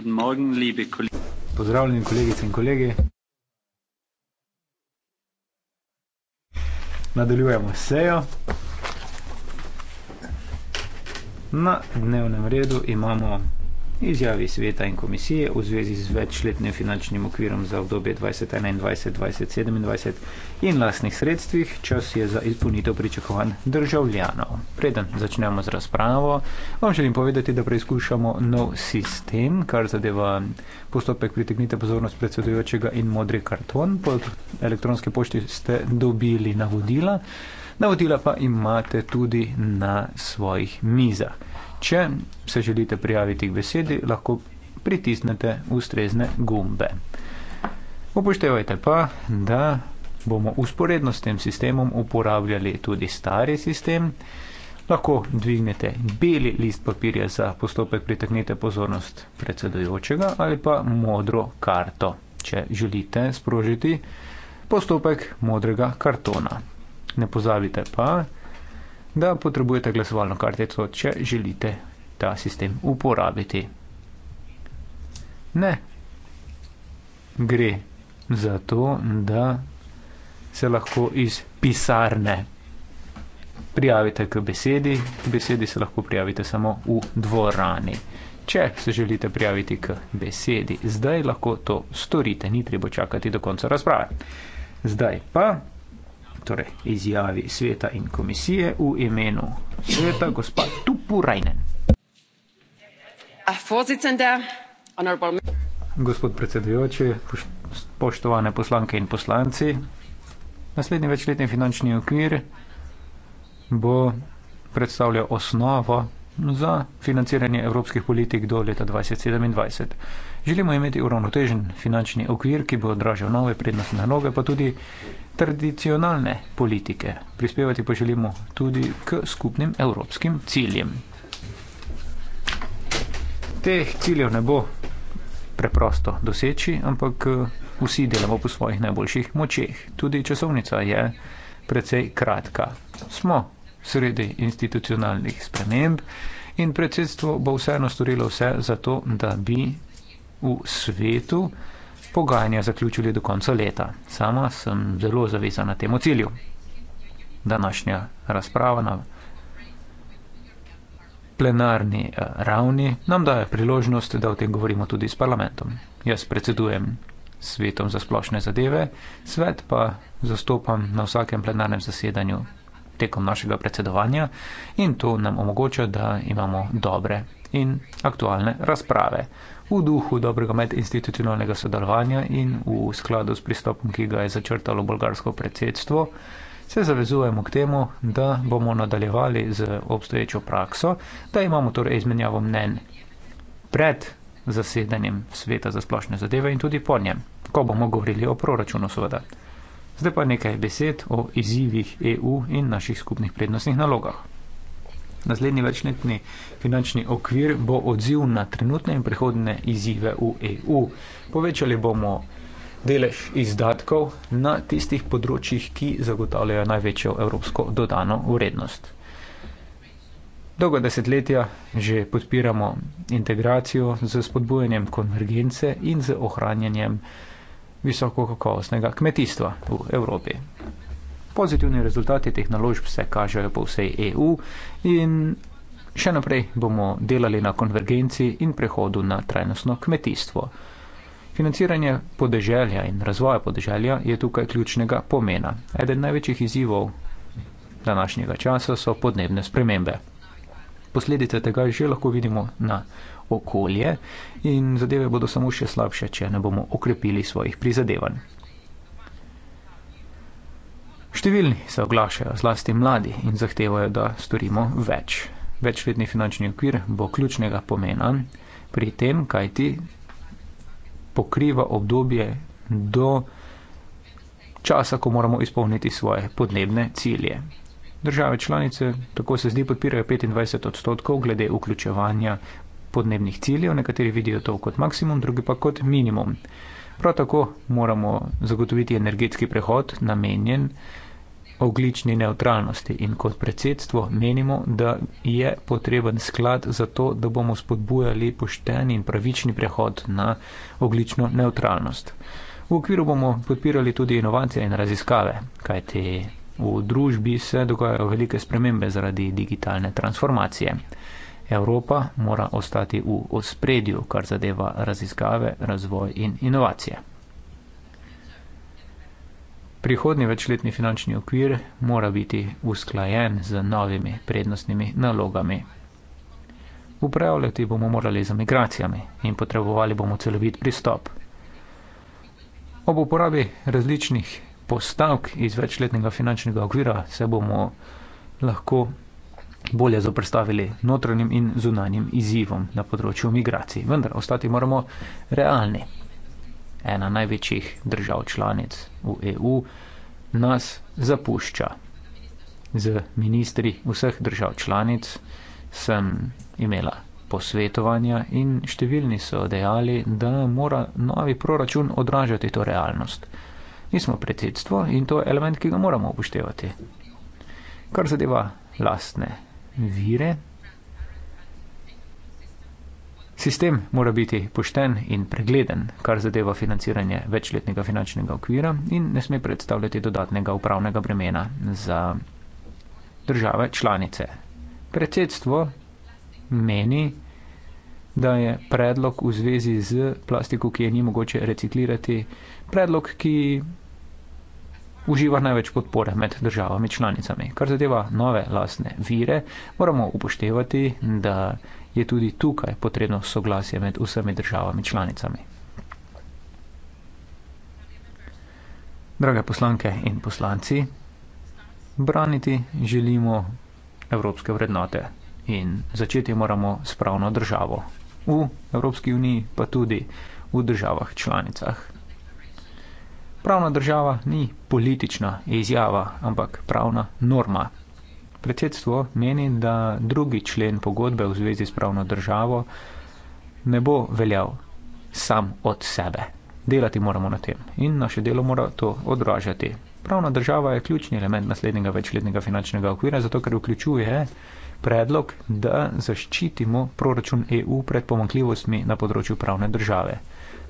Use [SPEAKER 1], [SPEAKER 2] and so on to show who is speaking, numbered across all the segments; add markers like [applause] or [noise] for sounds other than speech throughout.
[SPEAKER 1] Guten Morgen, liebe Pozdravljeni, kolegice in kolegi. Nadaljujemo sejo. Na dnevnem redu imamo izjavi sveta in komisije v zvezi z večletnim finančnim okvirom za obdobje 2021-2027 in lastnih sredstvih, čas je za izpolnitev pričakovanj državljanov. Preden začnemo z razpravo, vam želim povedati, da preizkušamo nov sistem, kar zadeva postopek pritegnite pozornost predsedujočega in modri karton. Po elektronske pošti ste dobili navodila. Navodila pa imate tudi na svojih mizah. Če se želite prijaviti k besedi, lahko pritisnete ustrezne gumbe. Upoštevajte pa, da bomo usporedno s tem sistemom uporabljali tudi stari sistem. Lahko dvignete beli list papirja za postopek pritegnite pozornost predsedojočega ali pa modro karto, če želite sprožiti postopek modrega kartona. Ne pozabite pa, da potrebujete glasovalno kartico, če želite ta sistem uporabiti. Ne. Gre za to, da se lahko iz pisarne prijavite k besedi. K besedi se lahko prijavite samo v dvorani. Če se želite prijaviti k besedi, zdaj lahko to storite. Ni treba čakati do konca razprave. Zdaj pa torej izjavi sveta in komisije v imenu sveta gospa Tupurajnen. Gospod predsedujoči, spoštovane poslanke in poslanci, naslednji večletni finančni okvir bo predstavljal osnovo za financiranje evropskih politik do leta 2027. Želimo imeti uravnotežen finančni okvir, ki bo odražal nove prednostne naloge, pa tudi tradicionalne politike. Prispevati pa želimo tudi k skupnim evropskim ciljem. Teh ciljev ne bo preprosto doseči, ampak vsi delamo po svojih najboljših močeh. Tudi časovnica je precej kratka. Smo sredi institucionalnih sprememb. In predsedstvo bo vseeno storilo vse za to, da bi v svetu pogajanja zaključili do konca leta. Sama sem zelo zavezan na temu cilju. Današnja razprava na plenarni eh, ravni nam daje priložnost, da o tem govorimo tudi s parlamentom. Jaz predsedujem svetom za splošne zadeve, svet pa zastopam na vsakem plenarnem zasedanju tekom našega predsedovanja in to nam omogoča, da imamo dobre in aktualne razprave v duhu dobrega medinstitucionalnega sodelovanja in v skladu s pristopom, ki ga je začrtalo bolgarsko predsedstvo, se zavezujemo k temu, da bomo nadaljevali z obstoječo prakso, da imamo torej izmenjavo mnen pred zasedanjem sveta za splošne zadeve in tudi po njem, ko bomo govorili o proračunu seveda. Zdaj pa nekaj besed o izzivih EU in naših skupnih prednostnih nalogah. Naslednji večletni finančni okvir bo odziv na trenutne in prihodne izzive v EU. Povečali bomo delež izdatkov na tistih področjih, ki zagotavljajo največjo evropsko dodano vrednost. Dolgo desetletja že podpiramo integracijo z spodbujanjem konvergence in z ohranjanjem visokokakovostnega kmetijstva v Evropi. Pozitivni rezultati teh naložb se kažejo po vsej EU in še naprej bomo delali na konvergenci in prehodu na trajnostno kmetijstvo. Financiranje podeželja in razvoj podeželja je tukaj ključnega pomena. Eden največjih izzivov današnjega časa so podnebne spremembe. Posledice tega že lahko vidimo na okolje in zadeve bodo samo še slabše, če ne bomo okrepili svojih prizadevanj. Številni se oglašajo, zlasti mladi, in zahtevajo, da storimo več. Večletni finančni okvir bo ključnega pomena pri tem, kaj ti pokriva obdobje do časa, ko moramo izpolniti svoje podnebne cilje. Države članice tako se zdi podpirajo 25 odstotkov glede vključevanja podnebnih ciljev, nekateri vidijo to kot maksimum, drugi pa kot minimum. Prav tako moramo zagotoviti energetski prehod namenjen oglični neutralnosti in kot predsedstvo menimo, da je potreben sklad za to, da bomo spodbujali pošten in pravični prehod na oglično neutralnost. V okviru bomo podpirali tudi inovacije in raziskave, kajti v družbi se dogajajo velike spremembe zaradi digitalne transformacije. Evropa mora ostati v ospredju, kar zadeva raziskave, razvoj in inovacije. Prihodni večletni finančni okvir mora biti usklajen z novimi prednostnimi nalogami. Upravljati bomo morali za migracijami in potrebovali bomo celovit pristop. Ob uporabi različnih postavk iz večletnega finančnega okvira se bomo lahko bolje zoprstavili notranjim in zunanjim izzivom na področju migracij. Vendar ostati moramo realni ena največjih držav članic v EU, nas zapušča. Z ministri vseh držav članic sem imela posvetovanja in številni so dejali, da mora novi proračun odražati to realnost. Mi smo predsedstvo in to je element, ki ga moramo upoštevati. Kar zadeva lastne vire, Sistem mora biti pošten in pregleden, kar zadeva financiranje večletnega finančnega okvira in ne sme predstavljati dodatnega upravnega bremena za države članice. Predsedstvo meni, da je predlog v zvezi z plastiko, ki je ni mogoče reciklirati, predlog, ki uživa največ podpore med državami članicami. Kar zadeva nove lastne vire, moramo upoštevati, da je tudi tukaj potrebno soglasje med vsemi državami članicami. Drage poslanke in poslanci, braniti želimo evropske vrednote in začeti moramo s pravno državo. V Evropski uniji pa tudi v državah članicah. Pravna država ni politična izjava, ampak pravna norma. Predsedstvo meni, da drugi člen pogodbe v zvezi s pravno državo ne bo veljal sam od sebe. Delati moramo na tem in naše delo mora to odražati. Pravna država je ključni element naslednjega večletnega finančnega okvira, zato ker vključuje predlog, da zaščitimo proračun EU pred pomankljivostmi na področju pravne države.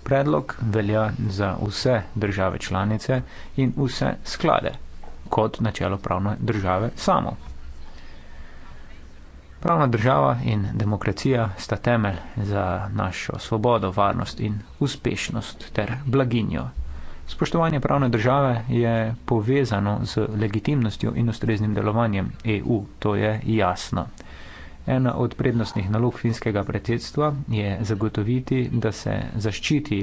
[SPEAKER 1] Predlog velja za vse države članice in vse sklade, kot načelo pravne države samo. Pravna država in demokracija sta temelj za našo svobodo, varnost in uspešnost ter blaginjo. Spoštovanje pravne države je povezano z legitimnostjo in ustreznim delovanjem EU, to je jasno. Ena od prednostnih nalog finskega predsedstva je zagotoviti, da se zaščiti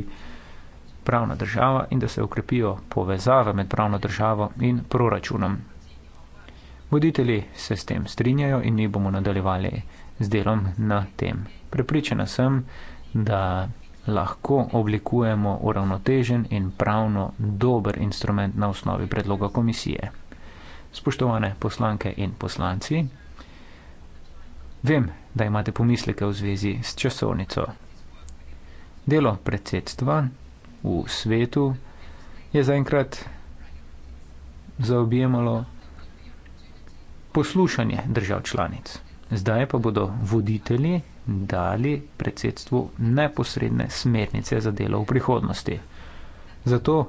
[SPEAKER 1] pravna država in da se ukrepijo povezave med pravno državo in proračunom. Voditelji se s tem strinjajo in mi bomo nadaljevali z delom na tem. Prepričana sem, da lahko oblikujemo uravnotežen in pravno dober instrument na osnovi predloga komisije. Spoštovane poslanke in poslanci, Vem, da imate pomisleke v zvezi s časovnico. Delo predsedstva v svetu je zaenkrat zaobjemalo poslušanje držav članic. Zdaj pa bodo voditelji dali predsedstvu neposredne smernice za delo v prihodnosti. Zato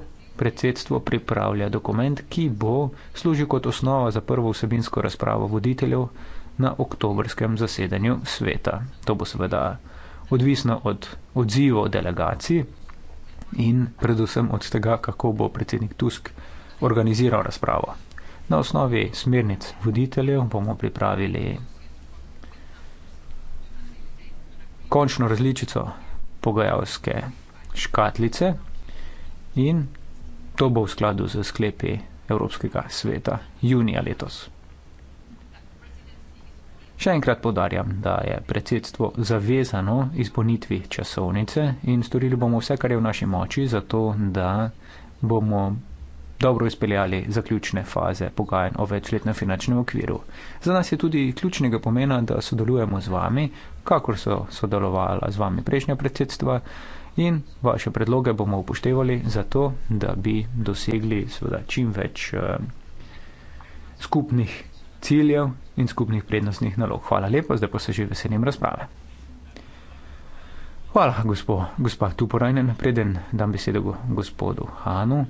[SPEAKER 1] predsedstvo pripravlja dokument, ki bo služil kot osnova za prvo vsebinsko razpravo voditeljev na oktobrskem zasedanju sveta. To bo seveda odvisno od odzivov delegacij in predvsem od tega, kako bo predsednik Tusk organiziral razpravo. Na osnovi smernic voditeljev bomo pripravili končno različico pogajalske škatlice in to bo v skladu z sklepi Evropskega sveta junija letos. Še enkrat podarjam, da je predsedstvo zavezano izpolnitvi časovnice in storili bomo vse, kar je v naši moči, zato da bomo dobro izpeljali zaključne faze pogajanj o večletnem finančnem okviru. Za nas je tudi ključnega pomena, da sodelujemo z vami, kakor so sodelovala z vami prejšnja predsedstva in vaše predloge bomo upoštevali zato, da bi dosegli seveda čim več eh, skupnih ciljev in skupnih prednostnih nalog. Hvala lepa, zdaj pa se že veselim razprave. Hvala, gospo, gospa Tuporajnen, preden dam besedo gospodu Hanu.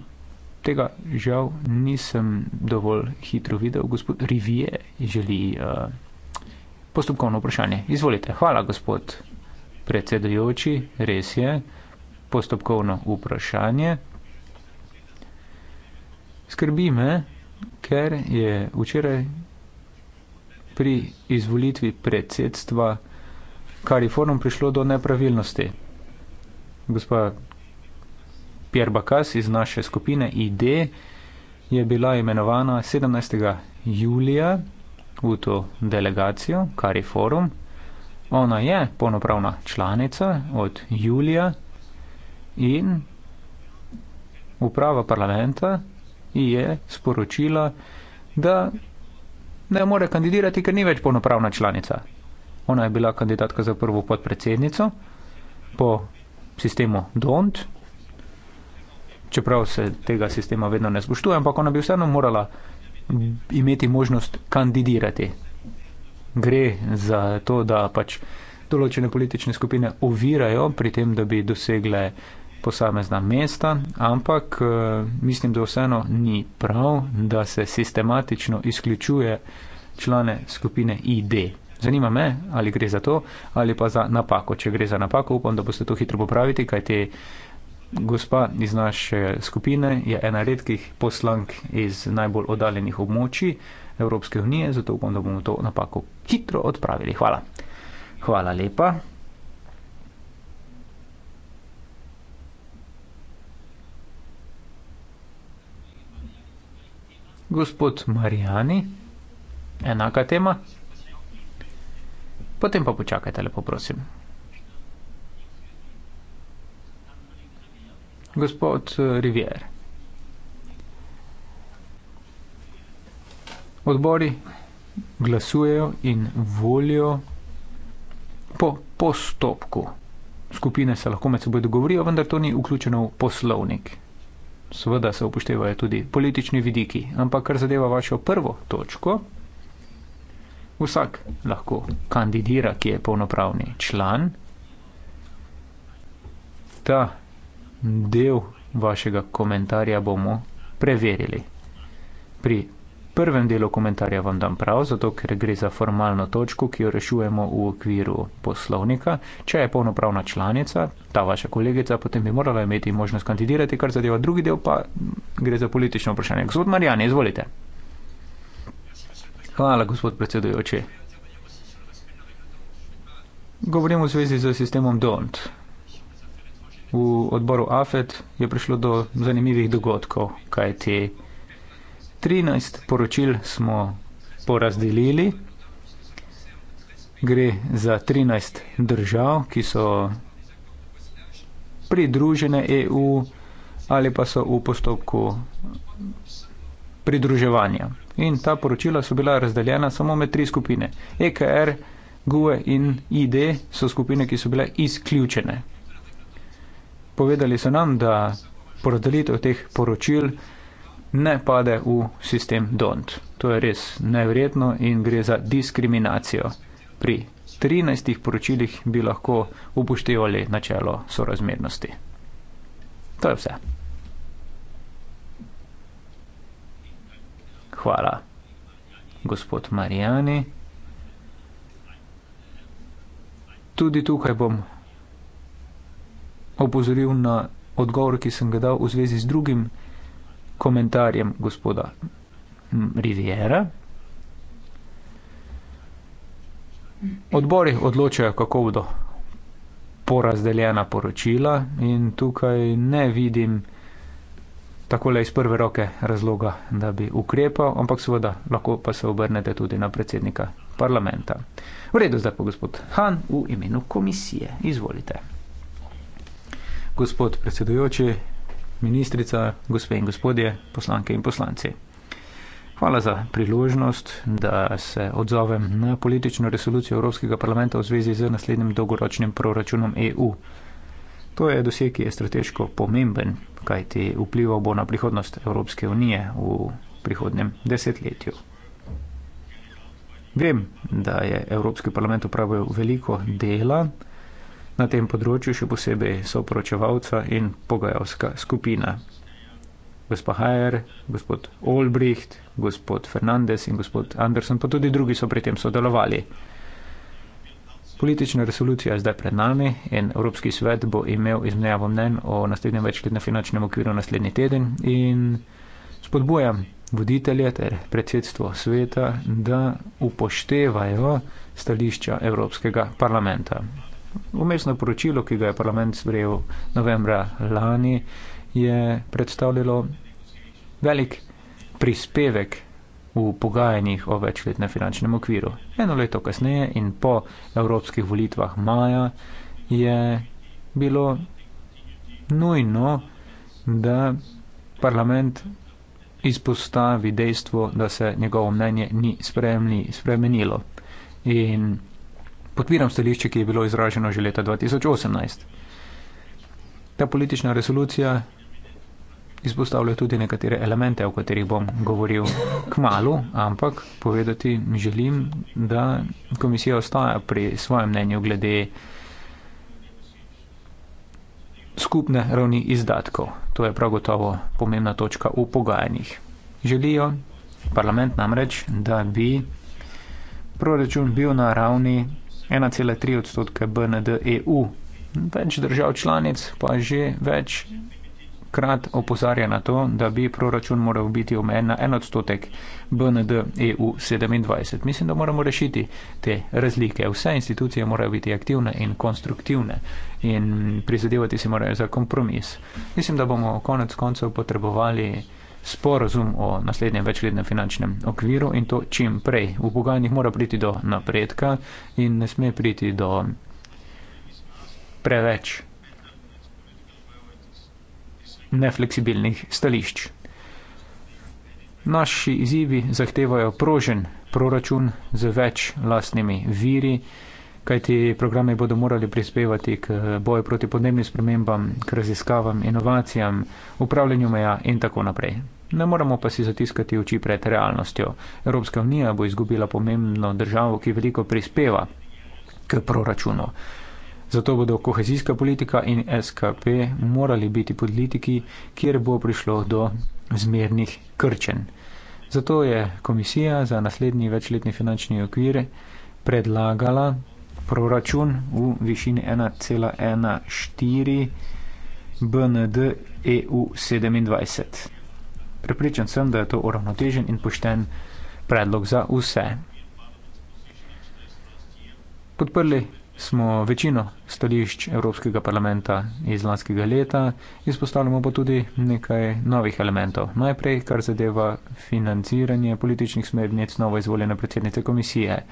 [SPEAKER 1] Tega žal nisem dovolj hitro videl. Gospod Rivije želi uh, postopkovno vprašanje. Izvolite. Hvala, gospod predsedujoči. Res je. Postopkovno vprašanje. Skrbi me, ker je včeraj pri izvolitvi predsedstva Kaliforniju prišlo do nepravilnosti. Gospa Pierre Bacas iz naše skupine ID je bila imenovana 17. julija v to delegacijo Kaliforum. Ona je polnopravna članica od julija in uprava parlamenta je sporočila, da ne more kandidirati, ker ni več polnopravna članica. Ona je bila kandidatka za prvo podpredsednico po sistemu DONT, čeprav se tega sistema vedno ne spoštuje, ampak ona bi vseeno morala imeti možnost kandidirati. Gre za to, da pač določene politične skupine ovirajo pri tem, da bi dosegle posamezna mesta, ampak eh, mislim, da vseeno ni prav, da se sistematično izključuje člane skupine ID. Zanima me, ali gre za to, ali pa za napako. Če gre za napako, upam, da boste to hitro popravili, kajte gospa iz naše skupine je ena redkih poslank iz najbolj oddaljenih območji Evropske unije, zato upam, da bomo to napako hitro odpravili. Hvala. Hvala lepa. Gospod Marijani, enaka tema. Potem pa počakajte, lepo prosim. Gospod Rivier. Odbori glasujejo in volijo po postopku. Skupine se lahko med seboj dogovorijo, vendar to ni vključeno v poslovnik seveda se upoštevajo tudi politični vidiki. Ampak kar zadeva vašo prvo točko, vsak lahko kandidira, ki je polnopravni član. Ta del vašega komentarja bomo preverili pri prvem delu komentarja vam dam prav, zato ker gre za formalno točko, ki jo rešujemo v okviru poslovnika. Če je polnopravna članica, ta vaša kolegica, potem bi morala imeti možnost kandidirati, kar zadeva drugi del, pa gre za politično vprašanje. Gospod Marjan, izvolite. Hvala, gospod predsedujoči. Govorim v zvezi z sistemom DONT. V odboru AFET je prišlo do zanimivih dogodkov, kaj ti. Te... 13 poročil smo porazdelili. Gre za 13 držav, ki so pridružene EU ali pa so v postopku pridruževanja. In ta poročila so bila razdeljena samo med tri skupine. EKR, GUE in ID so skupine, ki so bile izključene. Povedali so nam, da porazdelitev teh poročil ne pade v sistem DONT. To je res nevredno in gre za diskriminacijo. Pri 13 poročilih bi lahko upoštevali načelo sorazmernosti. To je vse. Hvala, gospod Marijani. Tudi tukaj bom opozoril na odgovor, ki sem ga dal v zvezi z drugim komentarjem gospoda Riviera. Odbori odločajo, kako bodo porazdeljena poročila in tukaj ne vidim takole iz prve roke razloga, da bi ukrepal, ampak seveda lahko pa se obrnete tudi na predsednika parlamenta. V redu zdaj pa gospod Han v imenu komisije. Izvolite. Gospod predsedujoči, ministrica, gospe in gospodje, poslanke in poslanci. Hvala za priložnost, da se odzovem na politično resolucijo Evropskega parlamenta v zvezi z naslednjim dolgoročnim proračunom EU. To je doseg, ki je strateško pomemben, kajti vplival bo na prihodnost Evropske unije v prihodnem desetletju. Vem, da je Evropski parlament upravil veliko dela, na tem področju, še posebej soporočevalca in pogajalska skupina. Gospod Hajer, gospod Olbricht, gospod Fernandez in gospod Anderson, pa tudi drugi so pri tem sodelovali. Politična resolucija je zdaj pred nami in Evropski svet bo imel izmenjavo mnen o naslednjem večletnem finančnem okviru naslednji teden in spodbujam voditelje ter predsedstvo sveta, da upoštevajo stališča Evropskega parlamenta. Umestno poročilo, ki ga je parlament sprejel novembra lani, je predstavljalo velik prispevek v pogajanjih o večletnem finančnem okviru. Eno leto kasneje in po evropskih volitvah maja je bilo nujno, da parlament izpostavi dejstvo, da se njegovo mnenje ni spremenilo. In podpiram stališče, ki je bilo izraženo že leta 2018. Ta politična resolucija izpostavlja tudi nekatere elemente, o katerih bom govoril k malu, ampak povedati želim, da komisija ostaja pri svojem mnenju glede skupne ravni izdatkov. To je prav gotovo pomembna točka v pogajanjih. Želijo parlament namreč, da bi proračun bil na ravni 1,3 odstotka BND EU. Več držav članic pa že večkrat opozarja na to, da bi proračun moral biti omejen na 1 odstotek BND EU 27. Mislim, da moramo rešiti te razlike. Vse institucije morajo biti aktivne in konstruktivne in prizadevati se morajo za kompromis. Mislim, da bomo konec koncev potrebovali sporozum o naslednjem večletnem finančnem okviru in to čim prej. V pogajanjih mora priti do napredka in ne sme priti do preveč nefleksibilnih stališč. Naši izzivi zahtevajo prožen proračun z več lastnimi viri kajti programe bodo morali prispevati k boju proti podnebnim spremembam, k raziskavam, inovacijam, upravljanju meja in tako naprej. Ne moramo pa si zatiskati oči pred realnostjo. Evropska unija bo izgubila pomembno državo, ki veliko prispeva k proračunu. Zato bodo kohezijska politika in SKP morali biti politiki, kjer bo prišlo do zmernih krčen. Zato je komisija za naslednji večletni finančni okvir predlagala proračun v višini 1,14 BND EU 27. Prepričan sem, da je to uravnotežen in pošten predlog za vse. Podprli smo večino stališč Evropskega parlamenta iz lanskega leta, izpostavljamo pa tudi nekaj novih elementov. Najprej, kar zadeva financiranje političnih smernic novo izvoljene predsednice komisije.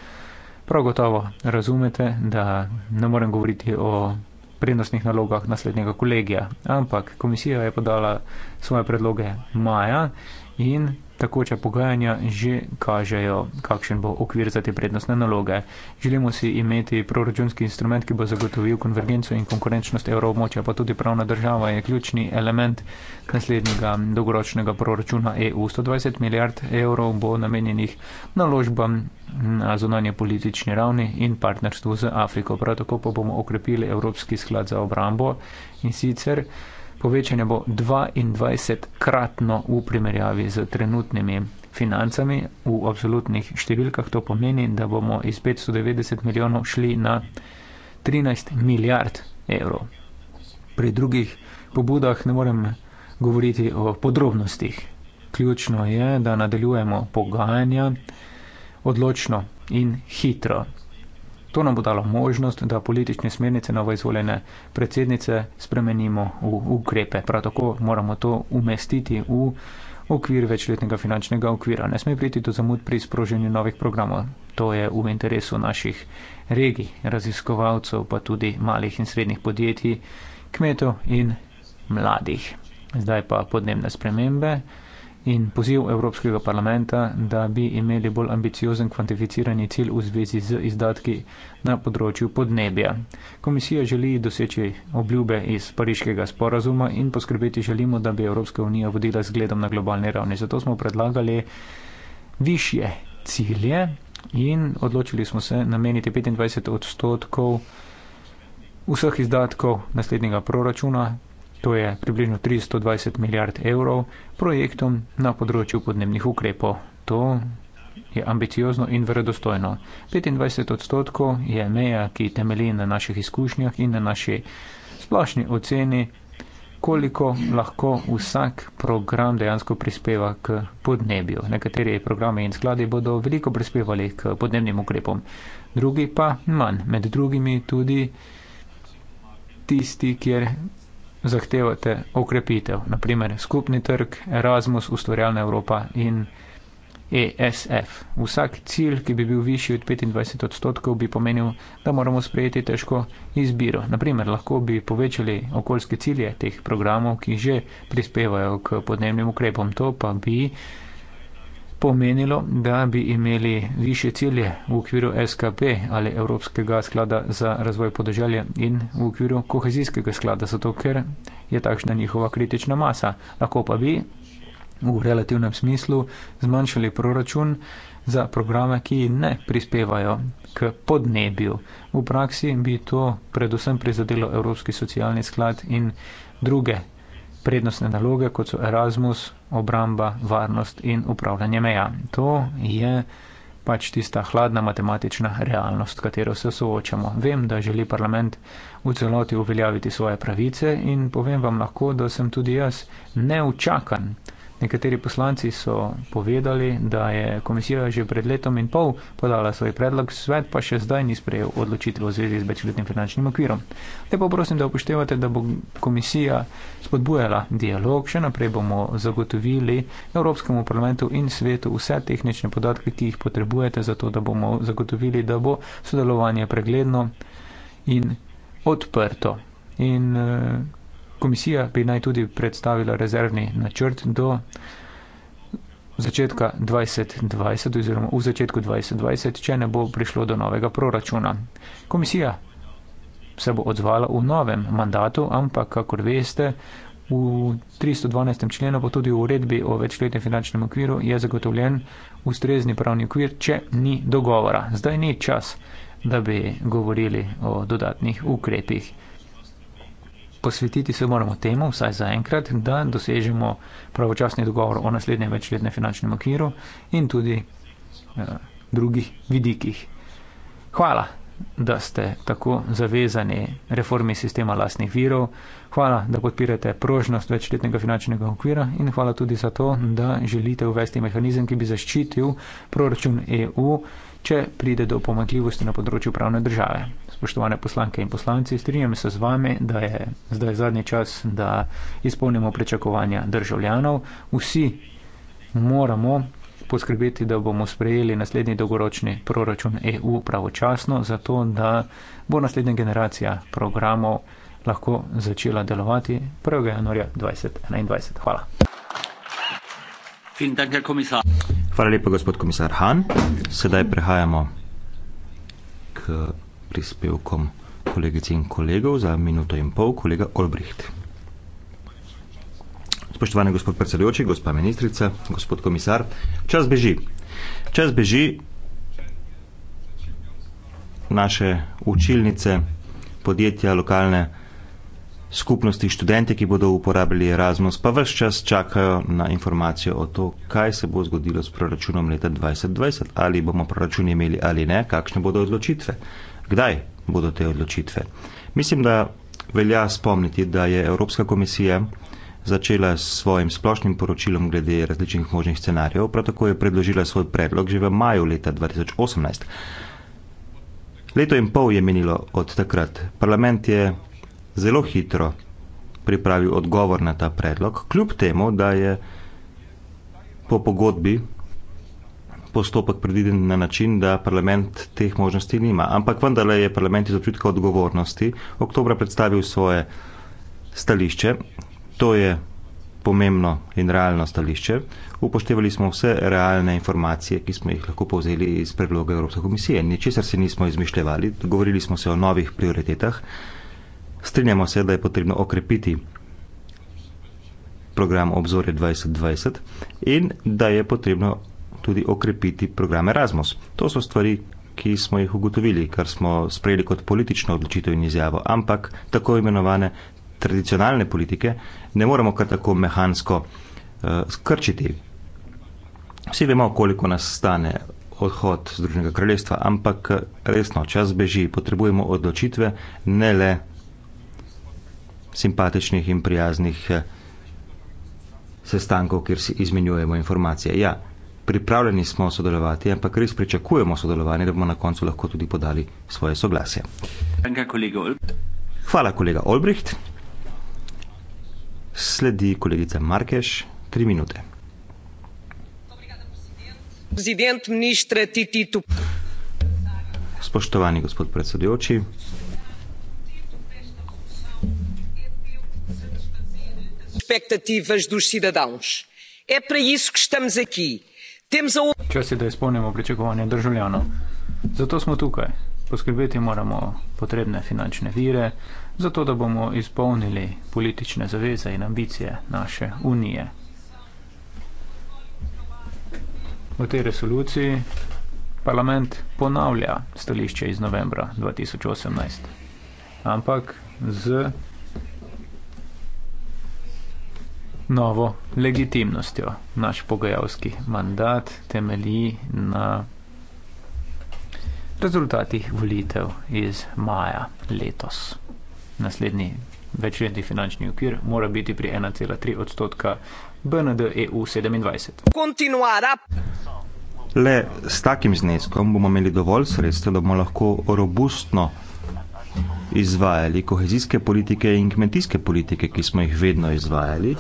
[SPEAKER 1] Prav gotovo razumete, da ne morem govoriti o prednostnih nalogah naslednjega kolegija, ampak komisija je podala svoje predloge maja in takoče pogajanja že kažejo, kakšen bo okvir za te prednostne naloge. Želimo si imeti proračunski instrument, ki bo zagotovil konvergenco in konkurenčnost evroobmočja, pa tudi pravna država je ključni element naslednjega dolgoročnega proračuna EU. 120 milijard evrov bo namenjenih naložbam na zunanje politični ravni in partnerstvu z Afriko. Prav tako pa bomo okrepili Evropski sklad za obrambo in sicer povečanje bo 22 kratno v primerjavi z trenutnimi financami v absolutnih številkah. To pomeni, da bomo iz 590 milijonov šli na 13 milijard evrov. Pri drugih pobudah ne morem govoriti o podrobnostih. Ključno je, da nadaljujemo pogajanja odločno in hitro. To nam bo dalo možnost, da politične smernice novoizvoljene predsednice spremenimo v ukrepe. Prav tako moramo to umestiti v okvir večletnega finančnega okvira. Ne sme priti do zamud pri sproženju novih programov. To je v interesu naših regij, raziskovalcev, pa tudi malih in srednjih podjetij, kmetov in mladih. Zdaj pa podnebne spremembe in poziv Evropskega parlamenta, da bi imeli bolj ambiciozen kvantificirani cilj v zvezi z izdatki na področju podnebja. Komisija želi doseči obljube iz pariškega sporazuma in poskrbeti želimo, da bi Evropska unija vodila zgledom na globalni ravni. Zato smo predlagali višje cilje in odločili smo se nameniti 25 odstotkov vseh izdatkov naslednjega proračuna to je približno 320 milijard evrov, projektom na področju podnebnih ukrepov. To je ambiciozno in verodostojno. 25 odstotkov je meja, ki temelji na naših izkušnjah in na naši splošni oceni, koliko lahko vsak program dejansko prispeva k podnebju. Nekateri programe in skladi bodo veliko prispevali k podnebnim ukrepom, drugi pa manj. Med drugimi tudi tisti, kjer zahtevate okrepitev, naprimer skupni trg, Erasmus, ustvarjalna Evropa in ESF. Vsak cilj, ki bi bil višji od 25 odstotkov, bi pomenil, da moramo sprejeti težko izbiro. Naprimer, lahko bi povečali okoljske cilje teh programov, ki že prispevajo k podnebnim ukrepom. To pa bi pomenilo, da bi imeli više cilje v okviru SKP ali Evropskega sklada za razvoj podeželja in v okviru kohezijskega sklada, zato ker je takšna njihova kritična masa. Lahko pa bi v relativnem smislu zmanjšali proračun za programe, ki ne prispevajo k podnebju. V praksi bi to predvsem prizadelo Evropski socialni sklad in druge prednostne naloge, kot so Erasmus, obramba, varnost in upravljanje meja. To je pač tista hladna matematična realnost, katero se soočamo. Vem, da želi parlament v celoti uveljaviti svoje pravice in povem vam lahko, da sem tudi jaz neučakan Nekateri poslanci so povedali, da je komisija že pred letom in pol podala svoj predlog, svet pa še zdaj ni sprejel odločitve v zvezi z večletnim finančnim okvirom. Lepo prosim, da upoštevate, da bo komisija spodbujala dialog, še naprej bomo zagotovili Evropskemu parlamentu in svetu vse tehnične podatke, ki jih potrebujete, zato da bomo zagotovili, da bo sodelovanje pregledno in odprto. In eh, Komisija bi naj tudi predstavila rezervni načrt do začetka 2020 oziroma v začetku 2020, če ne bo prišlo do novega proračuna. Komisija se bo odzvala v novem mandatu, ampak, kakor veste, v 312. členu pa tudi v uredbi o večletnem finančnem okviru je zagotovljen ustrezni pravni okvir, če ni dogovora. Zdaj ni čas, da bi govorili o dodatnih ukrepih posvetiti se moramo temu, vsaj za enkrat, da dosežemo pravočasni dogovor o naslednjem večletnem finančnem okviru in tudi eh, drugih vidikih. Hvala, da ste tako zavezani reformi sistema lastnih virov, hvala, da podpirate prožnost večletnega finančnega okvira in hvala tudi za to, da želite uvesti mehanizem, ki bi zaščitil proračun EU, če pride do pomakljivosti na področju pravne države spoštovane poslanke in poslanci, strinjam se z vami, da je zdaj zadnji čas, da izpolnimo prečakovanja državljanov. Vsi moramo poskrbeti, da bomo sprejeli naslednji dolgoročni proračun EU pravočasno, zato da bo naslednja generacija programov lahko začela delovati 1. januarja 2021. Hvala.
[SPEAKER 2] Hvala lepa, gospod komisar Han. Sedaj prehajamo k prispevkom kolegic in kolegov za minuto in pol, kolega Olbricht. Spoštovani gospod predsedujoči, gospa ministrica, gospod komisar, čas beži. Čas beži, naše učilnice, podjetja, lokalne skupnosti, študente, ki bodo uporabili Erasmus, pa vse čas čakajo na informacijo o to, kaj se bo zgodilo s proračunom leta 2020, ali bomo proračun imeli ali ne, kakšne bodo odločitve kdaj bodo te odločitve. Mislim, da velja spomniti, da je Evropska komisija začela s svojim splošnim poročilom glede različnih možnih scenarijev, prav tako je predložila svoj predlog že v maju leta 2018. Leto in pol je menilo od takrat. Parlament je zelo hitro pripravil odgovor na ta predlog, kljub temu, da je po pogodbi postopek prediden na način, da parlament teh možnosti nima. Ampak vendarle je parlament iz občutka odgovornosti oktobra predstavil svoje stališče. To je pomembno in realno stališče. Upoštevali smo vse realne informacije, ki smo jih lahko povzeli iz predloga Evropske komisije. Ničesar se nismo izmišljevali, govorili smo se o novih prioritetah. Strinjamo se, da je potrebno okrepiti program obzore 2020 in da je potrebno tudi okrepiti program Erasmus. To so stvari, ki smo jih ugotovili, kar smo sprejeli kot politično odločitev in izjavo, ampak tako imenovane tradicionalne politike ne moremo kar tako mehansko uh, skrčiti. Vsi vemo, koliko nas stane odhod Združenega kraljestva, ampak eh, resno, čas beži, potrebujemo odločitve, ne le simpatičnih in prijaznih eh, sestankov, kjer si izmenjujemo informacije. Ja, pripravljeni smo sodelovati, ampak res pričakujemo sodelovanje, da bomo na koncu lahko tudi podali svoje soglasje. Hvala, kolega Olbricht. Hvala, kolega Olbricht. Sledi kolegica Markeš, tri minute. Spoštovani gospod predsedujoči.
[SPEAKER 3] Expectativas dos cidadãos. É para isso que estamos aqui.
[SPEAKER 1] Čas je, da izpolnimo pričakovanja državljanov. Zato smo tukaj. Poskrbeti moramo potrebne finančne vire, zato da bomo izpolnili politične zaveze in ambicije naše unije. V tej resoluciji parlament ponavlja stališče iz novembra 2018, ampak z novo legitimnostjo. Naš pogajalski mandat temelji na rezultatih volitev iz maja letos. Naslednji večletni finančni okvir mora biti pri 1,3 odstotka BND EU 27.
[SPEAKER 2] Le s takim zneskom bomo imeli dovolj sredstev, da bomo lahko robustno izvajali kohezijske politike in kmetijske politike, ki smo jih vedno izvajali,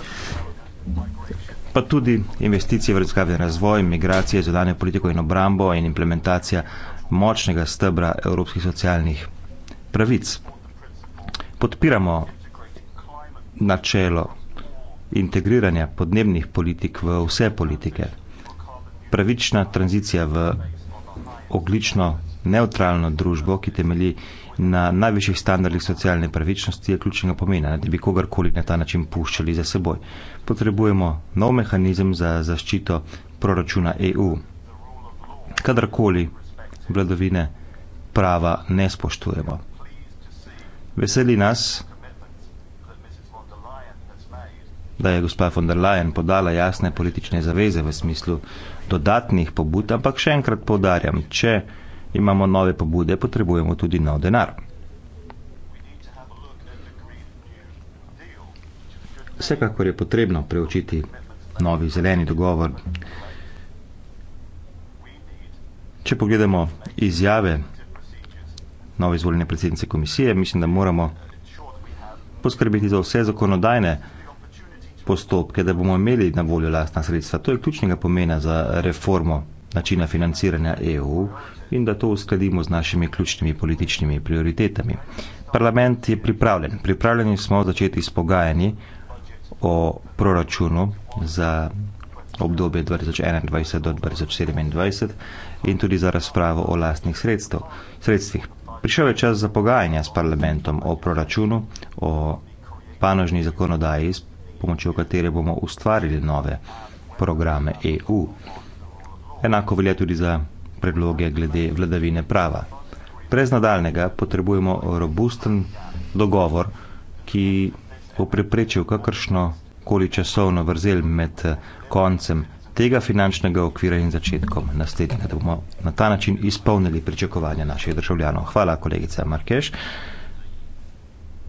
[SPEAKER 2] pa tudi investicije v razkavni razvoj, migracije, zadanje politiko in obrambo in implementacija močnega stebra evropskih socialnih pravic. Podpiramo načelo integriranja podnebnih politik v vse politike. Pravična tranzicija v oglično neutralno družbo, ki temelji na najvišjih standardih socialne pravičnosti je ključnega pomena, da bi kogarkoli na ta način puščali za seboj. Potrebujemo nov mehanizem za zaščito proračuna EU. Kadarkoli vladovine prava ne spoštujemo. Veseli nas, da je gospa von der Leyen podala jasne politične zaveze v smislu dodatnih pobud, ampak še enkrat povdarjam, če imamo nove pobude, potrebujemo tudi nov denar. Vsekakor je potrebno preučiti novi zeleni dogovor. Če pogledamo izjave nove izvoljene predsednice komisije, mislim, da moramo poskrbiti za vse zakonodajne postopke, da bomo imeli na voljo lastna sredstva. To je ključnega pomena za reformo načina financiranja EU, in da to uskladimo z našimi ključnimi političnimi prioritetami. Parlament je pripravljen. Pripravljeni smo začeti s pogajanji o proračunu za obdobje 2021 do 2027 in tudi za razpravo o lastnih sredstv, sredstvih. Prišel je čas za pogajanja s parlamentom o proračunu, o panožni zakonodaji, s pomočjo katere bomo ustvarili nove programe EU. Enako velja tudi za predloge glede vladavine prava. Prez nadaljnega potrebujemo robusten dogovor, ki bo preprečil kakršno koli časovno vrzel med eh, koncem tega finančnega okvira in začetkom naslednje, da bomo na ta način izpolnili pričakovanja naših državljanov. Hvala, kolegica Markeš.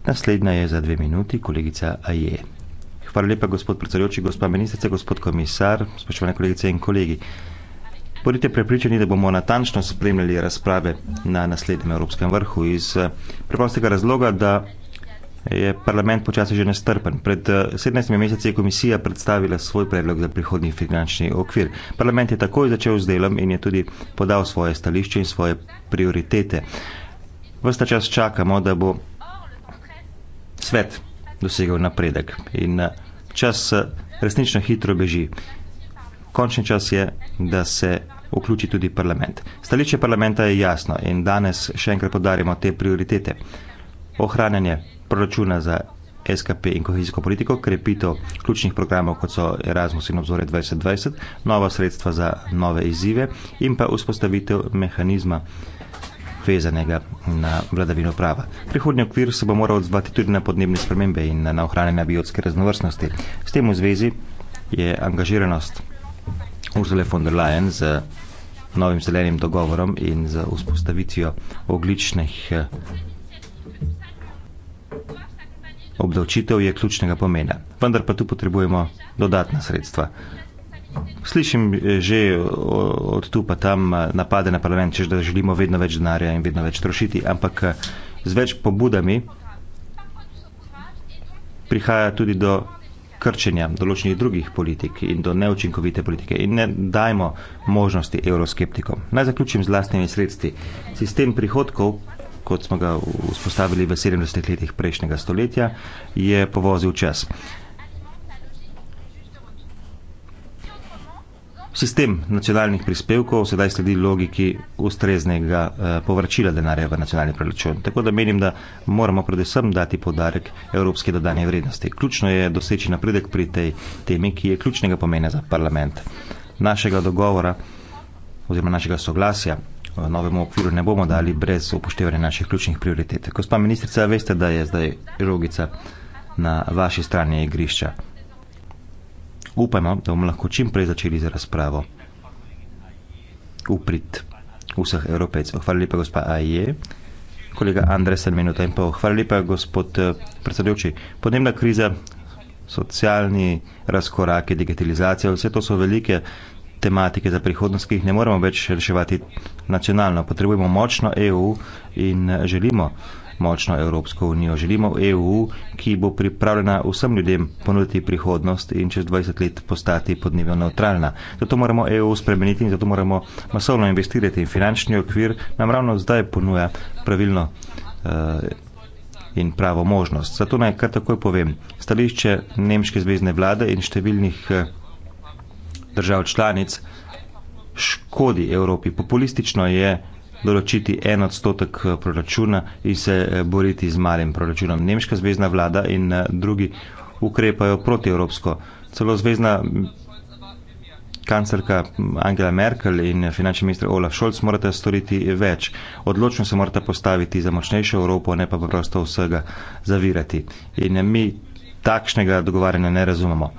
[SPEAKER 2] Naslednja je za dve minuti kolegica Aje. Hvala lepa, gospod predsedujoči, gospa ministrica, gospod komisar, spoštovane kolegice in kolegi. Bodite prepričani, da bomo natančno spremljali razprave na naslednjem Evropskem vrhu iz eh, preprostega razloga, da je parlament počasi že nestrpen. Pred 17 eh, meseci je komisija predstavila svoj predlog za prihodni finančni okvir. Parlament je takoj začel z delom in je tudi podal svoje stališče in svoje prioritete. Vsta čas čakamo, da bo svet dosegel napredek in eh, čas resnično hitro beži končni čas je, da se vključi tudi parlament. Stališče parlamenta je jasno in danes še enkrat podarimo te prioritete. Ohranjanje proračuna za SKP in kohezijsko politiko, krepitev ključnih programov, kot so Erasmus in obzore 2020, nova sredstva za nove izzive in pa vzpostavitev mehanizma vezanega na vladavino prava. Prihodnji okvir se bo moral odzvati tudi na podnebne spremembe in na ohranjanje biotske raznovrstnosti. S tem v zvezi je angažiranost Ursula von der Leyen z novim zelenim dogovorom in z vzpostavitvijo ogličnih eh, obdavčitev je ključnega pomena. Vendar pa tu potrebujemo dodatna sredstva. Slišim eh, že od tu pa tam eh, napade na parlament, češ da želimo vedno več denarja in vedno več trošiti, ampak z več pobudami prihaja tudi do krčenja določenih drugih politik in do neučinkovite politike in ne dajmo možnosti euroskeptikom. Naj zaključim z lastnimi sredstvi. Sistem prihodkov, kot smo ga vzpostavili v 70 letih prejšnjega stoletja, je povozil čas. Sistem nacionalnih prispevkov sedaj sledi logiki ustreznega eh, povračila denarja v nacionalni preračun. Tako da menim, da moramo predvsem dati podarek evropske dodane vrednosti. Ključno je doseči napredek pri tej temi, ki je ključnega pomena za parlament. Našega dogovora oziroma našega soglasja v eh, novem okviru ne bomo dali brez upoštevanja naših ključnih prioritet. Gospa ministrica, veste, da je zdaj rogica na vaši strani igrišča. Upajmo, da bomo lahko čim prej začeli z razpravo. Uprit vseh evropejcev. Hvala lepa, gospa Aje. Kolega Andres, en minuta in pol. Hvala lepa, gospod eh, predsedujoči. Podnebna kriza, socialni razkoraki, digitalizacija, vse to so velike tematike za prihodnost, ki jih ne moremo več reševati nacionalno. Potrebujemo močno EU in eh, želimo močno Evropsko unijo. Želimo EU, ki bo pripravljena vsem ljudem ponuditi prihodnost in čez 20 let postati podnebno neutralna. Zato moramo EU spremeniti in zato moramo masovno investirati in finančni okvir nam ravno zdaj ponuja pravilno uh, in pravo možnost. Zato naj kar takoj povem, stališče Nemške zvezdne vlade in številnih uh, držav članic škodi Evropi. Populistično je določiti en odstotek eh, proračuna in se eh, boriti z malim proračunom. Nemška zvezdna vlada in eh, drugi ukrepajo protievropsko. Celo zvezdna kancelka Angela Merkel in finančni minister Olaf Scholz morata storiti več. Odločno se morata postaviti za močnejšo Evropo, ne pa preprosto vsega zavirati. In mi takšnega dogovarjanja ne razumemo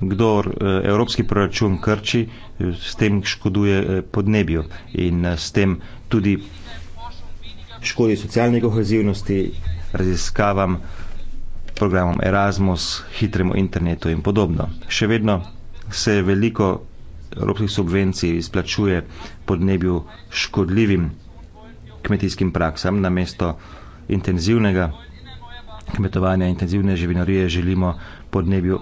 [SPEAKER 2] kdor eh, evropski proračun krči, eh, s tem škoduje eh, podnebju in s tem tudi škodi socialne kohezivnosti, raziskavam, programom Erasmus, hitremu internetu in podobno. Še vedno se veliko evropskih subvencij izplačuje podnebju škodljivim kmetijskim praksam namesto intenzivnega kmetovanja, intenzivne živinorije želimo podnebju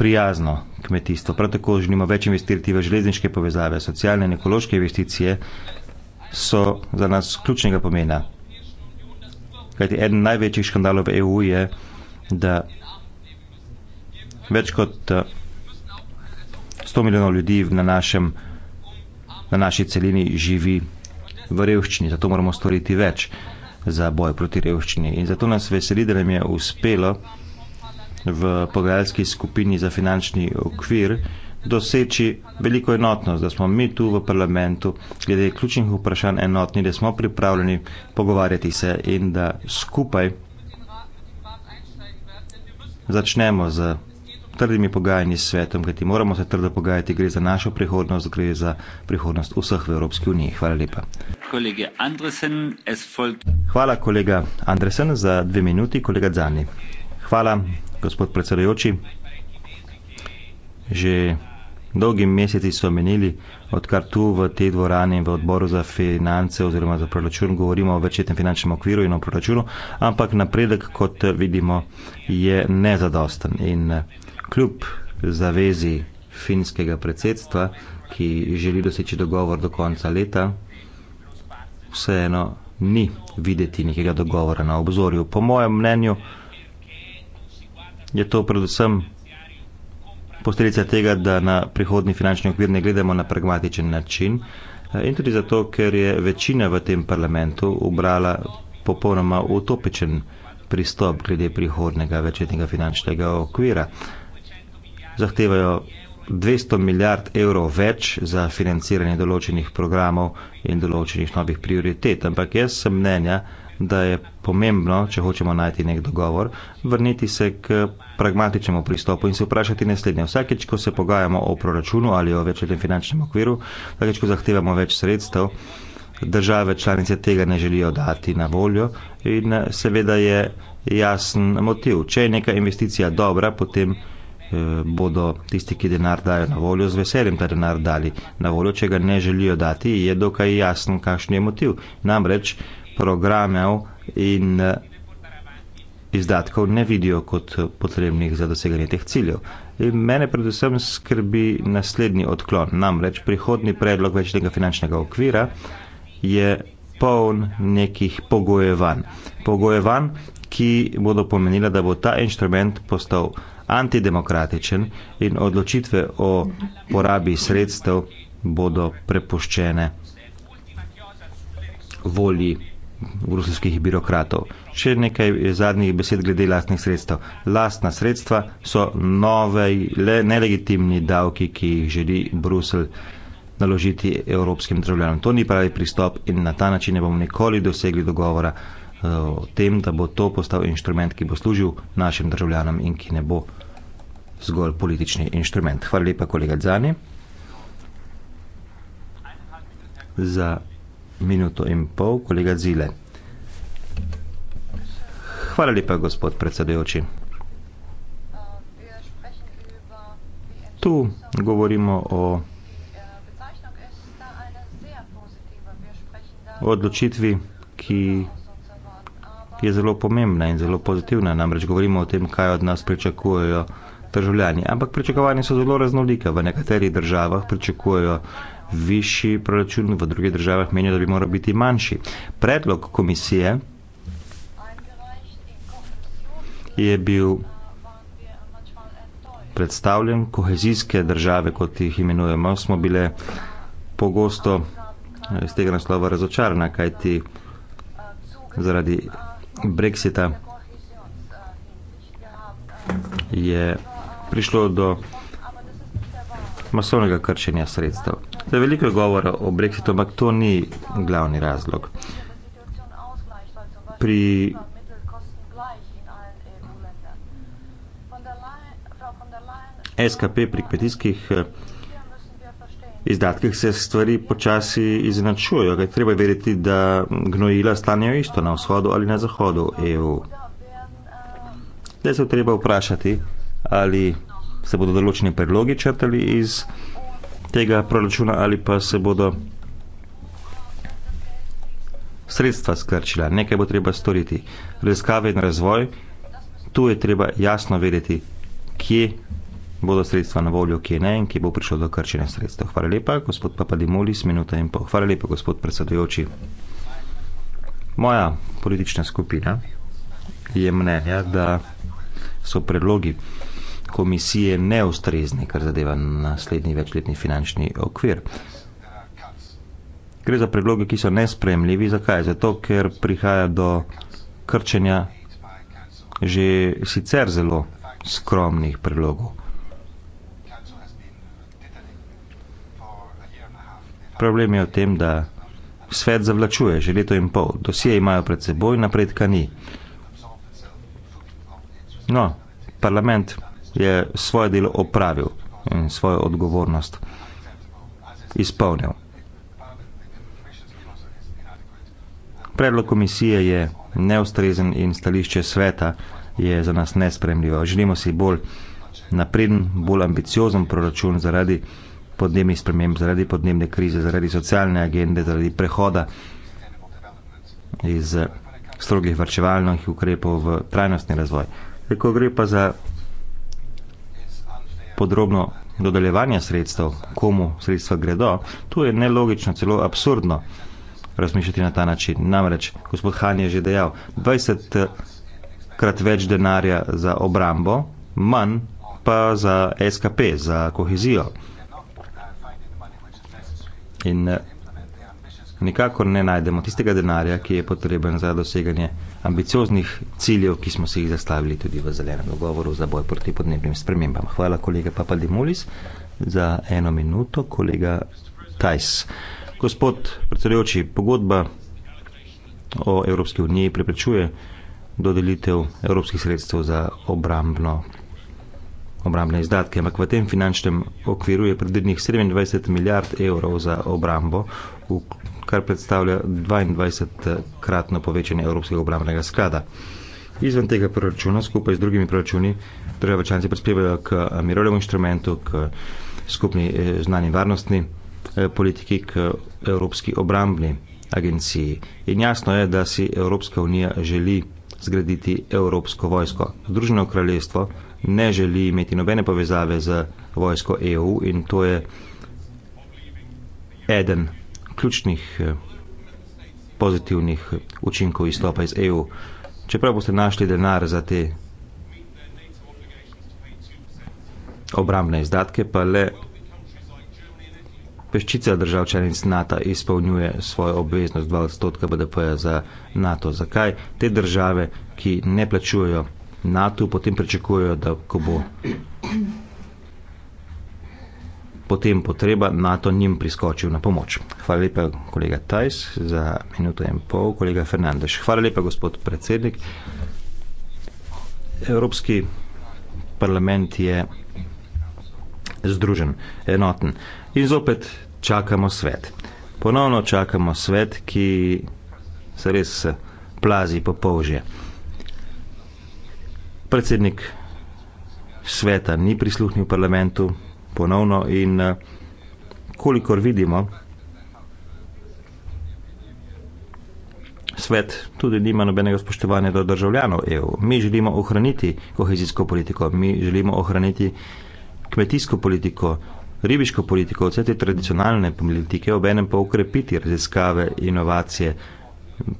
[SPEAKER 2] prijazno kmetijstvo. Prav tako želimo več investirati v železniške povezave, socialne in ekološke investicije so za nas ključnega pomena. Kajti eden največjih škandalov v EU je, da več kot 100 eh, milijonov ljudi na, našem, na naši celini živi v revščini, zato moramo storiti več za boj proti revščini. In zato nas veseli, da nam je uspelo v pogajalski skupini za finančni okvir doseči veliko enotnost, da smo mi tu v parlamentu glede ključnih vprašanj enotni, da smo pripravljeni pogovarjati se in da skupaj začnemo z trdimi pogajanji s svetom, kajti moramo se trdo pogajati, gre za našo prihodnost, gre za prihodnost vseh v Evropski uniji. Hvala lepa. Hvala kolega Andresen za dve minuti, kolega Dzani. Hvala gospod predsedajoči. Že dolgi meseci so menili, odkar tu v tej dvorani in v odboru za finance oziroma za proračun govorimo o večjetnem finančnem okviru in o proračunu, ampak napredek, kot vidimo, je nezadosten. In kljub zavezi finskega predsedstva, ki želi doseči dogovor do konca leta, vseeno ni videti nekega dogovora na obzorju. Po mojem mnenju, je to predvsem posledica tega, da na prihodni finančni okvir ne gledamo na pragmatičen način eh, in tudi zato, ker je večina v tem parlamentu obrala popolnoma utopičen pristop glede prihodnega večetnega finančnega okvira. Zahtevajo 200 milijard evrov več za financiranje določenih programov in določenih novih prioritet, ampak jaz sem mnenja, da je pomembno, če hočemo najti nek dogovor, vrniti se k pragmatičnemu pristopu in se vprašati naslednje. Vsakeč, ko se pogajamo o proračunu ali o večjem finančnem okviru, vsakeč, ko zahtevamo več sredstev, države članice tega ne želijo dati na voljo in seveda je jasen motiv. Če je neka investicija dobra, potem eh, bodo tisti, ki denar dajo na voljo, z veseljem ta denar dali na voljo. Če ga ne želijo dati, je dokaj jasen, kakšen je motiv. Namreč programov in eh, izdatkov ne vidijo kot potrebnih za doseganje teh ciljev. In mene predvsem skrbi naslednji odklon. Namreč prihodni predlog večnega finančnega okvira je poln nekih pogojevanj. Pogojevanj, ki bodo pomenila, da bo ta inštrument postal antidemokratičen in odločitve o porabi sredstev bodo prepuščene volji rusijskih birokratov. Še nekaj zadnjih besed glede lastnih sredstev. Lastna sredstva so nove, le nelegitimni davki, ki jih želi Brusel naložiti evropskim državljanom. To ni pravi pristop in na ta način ne bomo nikoli dosegli dogovora eh, o tem, da bo to postal inštrument, ki bo služil našim državljanom in ki ne bo zgolj politični inštrument. Hvala lepa, kolega Dzani. Za minuto in pol, kolega Zile. Hvala lepa, gospod predsedujoči. Tu govorimo o odločitvi, ki je zelo pomembna in zelo pozitivna. Namreč govorimo o tem, kaj od nas pričakujejo državljani. Ampak pričakovanja so zelo raznolika. V nekaterih državah pričakujejo višji proračun, v drugih državah menijo, da bi moral biti manjši. Predlog komisije je bil predstavljen, kohezijske države, kot jih imenujemo, smo bile pogosto eh, iz tega naslova razočarana, kajti zaradi Brexita je prišlo do masovnega krčenja sredstev. Zdaj, veliko je govora o brexitu, ampak to ni glavni razlog. Pri SKP pri kmetijskih eh, izdatkih se stvari počasi izenačujejo. Treba je verjeti, da gnojila stanejo isto na vzhodu ali na zahodu EU. Zdaj se je treba vprašati, ali se bodo določeni predlogi črtali iz tega proračuna ali pa se bodo sredstva skrčila. Nekaj bo treba storiti. Raziskave in razvoj, tu je treba jasno vedeti, kje bodo sredstva na voljo, kje ne in kje bo prišlo do krčenja sredstev. Hvala lepa, gospod Papadimulis, minuta in pol. Hvala lepa, gospod predsedujoči. Moja politična skupina je mnenja, da so predlogi komisije neustrezni, kar zadeva naslednji večletni finančni okvir. Gre za predloge, ki so nespremljivi. Zakaj? Zato, ker prihaja do krčenja že sicer zelo skromnih predlogov. Problem je v tem, da svet zavlačuje že leto in pol. Dosije imajo pred seboj, napredka ni. No, parlament je svoje delo opravil in svojo odgovornost izpolnil. Predlog komisije je neustrezen in stališče sveta je za nas nespremljivo. Želimo si bolj napreden, bolj ambiciozen proračun zaradi podnebnih sprememb, zaradi podnebne krize, zaradi socialne agende, zaradi prehoda iz strogih varčevalnih ukrepov v trajnostni razvoj. Ko gre pa za podrobno dodeljevanje sredstev, komu sredstva gredo, to je nelogično, celo absurdno razmišljati na ta način. Namreč, gospod Han je že dejal, 20 krat več denarja za obrambo, manj pa za SKP, za kohezijo. In eh, nikakor ne najdemo tistega denarja, ki je potreben za doseganje ambicioznih ciljev, ki smo si jih zastavili tudi v zelenem dogovoru za boj proti podnebnim spremembam. Hvala kolega Papadimulis za eno minuto, kolega Tajs. Gospod predsedujoči, pogodba o Evropski uniji preprečuje dodelitev evropskih sredstev za obrambno obrambne izdatke, ampak v tem finančnem okviru je predvidnih 27 milijard evrov za obrambo, kar predstavlja 22-kratno povečanje Evropskega obramnega sklada. Izven tega proračuna, skupaj z drugimi proračuni, državačanci prispevajo k eh, mirovnemu inštrumentu, k eh, skupni eh, znani varnostni politiki, k Evropski obrambni agenciji. In jasno je, da si Evropska unija želi zgraditi Evropsko vojsko. Združeno kraljestvo ne želi imeti nobene povezave z vojsko EU in to je eden ključnih eh, pozitivnih učinkov izstopa iz EU. Čeprav boste našli denar za te obrambne izdatke, pa le peščica držav članic NATO izpolnjuje svojo obveznost 2 odstotka BDP-ja za NATO. Zakaj te države, ki ne plačujejo NATO, potem pričakujejo, da ko bo potem potreba, NATO njim priskočil na pomoč. Hvala lepa, kolega Tajs, za minuto in pol, kolega Fernandez. Hvala lepa, gospod predsednik. Evropski parlament je združen, enoten. In zopet čakamo svet. Ponovno čakamo svet, ki se res plazi po polžje. Predsednik sveta ni prisluhnil parlamentu, ponovno in eh, kolikor vidimo, svet tudi nima nobenega spoštovanja do državljanov EU. Mi želimo ohraniti kohezijsko politiko, mi želimo ohraniti kmetijsko politiko, ribiško politiko, vse te tradicionalne politike, obenem pa ukrepiti raziskave, inovacije,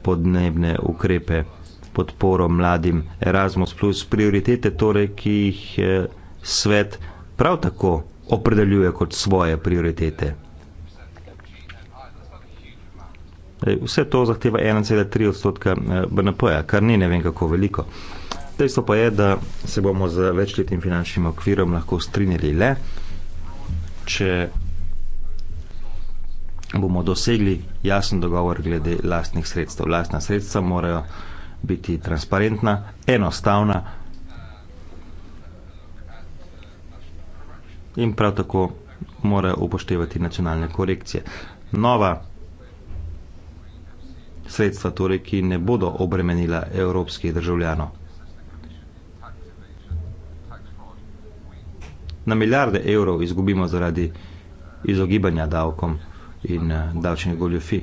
[SPEAKER 2] podnebne ukrepe, podporo mladim, Erasmus+, prioritete torej, ki jih eh, svet prav tako opredeljuje kot svoje prioritete. Vse to zahteva 1,3 odstotka eh, BNP-ja, kar ni ne vem kako veliko. Dejstvo pa je, da se bomo z večletnim finančnim okvirom lahko strinjali le, če bomo dosegli jasen dogovor glede lastnih sredstev. Lastna sredstva morajo biti transparentna, enostavna, in prav tako morajo upoštevati nacionalne korekcije. Nova sredstva torej, ki ne bodo obremenila evropskih državljanov. Na milijarde evrov izgubimo zaradi izogibanja davkom in eh, davčnih goljofi.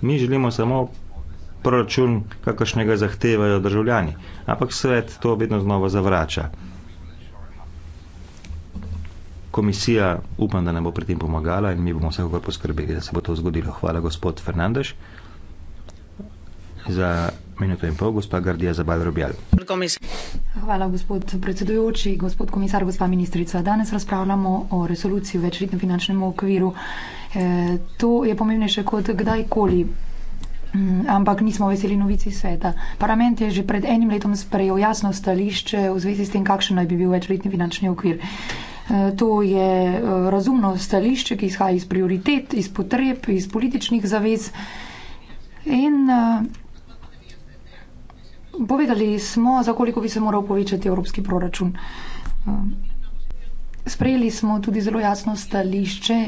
[SPEAKER 2] Mi želimo samo proračun, kakršnega zahtevajo državljani, ampak svet to vedno znova zavrača komisija upam, da nam bo pri tem pomagala in mi bomo vsekakor poskrbeli, da se bo to zgodilo. Hvala, gospod Fernandez. Za minuto in pol, gospa Gardija Zabal Robjal.
[SPEAKER 3] Hvala, gospod predsedujoči, gospod komisar, gospa ministrica. Danes razpravljamo o resoluciji v večletnem finančnem okviru. E, to je pomembnejše kot kdajkoli. Mm, ampak nismo veseli novici sveta. Parlament je že pred enim letom sprejel jasno stališče v zvezi s tem, kakšen naj bi bil večletni finančni okvir. Eh, to je eh, razumno stališče, ki izhaja iz prioritet, iz potreb, iz političnih zavez. In eh, povedali smo, za koliko bi se moral povečati evropski proračun. Sprejeli smo tudi zelo jasno stališče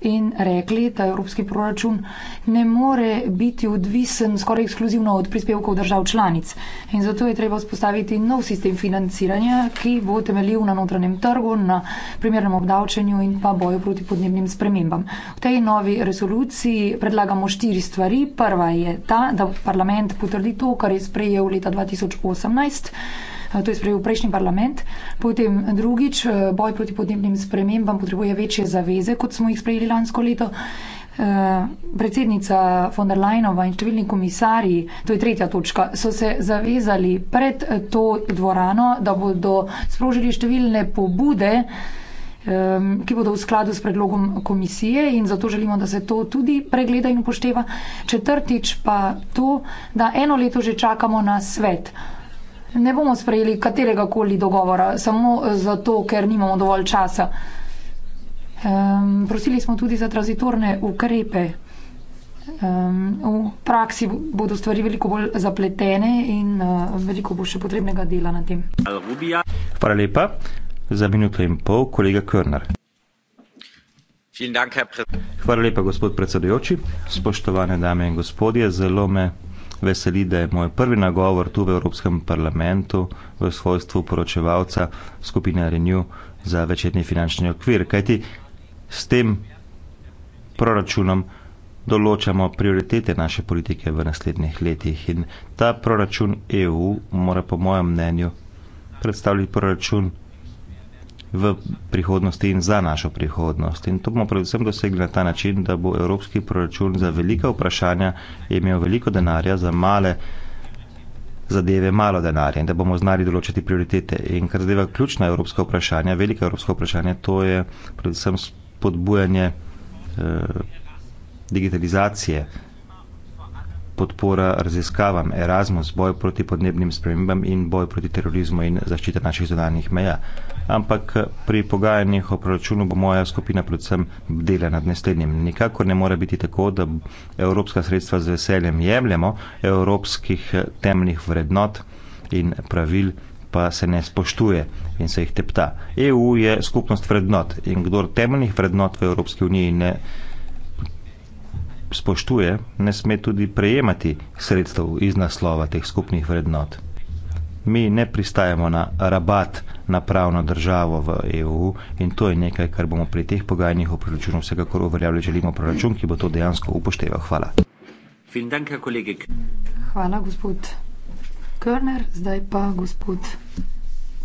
[SPEAKER 3] in rekli, da evropski proračun ne more biti odvisen skoraj ekskluzivno od prispevkov držav članic. In zato je treba vzpostaviti nov sistem financiranja, ki bo temeljil na notranjem trgu, na primernem obdavčenju in pa boju proti podnebnim spremembam. V tej novi resoluciji predlagamo štiri stvari. Prva je ta, da parlament potrdi to, kar je sprejel leta 2018 to je sprejel prejšnji parlament. Potem drugič, e, boj proti podnebnim spremembam potrebuje večje zaveze, kot smo jih sprejeli lansko leto. E, predsednica von der Leinova in številni komisarji, to je tretja točka, so se zavezali pred to dvorano, da bodo sprožili številne pobude, e, ki bodo v skladu s predlogom komisije in zato želimo, da se to tudi pregleda in upošteva. Četrtič pa to, da eno leto že čakamo na svet. Ne bomo sprejeli katerega koli dogovora, samo zato, ker nimamo dovolj časa. Um, prosili smo tudi za transitorne ukrepe. Um, v praksi bodo stvari veliko bolj zapletene in uh, veliko bo še potrebnega dela na tem.
[SPEAKER 2] Hvala lepa. Za minuto in pol, kolega Körner. Hvala lepa, gospod predsedujoči. Spoštovane dame in gospodje, zelo me veseli, da je moj prvi nagovor tu v Evropskem parlamentu v svojstvu poročevalca skupine Renew za večetni finančni okvir. Kajti s tem proračunom določamo prioritete naše politike v naslednjih letih in ta proračun EU mora po mojem mnenju predstavljati proračun v prihodnosti in za našo prihodnost. In to bomo predvsem dosegli na ta način, da bo evropski proračun za velika vprašanja imel veliko denarja, za male zadeve malo denarja in da bomo znali določiti prioritete. In kar zadeva ključna evropska vprašanja, velika evropska vprašanja, to je predvsem spodbujanje eh, digitalizacije podpora raziskavam, Erasmus, boj proti podnebnim spremembam in boj proti terorizmu in zaščita naših zunanjih meja ampak eh, pri pogajanjih o proračunu bo moja skupina predvsem dela nad naslednjim. Nikakor ne more biti tako, da evropska sredstva z veseljem jemljemo, evropskih eh, temnih vrednot in pravil pa se ne spoštuje in se jih tepta. EU je skupnost vrednot in kdor temeljnih vrednot v Evropski uniji ne spoštuje, ne sme tudi prejemati sredstev iz naslova teh skupnih vrednot. Mi ne pristajamo na rabat na pravno državo v EU in to je nekaj, kar bomo pri teh pogajanjih o proračunu vsekakor uveljavljali. Želimo proračun, ki bo to dejansko upošteval. Hvala.
[SPEAKER 3] Hvala, gospod Körner. Zdaj pa gospod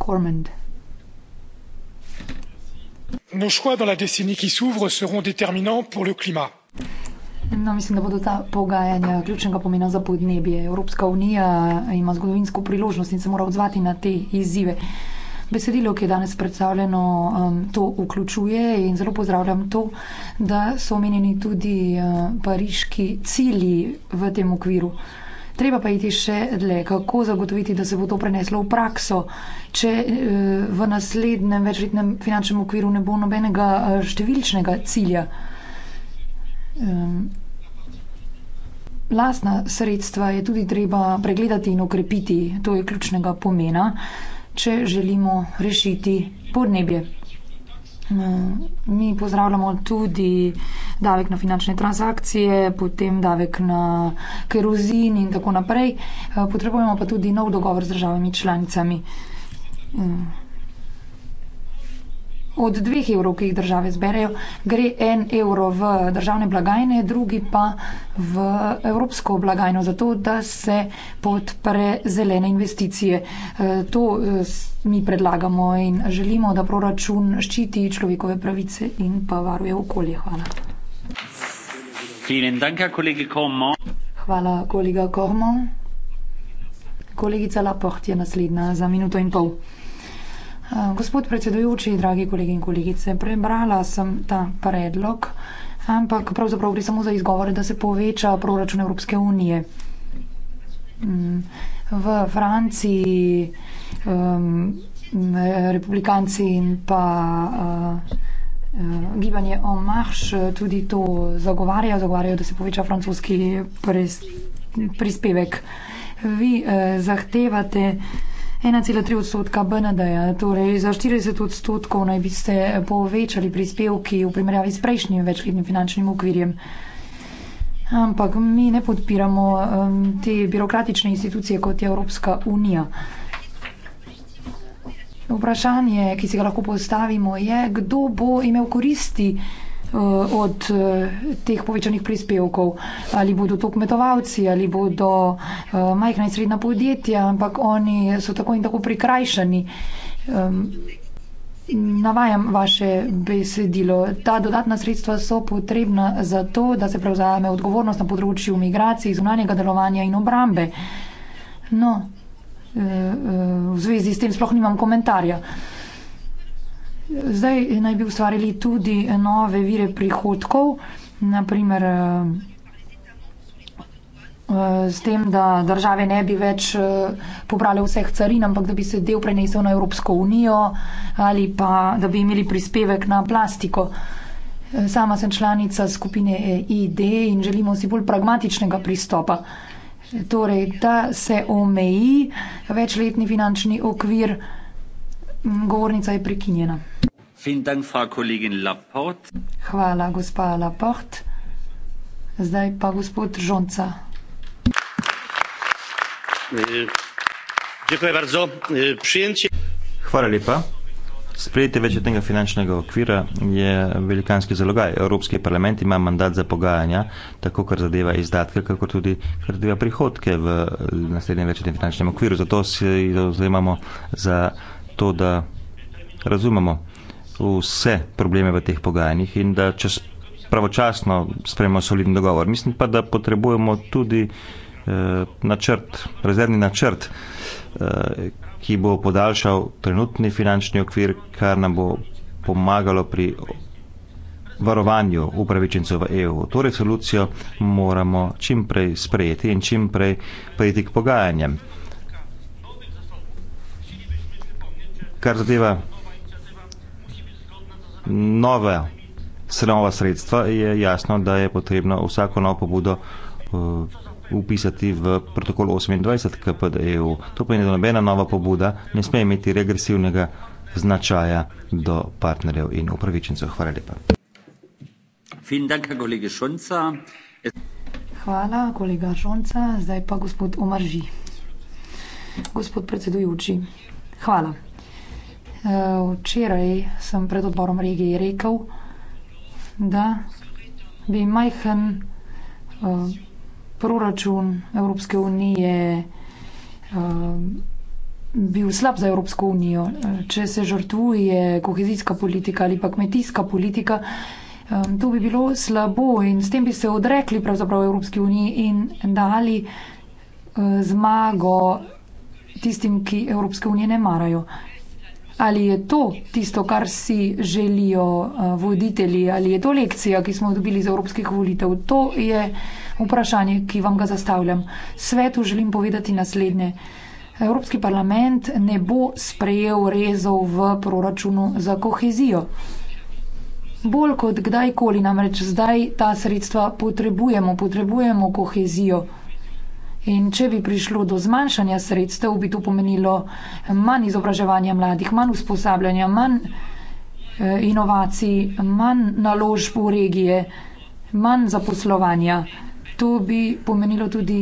[SPEAKER 3] Cormand. Nos choix dans la décennie qui s'ouvre seront
[SPEAKER 4] déterminants pour le climat.
[SPEAKER 3] No, mislim, da bodo ta pogajanja ključnega pomena za podnebje. Evropska unija ima zgodovinsko priložnost in se mora odzvati na te izzive. Besedilo, ki je danes predstavljeno, um, to vključuje in zelo pozdravljam to, da so omenjeni tudi uh, pariški cilji v tem okviru. Treba pa iti še dlje, kako zagotoviti, da se bo to preneslo v prakso, če uh, v naslednjem večletnem finančnem okviru ne bo nobenega uh, številčnega cilja. Vlastna sredstva je tudi treba pregledati in okrepiti, to je ključnega pomena, če želimo rešiti podnebje. Mi pozdravljamo tudi davek na finančne transakcije, potem davek na kerozin in tako naprej. Potrebujemo pa tudi nov dogovor z državami članicami od dveh evrov, ki jih države zberejo, gre en evro v državne blagajne, drugi pa v evropsko blagajno, zato da se podpre zelene investicije. E, to e, mi predlagamo in želimo, da proračun ščiti človekove pravice in pa varuje okolje. Hvala. Hvala, kolega Kormo. Kolegica Laport je naslednja za minuto in pol. Gospod predsedujoči, dragi kolegi in kolegice, prebrala sem ta predlog, ampak pravzaprav gre samo za izgovore, da se poveča proračun Evropske unije. Mm, v Franciji um, republikanci in pa uh, gibanje en marš tudi to zagovarjajo, zagovarjajo, da se poveča francoski pres, prispevek. Vi uh, zahtevate. 1,3 odstotka BND-ja, torej za 40 odstotkov naj bi se povečali prispevki v primerjavi s prejšnjim večletnim finančnim ukvirjem. Ampak mi ne podpiramo um, te birokratične institucije, kot je Evropska unija. Vprašanje, ki si ga lahko postavimo, je, kdo bo imel koristi Eh, od eh, teh povečanih prispevkov. Ali bodo to kmetovalci, ali bodo eh, majhna in srednja podjetja, ampak oni so tako in tako prikrajšani. Navajam vaše besedilo. Ta dodatna sredstva so potrebna za to, da se prevzame odgovornost na področju migracij, zunanjega delovanja in obrambe. No, v zvezi s tem sploh nimam komentarja. Zdaj naj bi ustvarili tudi nove vire prihodkov, naprimer eh, eh, s tem, da države ne bi več eh, pobrale vseh carin, ampak da bi se del prenesel na Evropsko unijo ali pa da bi imeli prispevek na plastiko. Sama sem članica skupine e ID in želimo si bolj pragmatičnega pristopa. Torej, da se omeji večletni finančni okvir govornica je prekinjena. Hvala, gospa Laporte. Zdaj pa gospod Žonca.
[SPEAKER 2] Hvala lepa. Sprejetje večletnega finančnega okvira je velikanski zalogaj. Evropski parlament ima mandat za pogajanja, tako kar zadeva izdatke, kako tudi kar zadeva prihodke v naslednjem večletnem finančnem okviru. Zato se zauzemamo za to, da razumemo vse probleme v teh pogajanjih in da čas pravočasno sprejmo soliden dogovor. Mislim pa, da potrebujemo tudi eh, načrt, rezervni načrt, eh, ki bo podaljšal trenutni finančni okvir, kar nam bo pomagalo pri varovanju upravičencev v EU. To resolucijo moramo čim prej sprejeti in čim prej prejeti k pogajanjem. kar zadeva nove srnova sredstva, je jasno, da je potrebno vsako novo pobudo upisati eh, v protokol 28 KPDEU. To pa je nedonobena nova pobuda, ne sme imeti regresivnega značaja do partnerjev in upravičencev. Hvala lepa.
[SPEAKER 3] Hvala, kolega Šonca. Zdaj pa gospod Omarži. Gospod predsedujoči, hvala. Eh, včeraj sem pred odborom regije rekel, da bi majhen eh, proračun Evropske unije eh, bil slab za Evropsko unijo. Če se žrtvuje kohezijska politika ali pa kmetijska politika, to bi bilo slabo in s tem bi se odrekli pravzaprav Evropski uniji in dali zmago tistim, ki Evropske unije ne marajo. Ali je to tisto, kar si želijo eh, voditelji, ali je to lekcija, ki smo dobili iz evropskih volitev? To je vprašanje, ki vam ga zastavljam. Svetu želim povedati naslednje. Evropski parlament ne bo sprejel rezov v proračunu za kohezijo. Bolj kot kdajkoli, namreč zdaj ta sredstva potrebujemo, potrebujemo kohezijo. In če bi prišlo do zmanjšanja sredstev, bi to pomenilo manj izobraževanja mladih, manj usposabljanja, manj eh, inovacij, manj naložb v regije, manj zaposlovanja. To bi pomenilo tudi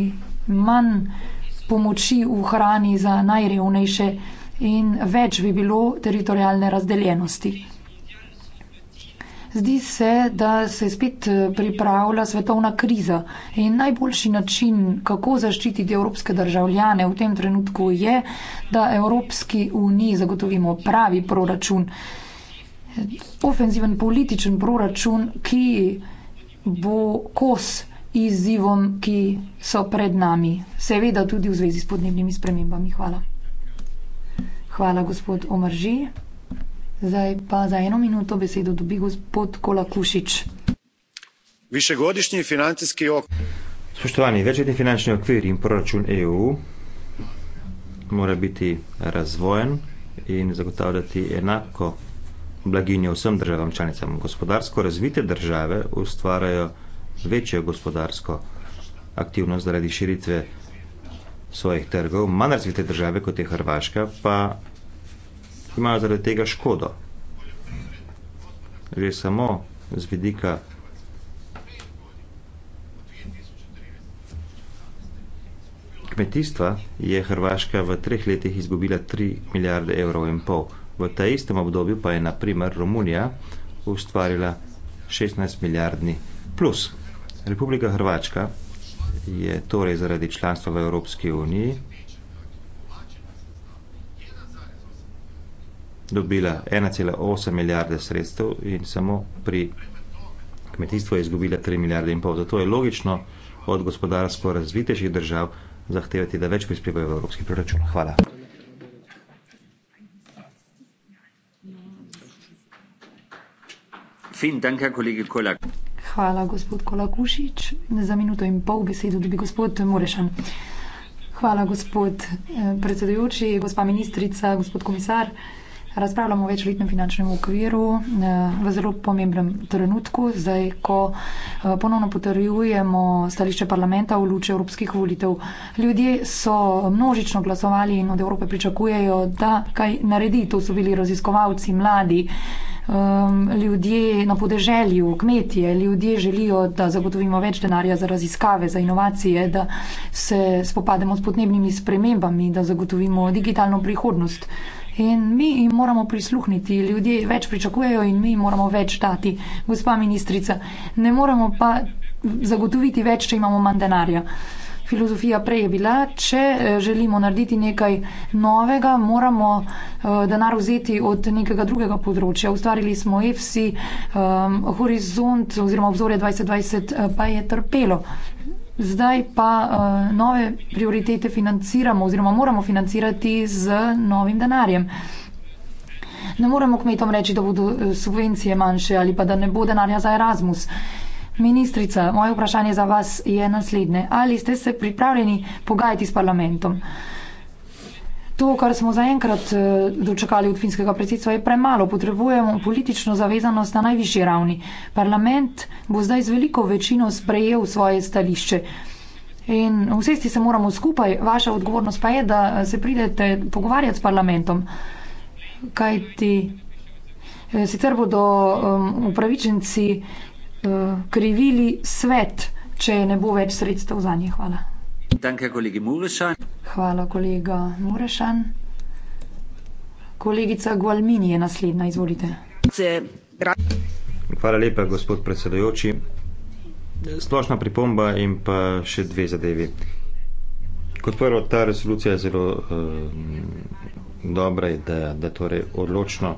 [SPEAKER 3] manj pomoči v hrani za najrevnejše in več bi bilo teritorijalne razdeljenosti. Zdi se, da se spet eh, pripravlja svetovna kriza in najboljši način, kako zaščititi evropske državljane v tem trenutku je, da Evropski uniji zagotovimo pravi proračun, ofenziven političen proračun, ki bo kos izzivom, ki so pred nami, seveda tudi v zvezi s podnebnimi spremembami. Hvala. Hvala, gospod Omarži. Zdaj pa za eno minuto besedo dobi gospod Kolakušič.
[SPEAKER 2] Višegodišnji financijski okvir. Spoštovani, večletni finančni okvir in proračun EU mora biti razvojen in zagotavljati enako blaginjo vsem državam članicam. Gospodarsko razvite države ustvarjajo večjo gospodarsko aktivnost zaradi širitve svojih trgov, manj razvite države kot je Hrvaška pa ki imajo zaradi tega škodo. Že samo z vidika kmetijstva je Hrvaška v treh letih izgubila 3 milijarde evrov in pol. V ta istem obdobju pa je na primer Romunija ustvarila 16 milijardni plus. Republika Hrvačka je torej zaradi članstva v Evropski uniji dobila 1,8 milijarde sredstev in samo pri kmetijstvu je izgubila 3 milijarde in pol. Zato je logično od gospodarsko razvitejših držav zahtevati, da več prispevajo v evropski proračun. Hvala.
[SPEAKER 3] Hvala, gospod Kolakušič. Za minuto in pol besedo dobi gospod Morešan. Hvala, gospod eh, predsedujoči, gospa ministrica, gospod komisar. Razpravljamo o večletnem finančnem okviru eh, v zelo pomembnem trenutku, zdaj, ko eh, ponovno potrjujemo stališče parlamenta v luči evropskih volitev. Ljudje so množično glasovali in od Evrope pričakujejo, da kaj naredi. To so bili raziskovalci, mladi, ehm, ljudje na podeželju, kmetije. Ljudje želijo, da zagotovimo več denarja za raziskave, za inovacije, da se spopademo s podnebnimi spremembami, da zagotovimo digitalno prihodnost. In mi jim moramo prisluhniti, ljudje več pričakujejo in mi jim moramo več dati, gospa ministrica. Ne moremo pa zagotoviti več, če imamo manj denarja. Filozofija prej je bila, če eh, želimo narediti nekaj novega, moramo eh, denar vzeti od nekega drugega področja. Ustvarili smo EFSI, um, Horizont oziroma obzorje 2020 pa je trpelo. Zdaj pa uh, nove prioritete financiramo oziroma moramo financirati z novim denarjem. Ne moremo kmetom reči, da bodo eh, subvencije manjše ali pa da ne bo denarja za Erasmus. Ministrica, moje vprašanje za vas je naslednje. Ali ste se pripravljeni pogajati s parlamentom? Uh, to, kar smo zaenkrat eh, dočekali od finskega predsedstva, je premalo. Potrebujemo politično zavezanost na najvišji ravni. Parlament bo zdaj z veliko večino sprejel svoje stališče. In vsesti se moramo skupaj, vaša odgovornost pa je, da eh, se pridete pogovarjati s parlamentom. Kaj ti eh, sicer bodo um, upravičenci uh, krivili svet, če ne bo več sredstev za njih? Hvala.
[SPEAKER 2] Danke, kolegi Murešan.
[SPEAKER 3] Hvala, kolega Murešan. Kolegica Gualmini je naslednja, izvolite.
[SPEAKER 2] Hvala lepa, gospod predsedajoči. Splošna pripomba in pa še dve zadevi. Kot prvo, ta resolucija je zelo eh, dobra, da, da torej odločno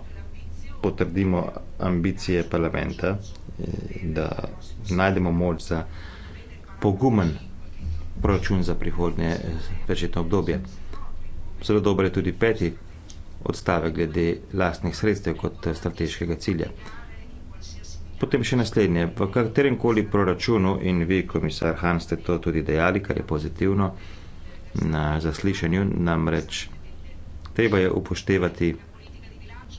[SPEAKER 2] potrdimo ambicije parlamenta, eh, da najdemo moč za pogumen proračun za prihodnje eh, večetno obdobje. Zelo dobro je tudi peti odstavek glede lastnih sredstev kot eh, strateškega cilja. Potem še naslednje, v katerem koli proračunu in vi, komisar Han, ste to tudi dejali, kar je pozitivno na zaslišanju, namreč treba je upoštevati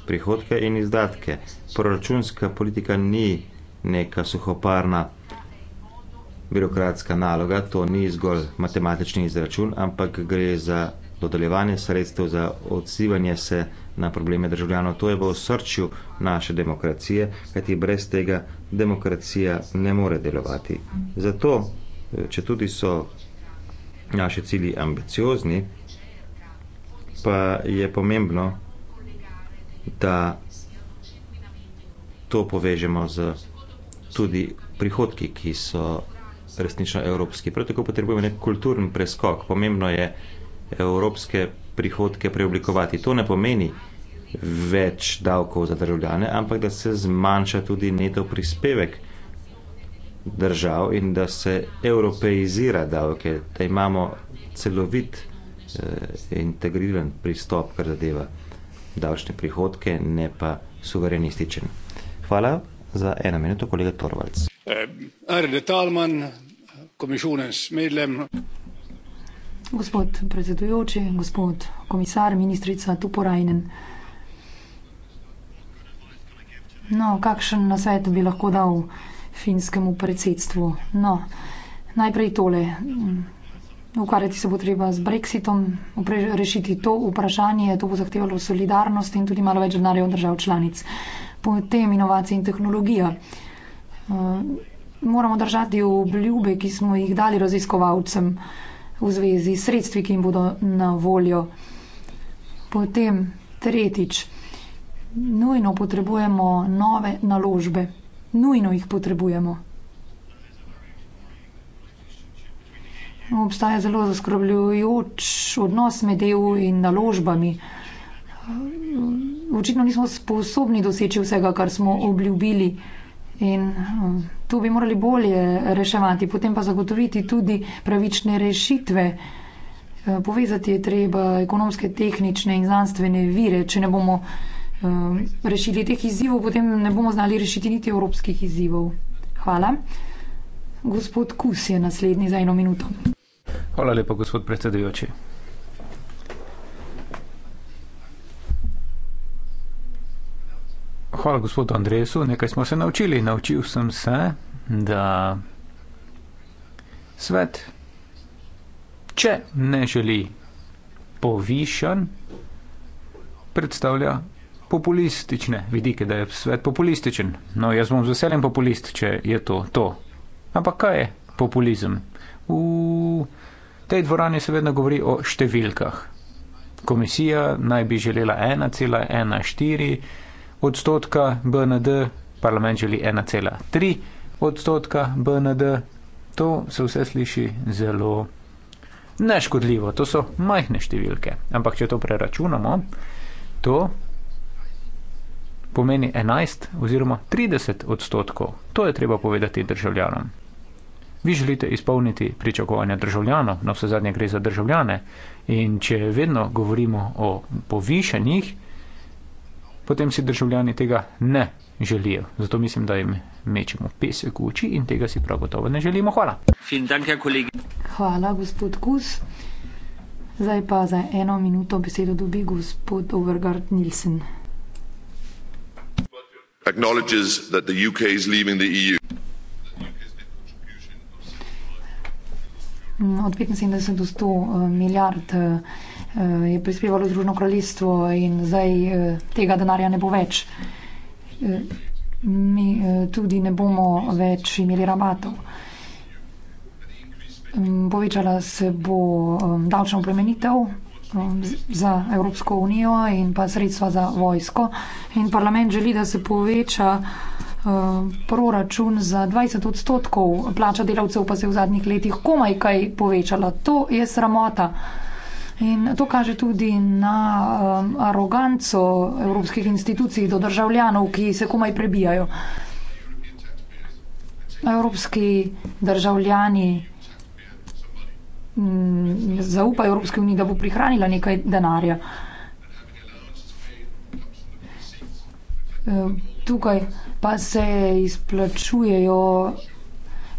[SPEAKER 2] prihodke in izdatke. Proračunska politika ni neka suhoparna politika, birokratska naloga, to ni zgolj matematični izračun, ampak gre za dodeljevanje sredstev, za odzivanje se na probleme državljanov. To je v srčju naše demokracije, kajti brez tega demokracija ne more delovati. Zato, če tudi so naši cilji ambiciozni, pa je pomembno, da to povežemo z tudi prihodki, ki so resnično evropski. Prav tako potrebujemo nek kulturn preskok. Pomembno je evropske prihodke preoblikovati. To ne pomeni več davkov za državljane, ampak da se zmanjša tudi neto prispevek držav in da se evropeizira davke, da imamo celovit eh, integriran pristop, kar zadeva davčne prihodke, ne pa suverenističen. Hvala za eno minuto, kolega Torvalc.
[SPEAKER 1] Eh, Arne Talman,
[SPEAKER 3] Gospod predsedujoči, gospod komisar, ministrica Tuporajnen. No, kakšen nasvet bi lahko dal finskemu predsedstvu? No, najprej tole. Ukvarjati se bo treba z brexitom, rešiti to vprašanje, to bo zahtevalo solidarnost in tudi malo več denarja od držav članic. Potem inovacije in tehnologija moramo držati obljube, ki smo jih dali raziskovalcem v zvezi s sredstvi, ki jim bodo na voljo. Potem tretjič, nujno potrebujemo nove naložbe, nujno jih potrebujemo. Obstaja zelo zaskrbljujoč odnos med EU in naložbami. Očitno nismo sposobni doseči vsega, kar smo obljubili in um, To bi morali bolje reševati, potem pa zagotoviti tudi pravične rešitve. Eh, povezati je treba ekonomske, tehnične in znanstvene vire. Če ne bomo eh, rešili teh izzivov, potem ne bomo znali rešiti niti evropskih izzivov. Hvala. Gospod Kus je naslednji za eno minuto.
[SPEAKER 1] Hvala lepa, gospod predsedujoči. Hvala gospodu Andresu, nekaj smo se naučili. Naučil sem se, da svet, če ne želi povišan, predstavlja populistične vidike, da je svet populističen. No, jaz bom z veseljem populist, če je to to. Ampak kaj je populizem? V tej dvorani se vedno govori o številkah. Komisija naj bi želela 1,14 odstotka BND, parlament želi 1,3 odstotka BND. To se vse sliši zelo neškodljivo, to so majhne številke. Ampak, če to preračunamo, to pomeni 11 oziroma 30 odstotkov. To je treba povedati državljanom. Vi želite izpolniti pričakovanja državljanov, na vse zadnje gre za državljane. In če vedno govorimo o povišanjih, potem si državljani tega ne želijo. Zato mislim, da jim mečemo pesek v oči in tega si prav gotovo ne želimo. Hvala.
[SPEAKER 3] Hvala, gospod Kus. Zdaj pa za eno minuto besedo dobi gospod Overgard Nilsen.
[SPEAKER 5] Acknowledges that the UK is leaving the EU.
[SPEAKER 3] Od 75 do 100 eh, milijard. Uh, Eh, je prispevalo Združeno kraljestvo in zdaj eh, tega denarja ne bo več. Eh, mi tudi ne bomo več imeli rabatov. Mm, povečala se bo um, davčna oplemenitev um, za Evropsko unijo in pa sredstva za vojsko. In parlament želi, da se poveča um, proračun za 20 odstotkov, plača delavcev pa se v zadnjih letih komaj kaj povečala. To je sramota. In to kaže tudi na um, aroganco evropskih institucij do državljanov, ki se komaj prebijajo. Evropski državljani mm, zaupajo Evropski uniji, da bo prihranila nekaj denarja. Ehm, tukaj pa se izplačujejo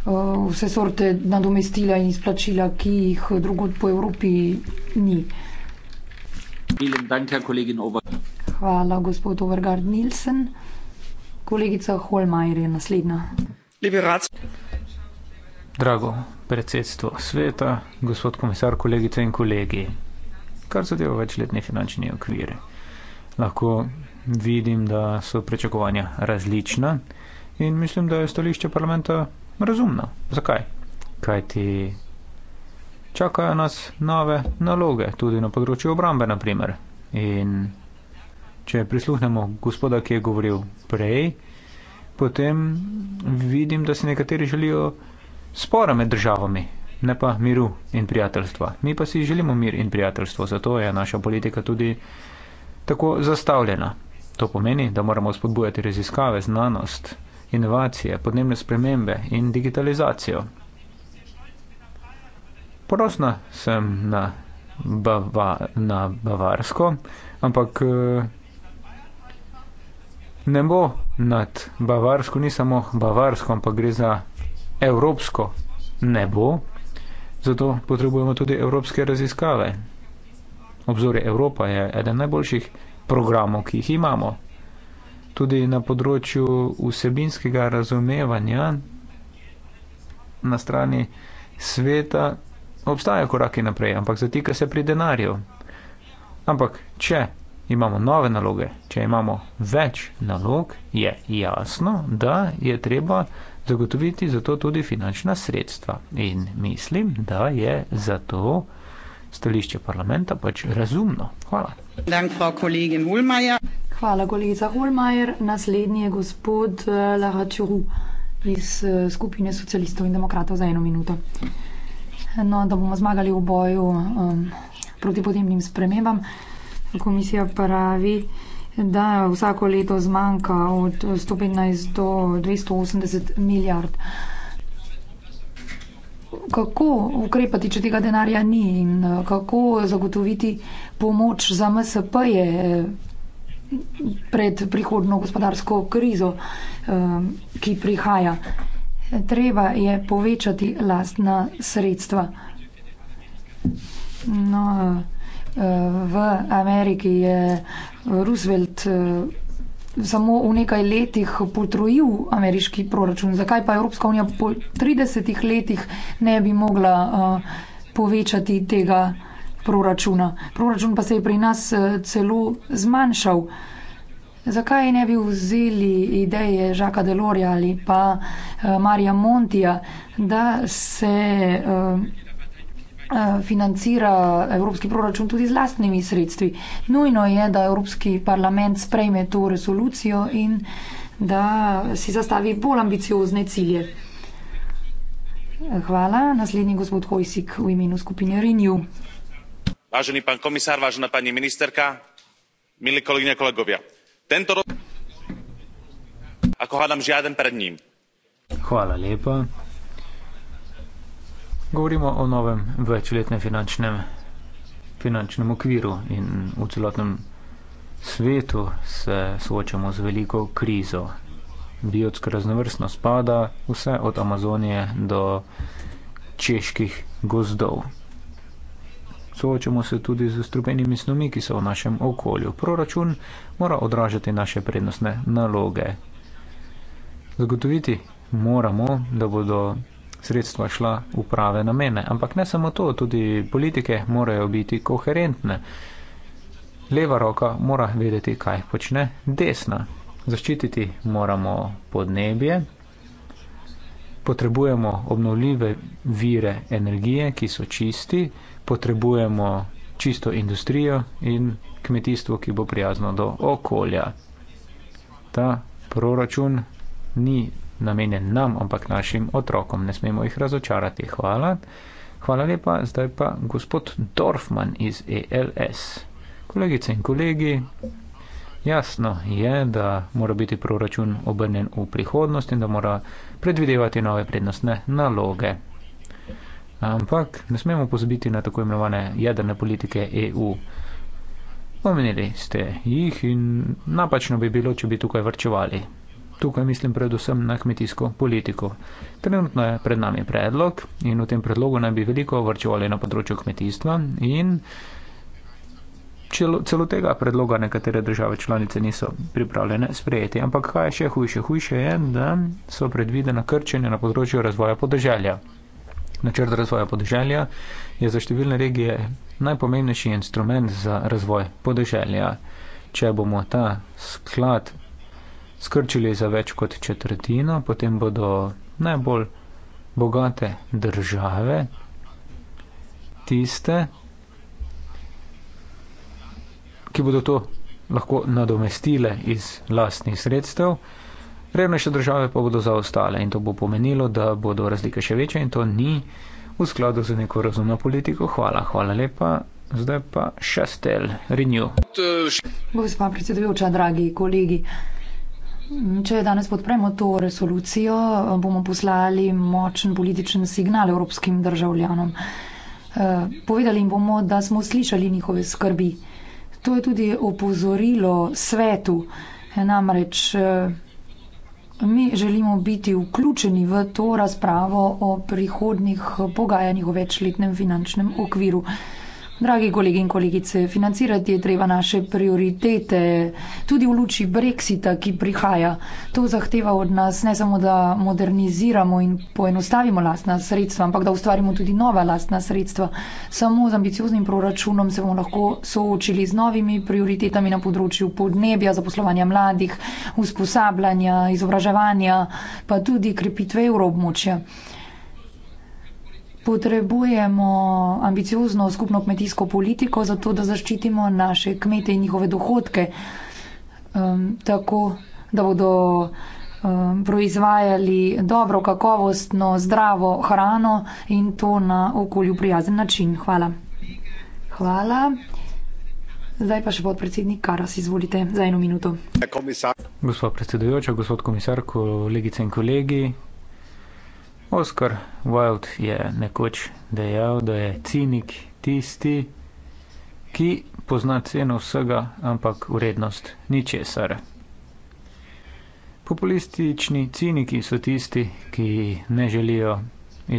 [SPEAKER 3] Eh, vse sorte nadomestila in izplačila, ki jih drugod po Evropi ni. Hvala, gospod Overgard Nielsen. Kolegica Holmajer je naslednja.
[SPEAKER 1] Drago predsedstvo sveta, gospod komisar, kolegice in kolegi. Kar zadeva večletni finančni okvir, lahko vidim, da so pričakovanja različna in mislim, da je stališče parlamenta Razumno. Zakaj? Kaj ti čakajo nas nove naloge, tudi na področju obrambe, naprimer. In če prisluhnemo gospoda, ki je govoril prej, potem vidim, da si nekateri želijo spora med državami, ne pa miru in prijateljstva. Mi pa si želimo mir in prijateljstvo, zato je naša politika tudi tako zastavljena. To pomeni, da moramo spodbujati raziskave, znanost, inovacije, podnebne spremembe in digitalizacijo. Ponosna sem na, Bava, na Bavarsko, ampak eh, ne bo nad Bavarsko, ni samo Bavarsko, ampak gre za evropsko nebo. Zato potrebujemo tudi evropske raziskave. Obzorje Evropa je eden najboljših programov, ki jih imamo tudi na področju vsebinskega razumevanja na strani sveta obstajajo koraki naprej, ampak zatika se pri denarju. Ampak, če imamo nove naloge, če imamo več nalog, je jasno, da je treba zagotoviti za to tudi finančna sredstva. In mislim, da je zato stališče parlamenta pač razumno. Hvala.
[SPEAKER 4] Dank, Frau Kollegin Hohlmeier.
[SPEAKER 3] Hvala, kolegica Hohlmeier. Naslednji je gospod eh, Lahačuru iz eh, skupine socialistov in demokratov za eno minuto. No, da bomo zmagali v boju um, proti podnebnim spremembam. Komisija pravi, da vsako leto zmanjka od 115 do 280 milijard kako ukrepati, če tega denarja ni in eh, kako zagotoviti pomoč za MSP je eh, pred prihodno gospodarsko krizo, eh, ki prihaja. Treba je povečati lastna sredstva. No, v Ameriki je Roosevelt samo v nekaj letih potrojil ameriški proračun. Zakaj pa Evropska unija po 30 letih ne bi mogla uh, povečati tega proračuna? Proračun pa se je pri nas eh, celo zmanjšal. Zakaj ne bi vzeli ideje Žaka Delorja ali pa uh, Marija Montija, da se uh, Eh, financira evropski proračun tudi z lastnimi sredstvi. Nujno je, da Evropski parlament sprejme to resolucijo in da si zastavi bolj ambiciozne cilje. Hvala. Naslednji gospod Hojsik v imenu skupine Renew.
[SPEAKER 2] Važeni pan komisar, važena pani ministerka, mili kolegine kolegovja. Tento rok, ako hádam, žiaden pred ním.
[SPEAKER 1] Hvala lepa. Govorimo o novem večletnem finančnem, finančnem okviru in v celotnem svetu se soočamo z veliko krizo. Biotska raznovrstnost pada vse od Amazonije do čeških gozdov. Soočamo se tudi z strupenimi snovmi, ki so v našem okolju. Proračun mora odražati naše prednostne naloge. Zagotoviti moramo, da bodo sredstva šla v prave namene. Ampak ne samo to, tudi politike morajo biti koherentne. Leva roka mora vedeti, kaj počne desna. Zaščititi moramo podnebje, potrebujemo obnovljive vire energije, ki so čisti, potrebujemo čisto industrijo in kmetijstvo, ki bo prijazno do okolja. Ta proračun ni namenjen nam, ampak našim otrokom. Ne smemo jih razočarati. Hvala. Hvala lepa. Zdaj pa gospod Dorfman iz ELS. Kolegice in kolegi, jasno je, da mora biti proračun obrnen v prihodnost in da mora predvidevati nove prednostne naloge. Ampak ne smemo pozabiti na tako imenovane jedrne politike EU. Omenili ste jih in napačno bi bilo, če bi tukaj vrčevali. Tukaj mislim predvsem na kmetijsko politiko. Trenutno je pred nami predlog in v tem predlogu naj bi veliko vrčevali na področju kmetijstva in celo, celo tega predloga nekatere države članice niso pripravljene sprejeti. Ampak kaj je še hujše? Hujše je, da so predvidena krčenja na področju razvoja podeželja. Načrt razvoja podeželja je za številne regije najpomembnejši instrument za razvoj podeželja. Če bomo ta sklad skrčili za več kot četrtino, potem bodo najbolj bogate države tiste, ki bodo to lahko nadomestile iz lastnih sredstev, revnejše države pa bodo zaostale in to bo pomenilo, da bodo razlike še večje in to ni v skladu z neko razumno politiko. Hvala, hvala lepa. Zdaj pa šestel, Renew.
[SPEAKER 3] Gospod predsedujoča, dragi kolegi. Hmm, če danes podpremo to resolucijo, bomo poslali močen političen signal evropskim državljanom. Eh, povedali jim bomo, da smo slišali njihove skrbi. To je tudi opozorilo svetu. Eh, namreč eh, mi želimo biti vključeni v to razpravo o prihodnih pogajanjih o večletnem finančnem okviru. Dragi kolegi in kolegice, financirati je treba naše prioritete, tudi v luči brexita, ki prihaja. To zahteva od nas ne samo, da moderniziramo in poenostavimo lastna sredstva, ampak da ustvarimo tudi nova lastna sredstva. Samo z ambicioznim proračunom se bomo lahko soočili z novimi prioritetami na področju podnebja, zaposlovanja mladih, usposabljanja, izobraževanja, pa tudi krepitve evroobmočja potrebujemo ambiciozno skupno kmetijsko politiko, zato da zaščitimo naše kmete in njihove dohodke, um, tako da bodo um, proizvajali dobro, kakovostno, zdravo hrano in to na okolju prijazen način. Hvala. Hvala. Zdaj pa še podpredsednik Karas, izvolite za eno minuto.
[SPEAKER 1] Gospod predsedujoča, gospod komisar, kolegice in kolegi, Oskar Wild je nekoč dejal, da je cinik tisti, ki pozna ceno vsega, ampak vrednost ničesar. Populistični ciniki so tisti, ki ne želijo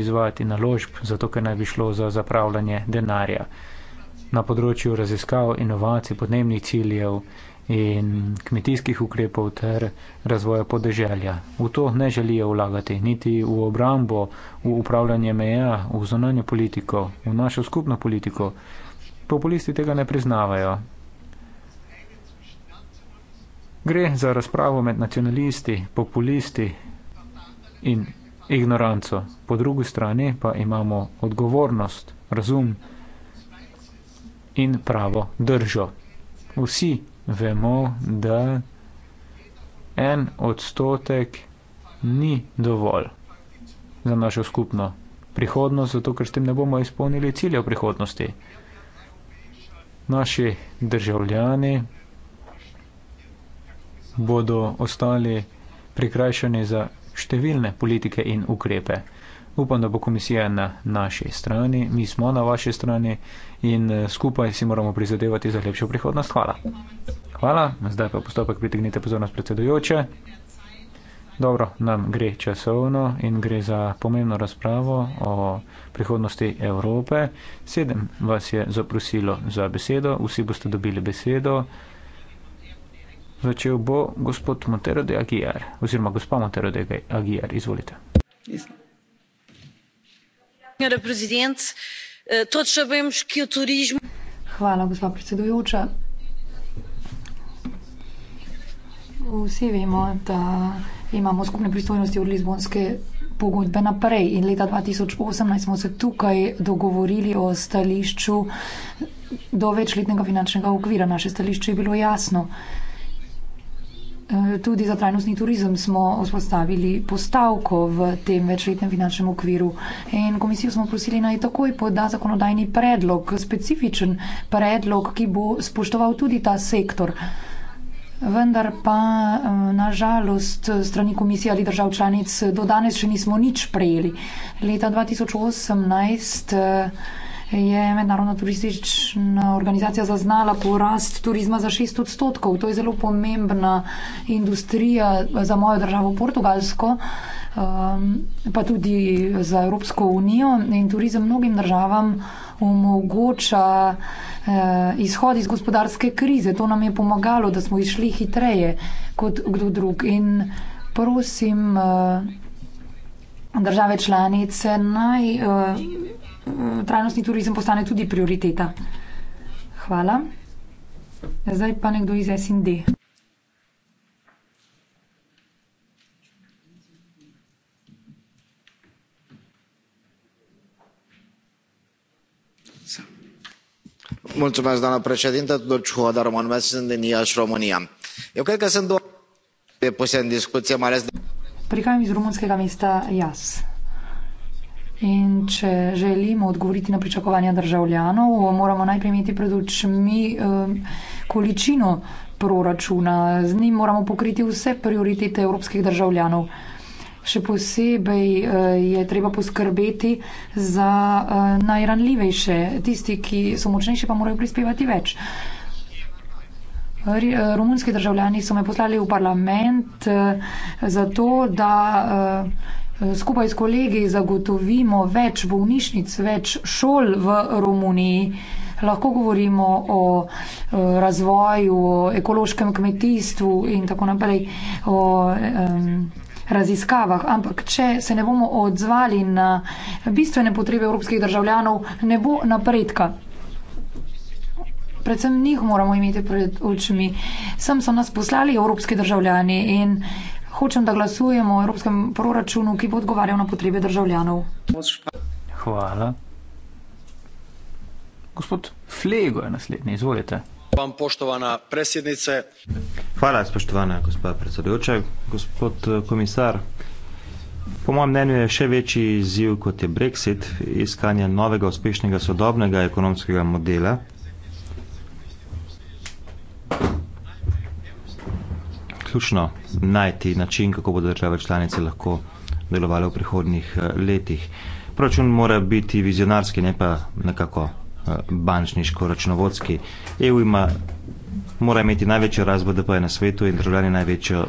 [SPEAKER 1] izvajati naložb, zato ker naj bi šlo za zapravljanje denarja. Na področju raziskav, inovacij, podnebnih ciljev, in kmetijskih ukrepov ter razvoja podeželja. V to ne želijo vlagati, niti v obrambo, v upravljanje meja, v zunanjo politiko, v našo skupno politiko. Populisti tega ne priznavajo. Gre za razpravo med nacionalisti, populisti in ignoranco. Po drugi strani pa imamo odgovornost, razum in pravo držo. Vsi vemo, da en odstotek ni dovolj za našo skupno prihodnost, zato ker s tem ne bomo izpolnili cilja v prihodnosti. Naši državljani bodo ostali prikrajšani za številne politike in ukrepe. Upam, da bo komisija na naši strani, mi smo na vaši strani in eh, skupaj si moramo prizadevati za lepšo prihodnost. Hvala. Hvala, zdaj pa postopek pritegnite pozornost predsedujoče. Dobro, nam gre časovno in gre za pomembno razpravo o prihodnosti Evrope. Sedem vas je zaprosilo za besedo, vsi boste dobili besedo. Začel bo gospod Montero de Aguiar, oziroma gospa Montero de Aguiar, izvolite. Yes.
[SPEAKER 6] Eh, todos sabemos que o
[SPEAKER 3] turismo. Hvala, gospa predsedujoča. Vsi vemo, da imamo skupne pristojnosti od Lizbonske pogodbe naprej in leta 2018 smo se tukaj dogovorili o stališču do večletnega finančnega okvira. Naše stališče je bilo jasno. Eh, tudi za trajnostni turizem smo vzpostavili postavko v tem večletnem finančnem okviru in komisijo smo prosili naj takoj poda zakonodajni predlog, specifičen predlog, ki bo spoštoval tudi ta sektor. Vendar pa eh, nažalost eh, strani komisije ali držav članic do danes še nismo nič prejeli. Leta 2018 je mednarodna turistična organizacija zaznala porast turizma za 6 odstotkov. To je zelo pomembna industrija za mojo državo Portugalsko, um, pa tudi za Evropsko unijo in turizem mnogim državam omogoča eh, izhod iz gospodarske krize. To nam je pomagalo, da smo išli hitreje kot kdo drug. In prosim eh, države članice naj eh, Eh, trajnostni turizem postane tudi prioriteta. Hvala. Zdaj pa nekdo iz SND.
[SPEAKER 7] Mulțumesc, doamnă președintă, Dulci Hodor, mă numesc, sunt din Iași, România. Eu cred că
[SPEAKER 2] sunt două puse în discuție, mai ales de...
[SPEAKER 3] Prikajam iz rumunskega mesta Jas. In če želimo odgovoriti na pričakovanja državljanov, moramo najprej imeti pred očmi um, količino proračuna. Z njim moramo pokriti vse prioritete evropskih državljanov. Še posebej uh, je treba poskrbeti za uh, najranljivejše, tisti, ki so močnejši, pa morajo prispevati več. Uh, romunski državljani so me poslali v parlament zato, da Eh, skupaj s kolegi zagotovimo več bolnišnic, več šol v Romuniji. Lahko govorimo o eh, razvoju, o ekološkem kmetijstvu in tako naprej, o um, raziskavah, ampak če se ne bomo odzvali na bistvene potrebe evropskih državljanov, ne bo napredka. Predvsem njih moramo imeti pred očmi. Sem so nas poslali evropski državljani in Hočem, da glasujemo o evropskem proračunu, ki bo odgovarjal na potrebe
[SPEAKER 1] državljanov. Hvala. Gospod
[SPEAKER 2] Flego je naslednji, izvolite.
[SPEAKER 7] Vam, poštovana predsednice.
[SPEAKER 2] Hvala, spoštovana gospa predsedujoča. Gospod eh, komisar, po mojem mnenju je še večji izziv kot je Brexit, iskanje novega uspešnega sodobnega ekonomskega modela, ključno najti način, kako bodo države članice lahko delovale v prihodnih eh, letih. Proračun mora biti vizionarski, ne pa nekako eh, bančniško-računovodski. EU ima, mora imeti največjo rast BDP na svetu in državljani največjo,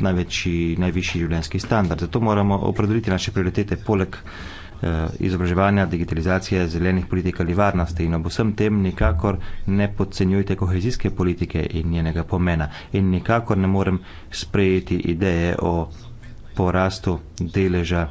[SPEAKER 2] največji, najvišji življenjski standard. Zato moramo opredeliti naše prioritete poleg Eh, izobraževanja, digitalizacije, zelenih politik ali varnosti in ob vsem tem nikakor ne podcenjujte kohezijske politike in njenega pomena in nikakor ne morem sprejeti ideje o porastu deleža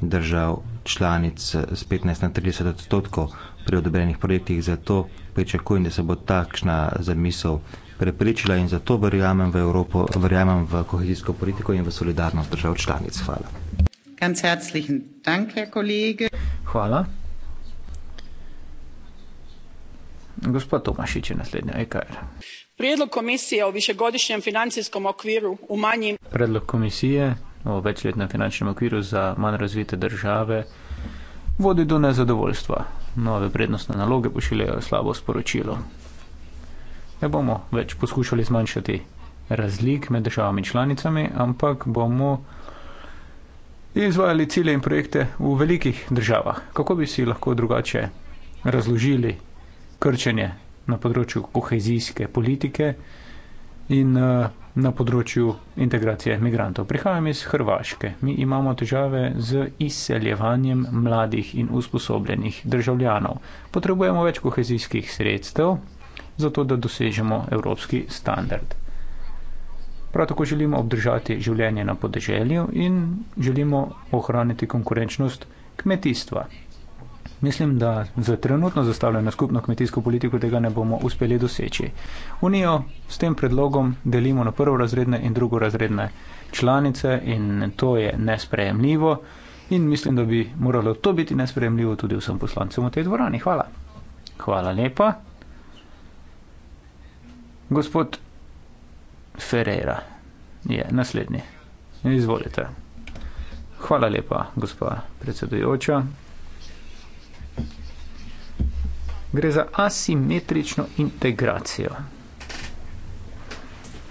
[SPEAKER 2] držav članic z 15 na 30 odstotkov pri odobrenih projektih, zato pričakujem, da se bo takšna zamisel prepričila in zato verjamem v Evropo, verjamem v kohezijsko politiko in v solidarnost držav članic. Hvala.
[SPEAKER 4] Ganz
[SPEAKER 1] herzlichen Dank, Herr Kollege. Hvala. Gospod Tomašič je naslednji, EKR.
[SPEAKER 5] Predlog komisije o višegodišnjem financijskem okviru v manji...
[SPEAKER 1] Predlog komisije o večletnem finančnem okviru za manj razvite države vodi do nezadovoljstva. Nove prednostne naloge pošiljajo slabo sporočilo. Ne bomo več poskušali zmanjšati razlik med državami članicami, ampak bomo izvajali cilje in projekte v velikih državah. Kako bi si lahko drugače razložili krčenje na področju kohezijske politike in eh, na področju integracije migrantov? Prihajam iz Hrvaške. Mi imamo težave z izseljevanjem mladih in usposobljenih državljanov. Potrebujemo več kohezijskih sredstev, zato da dosežemo evropski standard. Prav tako želimo obdržati življenje na podeželju in želimo ohraniti konkurenčnost kmetijstva. Mislim, da z trenutno zastavljeno skupno kmetijsko politiko tega ne bomo uspeli doseči. Unijo s tem predlogom delimo na prvorazredne in drugorazredne članice in to je nesprejemljivo in mislim, da bi moralo to biti nesprejemljivo tudi vsem poslancem v tej dvorani. Hvala. Hvala lepa. Gospod Ferreira je naslednji. Izvolite. Hvala lepa, gospa predsedujoča. Gre za asimetrično integracijo.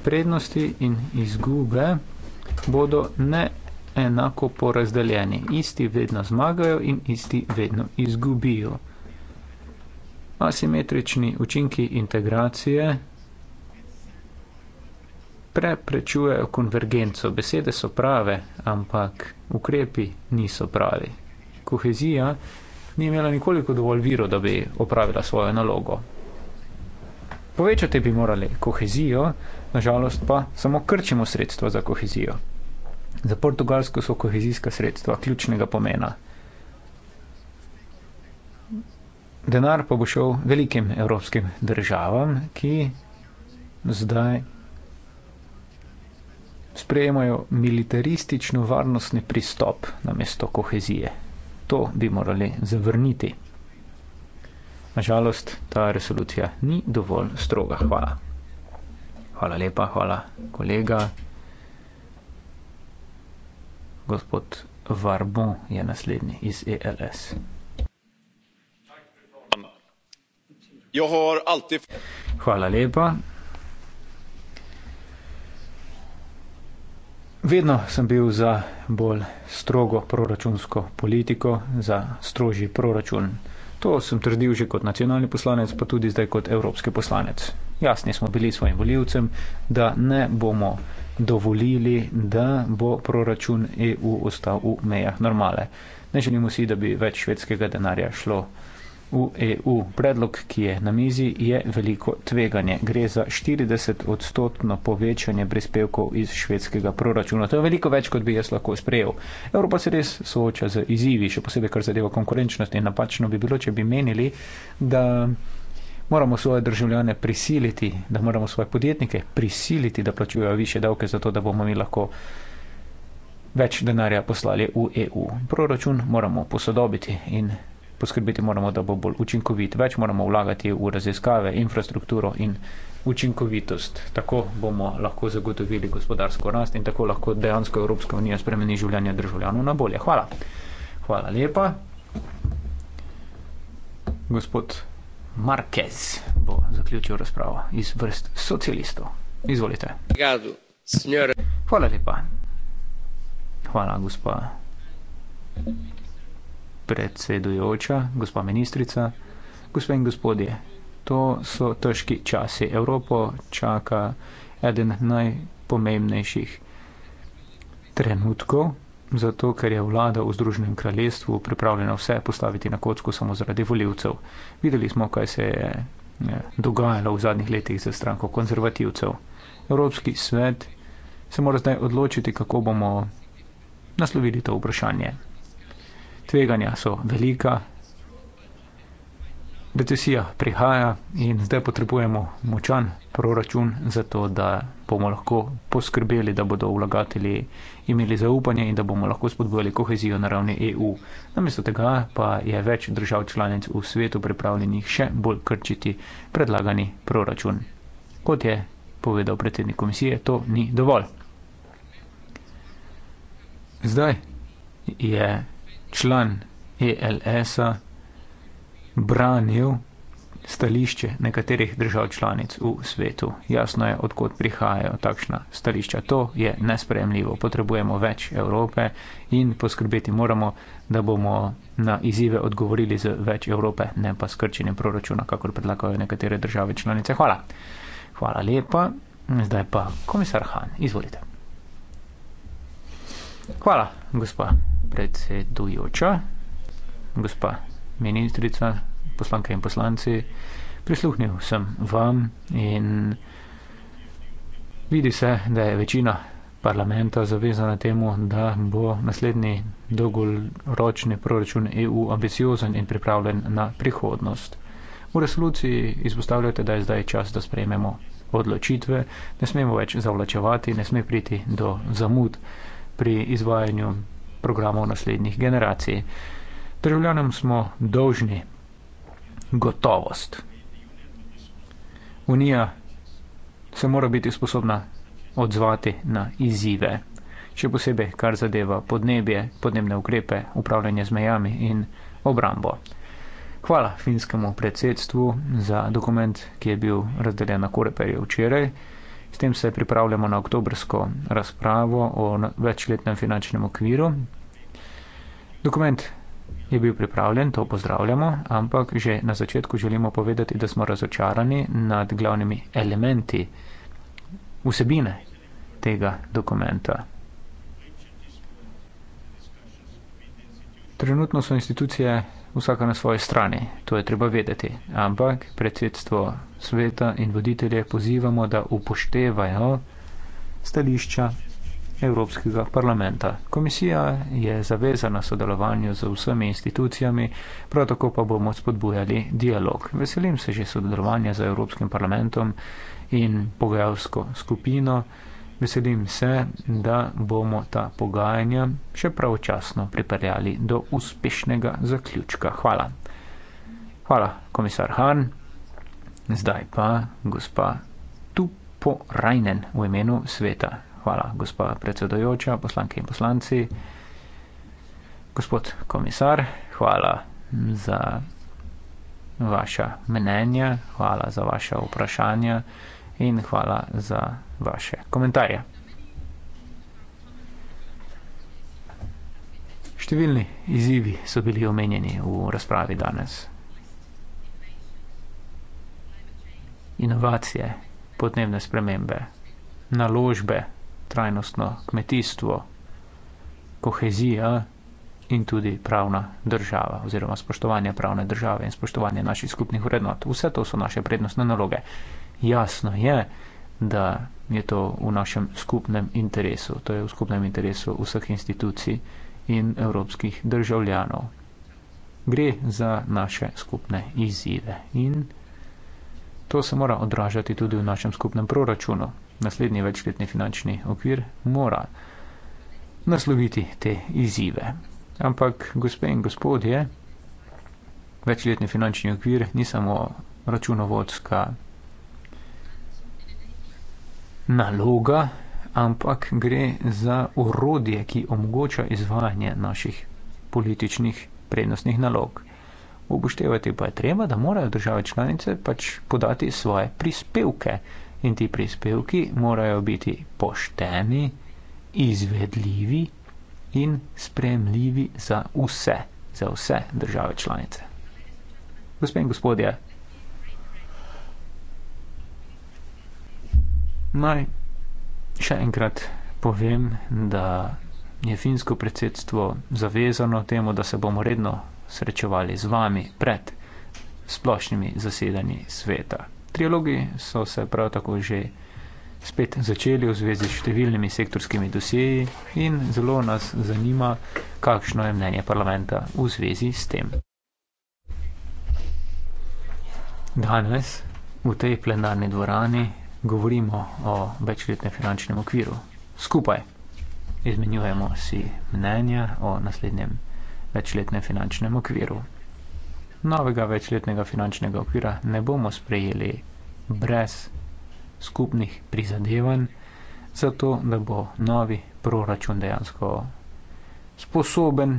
[SPEAKER 1] Prednosti in izgube bodo neenako porazdeljeni. Isti vedno zmagajo in isti vedno izgubijo. Asimetrični učinki integracije preprečujejo konvergenco. Besede so prave, ampak ukrepi niso pravi. Kohezija ni imela nikoli dovolj viro, da bi opravila svojo nalogo. Povečati bi morali kohezijo, nažalost pa samo krčimo sredstva za kohezijo. Za Portugalsko so kohezijska sredstva ključnega pomena. Denar pa bo šel velikim evropskim državam, ki zdaj sprejemajo militaristično-varnostni pristop na mesto kohezije. To bi morali zavrniti. Nažalost, ta resolucija ni dovolj stroga. Hvala. Hvala lepa, hvala kolega. Gospod Varbon je naslednji iz ELS. Hvala lepa. Vedno sem bil za bolj strogo proračunsko politiko, za strožji proračun. To sem trdil že kot nacionalni poslanec, pa tudi zdaj kot evropski poslanec. Jasni smo bili svojim voljivcem, da ne bomo dovolili, da bo proračun EU ostal v mejah normale. Ne želimo si, da bi več švedskega denarja šlo v EU. Predlog, ki je na mizi, je veliko tveganje. Gre za 40 odstotno povečanje prispevkov iz švedskega proračuna. To je veliko več, kot bi jaz lahko sprejel. Evropa se res sooča z izzivi, še posebej kar zadeva konkurenčnost in napačno bi bilo, če bi menili, da. Moramo svoje državljane prisiliti, da moramo svoje podjetnike prisiliti, da plačujejo više davke, zato da bomo mi lahko več denarja poslali v EU. Proračun moramo posodobiti in poskrbeti moramo, da bo bolj učinkovit. Več moramo vlagati v raziskave, infrastrukturo in učinkovitost. Tako bomo lahko zagotovili gospodarsko rast in tako lahko dejansko Evropska unija spremeni življenje državljanov na bolje. Hvala. Hvala lepa. Gospod Marquez bo zaključil razpravo iz vrst socialistov. Izvolite. Hvala lepa. Hvala, gospa predsedujoča, gospa ministrica, gospe in gospodje. To so težki časi. Evropo čaka eden najpomembnejših trenutkov, zato ker je vlada v Združenem kraljestvu pripravljena vse postaviti na kocko samo zaradi voljivcev. Videli smo, kaj se je eh, dogajalo v zadnjih letih za stranko konzervativcev. Evropski svet se mora zdaj odločiti, kako bomo naslovili to vprašanje tveganja so velika, recesija prihaja in zdaj potrebujemo močan proračun za to, da bomo lahko poskrbeli, da bodo vlagatelji imeli zaupanje in da bomo lahko spodbojali kohezijo na ravni EU. Namesto tega pa je več držav članic v svetu pripravljenih še bolj krčiti predlagani proračun. Kot je povedal predsednik komisije, to ni dovolj. Zdaj je član ELS-a branil stališče nekaterih držav članic v svetu. Jasno je, odkot prihajajo takšna stališča. To je nespremljivo. Potrebujemo več Evrope in poskrbeti moramo, da bomo na izive odgovorili z več Evrope, ne pa s krčenjem proračuna, kakor predlagajo nekatere države članice. Hvala. Hvala lepa. Zdaj pa komisar Han, izvolite. Hvala, gospod predsedujoča, gospa ministrica, poslanke in poslanci, prisluhnil sem vam in vidi se, da je večina parlamenta zavezana temu, da bo naslednji dolgoročni proračun EU ambiciozen in pripravljen na prihodnost. V resoluciji izpostavljate, da je zdaj čas, da sprejmemo odločitve, ne smemo več zavlačevati, ne sme priti do zamud pri izvajanju programov naslednjih generacij. Državljanom smo dolžni gotovost. Unija se mora biti sposobna odzvati na izzive, še posebej kar zadeva podnebje, podnebne ukrepe, upravljanje z mejami in obrambo. Hvala finskemu predsedstvu za dokument, ki je bil razdeljen na Koreperju včeraj. S tem se pripravljamo na oktobrsko razpravo o večletnem finančnem okviru. Dokument je bil pripravljen, to pozdravljamo, ampak že na začetku želimo povedati, da smo razočarani nad glavnimi elementi vsebine tega dokumenta. Trenutno so institucije vsaka na svoji strani, to je treba vedeti. Ampak predsedstvo sveta in voditelje pozivamo, da upoštevajo stališča Evropskega parlamenta. Komisija je zavezana sodelovanju z vsemi institucijami, prav tako pa bomo spodbujali dialog. Veselim se že sodelovanja z Evropskim parlamentom in pogajalsko skupino. Veselim se, da bomo ta pogajanja še pravočasno pripeljali do uspešnega zaključka. Hvala. Hvala, komisar Han. Zdaj pa gospa Tupo Rajnen v imenu sveta. Hvala, gospa predsedojoča, poslanke in poslanci. Gospod komisar, hvala za vaša mnenja, hvala za vaša vprašanja in hvala za vaše komentarje. Številni izzivi so bili omenjeni v razpravi danes. Inovacije, podnebne spremembe, naložbe, trajnostno kmetijstvo, kohezija in tudi pravna država oziroma spoštovanje pravne države in spoštovanje naših skupnih vrednot. Vse to so naše prednostne naloge jasno je, da je to v našem skupnem interesu, to je v skupnem interesu vseh institucij in evropskih državljanov. Gre za naše skupne izzive in to se mora odražati tudi v našem skupnem proračunu. Naslednji večletni finančni okvir mora nasloviti te izzive. Ampak, gospe in gospodje, večletni finančni okvir ni samo računovodska naloga, ampak gre za urodje, ki omogoča izvajanje naših političnih prednostnih nalog. Upoštevati pa je treba, da morajo države članice pač podati svoje prispevke in ti prispevki morajo biti pošteni, izvedljivi in spremljivi za vse, za vse države članice. Gospe in gospodje, Naj še enkrat povem, da je finsko predsedstvo zavezano temu, da se bomo redno srečevali z vami pred splošnimi zasedanji sveta. Trialogi so se prav tako že spet začeli v zvezi s številnimi sektorskimi dosjeji in zelo nas zanima, kakšno je mnenje parlamenta v zvezi s tem. Danes v tej plenarni dvorani govorimo o večletnem finančnem okviru. Skupaj izmenjujemo si mnenja o naslednjem večletnem finančnem okviru. Novega večletnega finančnega okvira ne bomo sprejeli brez skupnih prizadevanj, zato da bo novi proračun dejansko sposoben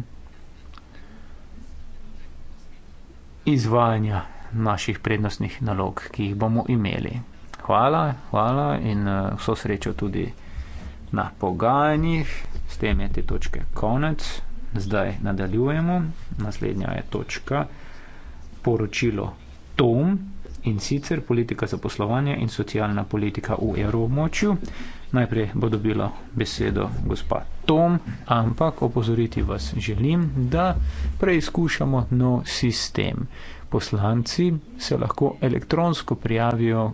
[SPEAKER 1] izvajanja naših prednostnih nalog, ki jih bomo imeli. Hvala, hvala in uh, vso srečo tudi na pogajanjih. S tem je te točke konec. Zdaj nadaljujemo. Naslednja je točka poročilo TOM in sicer politika za poslovanje in socialna politika v evromočju. Najprej bo dobila besedo gospa Tom, ampak opozoriti vas želim, da preizkušamo nov sistem. Poslanci se lahko elektronsko prijavijo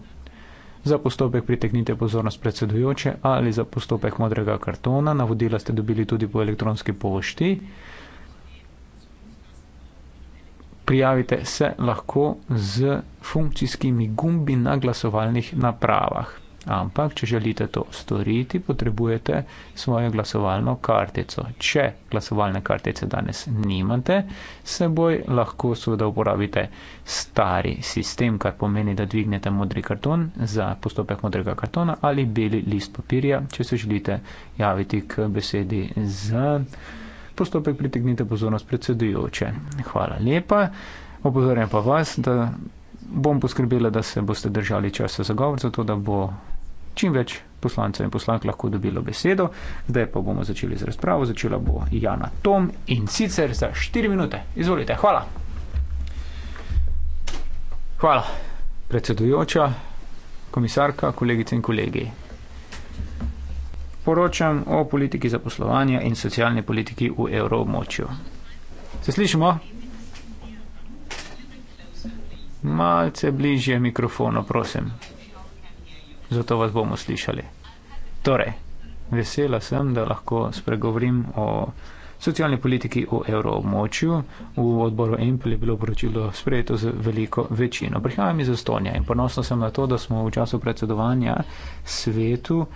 [SPEAKER 1] Za postopek priteknite pozornost predsedujoče ali za postopek modrega kartona. Navodila ste dobili tudi po elektronski pošti. Prijavite se lahko z funkcijskimi gumbi na glasovalnih napravah. Ampak, če želite to storiti, potrebujete svojo glasovalno kartico. Če glasovalne kartice danes nimate, seboj lahko seveda uporabite stari sistem, kar pomeni, da dvignete modri karton za postopek modrega kartona ali beli list papirja, če se želite javiti k besedi za postopek pritegnite pozornost predsedujoče. Hvala lepa. Opozorjam pa vas, da. Bom poskrbela, da se boste držali časa za govor, zato da bo čim več poslancev in poslank lahko dobilo besedo. Zdaj pa bomo začeli z razpravo. Začela bo Jana Tom in sicer za 4 minute. Izvolite, hvala. Hvala, predsedujoča, komisarka, kolegice in kolegi. Poročam o politiki zaposlovanja in socialni politiki v evroobmočju. Se slišimo? Malce bližje mikrofono, prosim zato vas bomo slišali. Torej, vesela sem, da lahko spregovorim o socialni politiki v evroobmočju. V odboru Empel je bilo poročilo sprejeto z veliko večino. Prihajam iz Estonije in ponosno sem na to, da smo v času predsedovanja svetu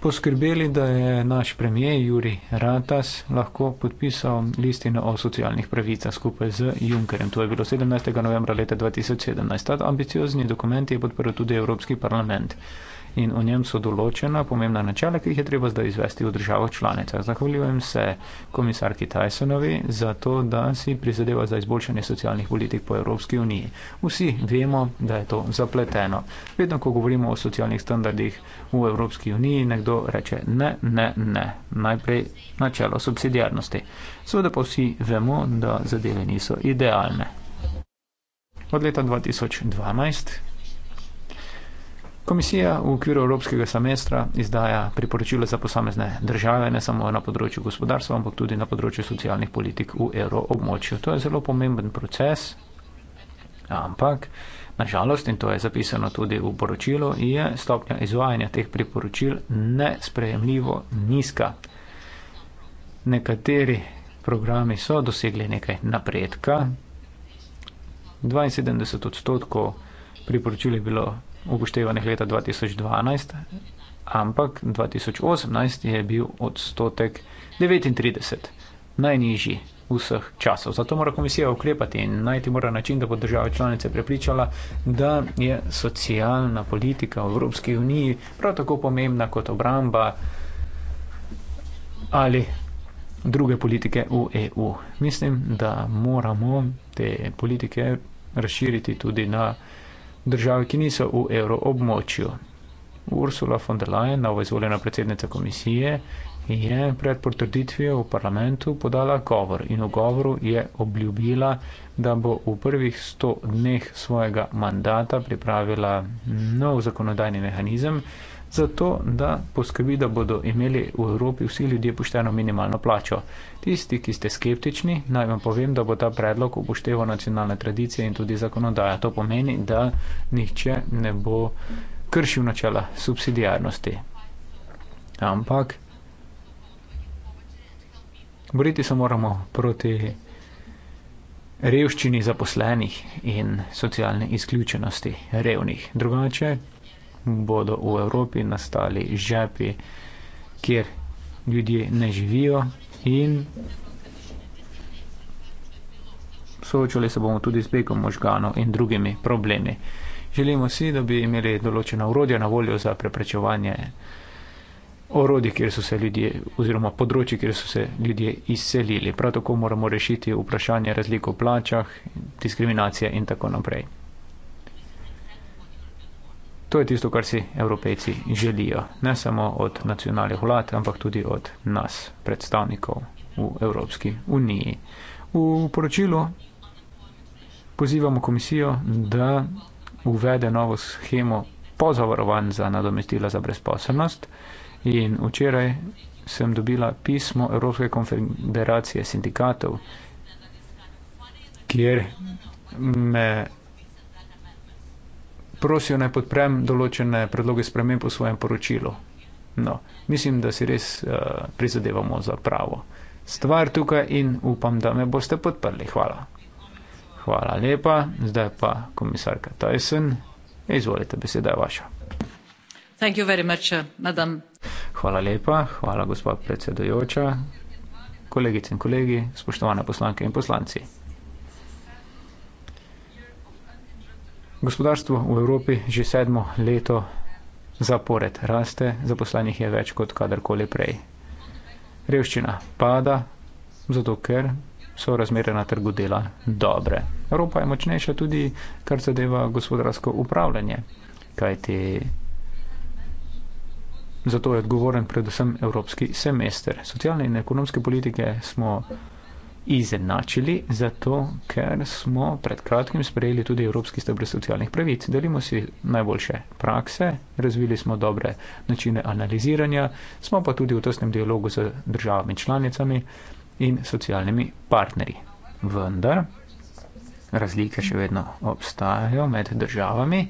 [SPEAKER 1] poskrbeli, da je naš premijer Juri Ratas lahko podpisal listino o socialnih pravicah skupaj z Junkerjem. To je bilo 17. novembra leta 2017. Ta ambiciozni dokument je podprl tudi Evropski parlament in o njem so določena pomembna načela, ki jih je treba zdaj izvesti v državah članicah. Zahvaljujem se komisarki Tysonovi za to, da si prizadeva za izboljšanje socialnih politik po Evropski uniji. Vsi vemo, da je to zapleteno. Vedno, ko govorimo o socialnih standardih v Evropski uniji, nekdo reče ne, ne, ne. Najprej načelo subsidijarnosti. Seveda pa vsi vemo, da zadeve niso idealne. Od leta 2012 Komisija v okviru Evropskega semestra izdaja priporočila za posamezne države, ne samo na področju gospodarstva, ampak tudi na področju socialnih politik v euroobmočju. To je zelo pomemben proces, ampak nažalost, in to je zapisano tudi v poročilu, je stopnja izvajanja teh priporočil nesprejemljivo nizka. Nekateri programi so dosegli nekaj napredka. 72 odstotkov priporočil je bilo upoštevanih leta 2012, ampak 2018 je bil odstotek 39, najnižji vseh časov. Zato mora komisija ukrepati in najti mora način, da bo država članice prepričala, da je socialna politika v Evropski uniji prav tako pomembna kot obramba ali druge politike v EU. Mislim, da moramo te politike razširiti tudi na države, ki niso v evroobmočju. Ursula von der Leyen, novoizvoljena predsednica komisije, je pred potrditvijo v parlamentu podala govor in v govoru je obljubila, da bo v prvih 100 dneh svojega mandata pripravila nov zakonodajni mehanizem, za to, da poskrbi, da bodo imeli v Evropi vsi ljudje pošteno minimalno plačo. Tisti, ki ste skeptični, naj vam povem, da bo ta predlog upošteval nacionalne tradicije in tudi zakonodaja. To pomeni, da nihče ne bo kršil načela subsidijarnosti. Ampak boriti se moramo proti revščini zaposlenih in socialne izključenosti revnih. Drugače, bodo v Evropi nastali žepi, kjer ljudje ne živijo in soočali se bomo tudi z begom možganov in drugimi problemi. Želimo si, da bi imeli določena urodja na voljo za preprečevanje orodij, kjer so se ljudje oziroma področji, kjer so se ljudje izselili. Prav tako moramo rešiti vprašanje razliko v plačah, diskriminacije in tako naprej. To je tisto, kar si evropejci želijo. Ne samo od nacionalnih vlad, ampak tudi od nas, predstavnikov v Evropski uniji. V poročilu pozivamo komisijo, da uvede novo schemo pozavarovan za nadomestila za brezposobnost in včeraj sem dobila pismo Evropske konfederacije sindikatov, kjer me prosijo naj podprem določene predloge sprememb v svojem poročilu. No, mislim, da si res uh, prizadevamo za pravo stvar tukaj in upam, da me boste podprli. Hvala. Hvala lepa. Zdaj pa komisarka Tyson. Izvolite, beseda je vaša.
[SPEAKER 5] Thank you very much, eh, madam.
[SPEAKER 1] Hvala lepa, hvala gospod predsedujoča, kolegice in kolegi, spoštovane poslanke in poslanci. Gospodarstvo v Evropi že sedmo leto zapored raste, zaposlenih je več kot kadarkoli prej. Revščina pada, zato ker so razmere na trgu dela dobre. Evropa je močnejša tudi, kar zadeva gospodarsko upravljanje, kajti zato je odgovoren predvsem evropski semester. Socialne in ekonomske politike smo izenačili, zato ker smo pred kratkim sprejeli tudi Evropski stebr socialnih pravic. Delimo si najboljše prakse, razvili smo dobre načine analiziranja, smo pa tudi v tesnem dialogu z državami članicami in socialnimi partnerji. Vendar razlike še vedno obstajajo med državami.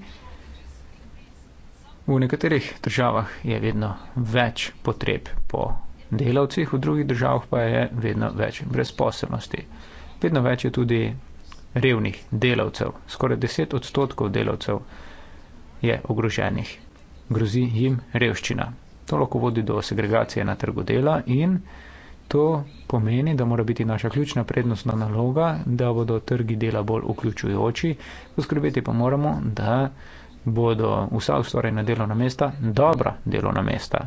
[SPEAKER 1] V nekaterih državah je vedno več potreb po delavcih, v drugih državah pa je vedno več brezposobnosti. Vedno več je tudi revnih delavcev. Skoraj 10 odstotkov delavcev je ogroženih. Grozi jim revščina. To lahko vodi do segregacije na trgu dela in to pomeni, da mora biti naša ključna prednostna naloga, da bodo trgi dela bolj vključujoči. Poskrbeti pa moramo, da bodo vsa ustvarjena delovna mesta dobra delovna mesta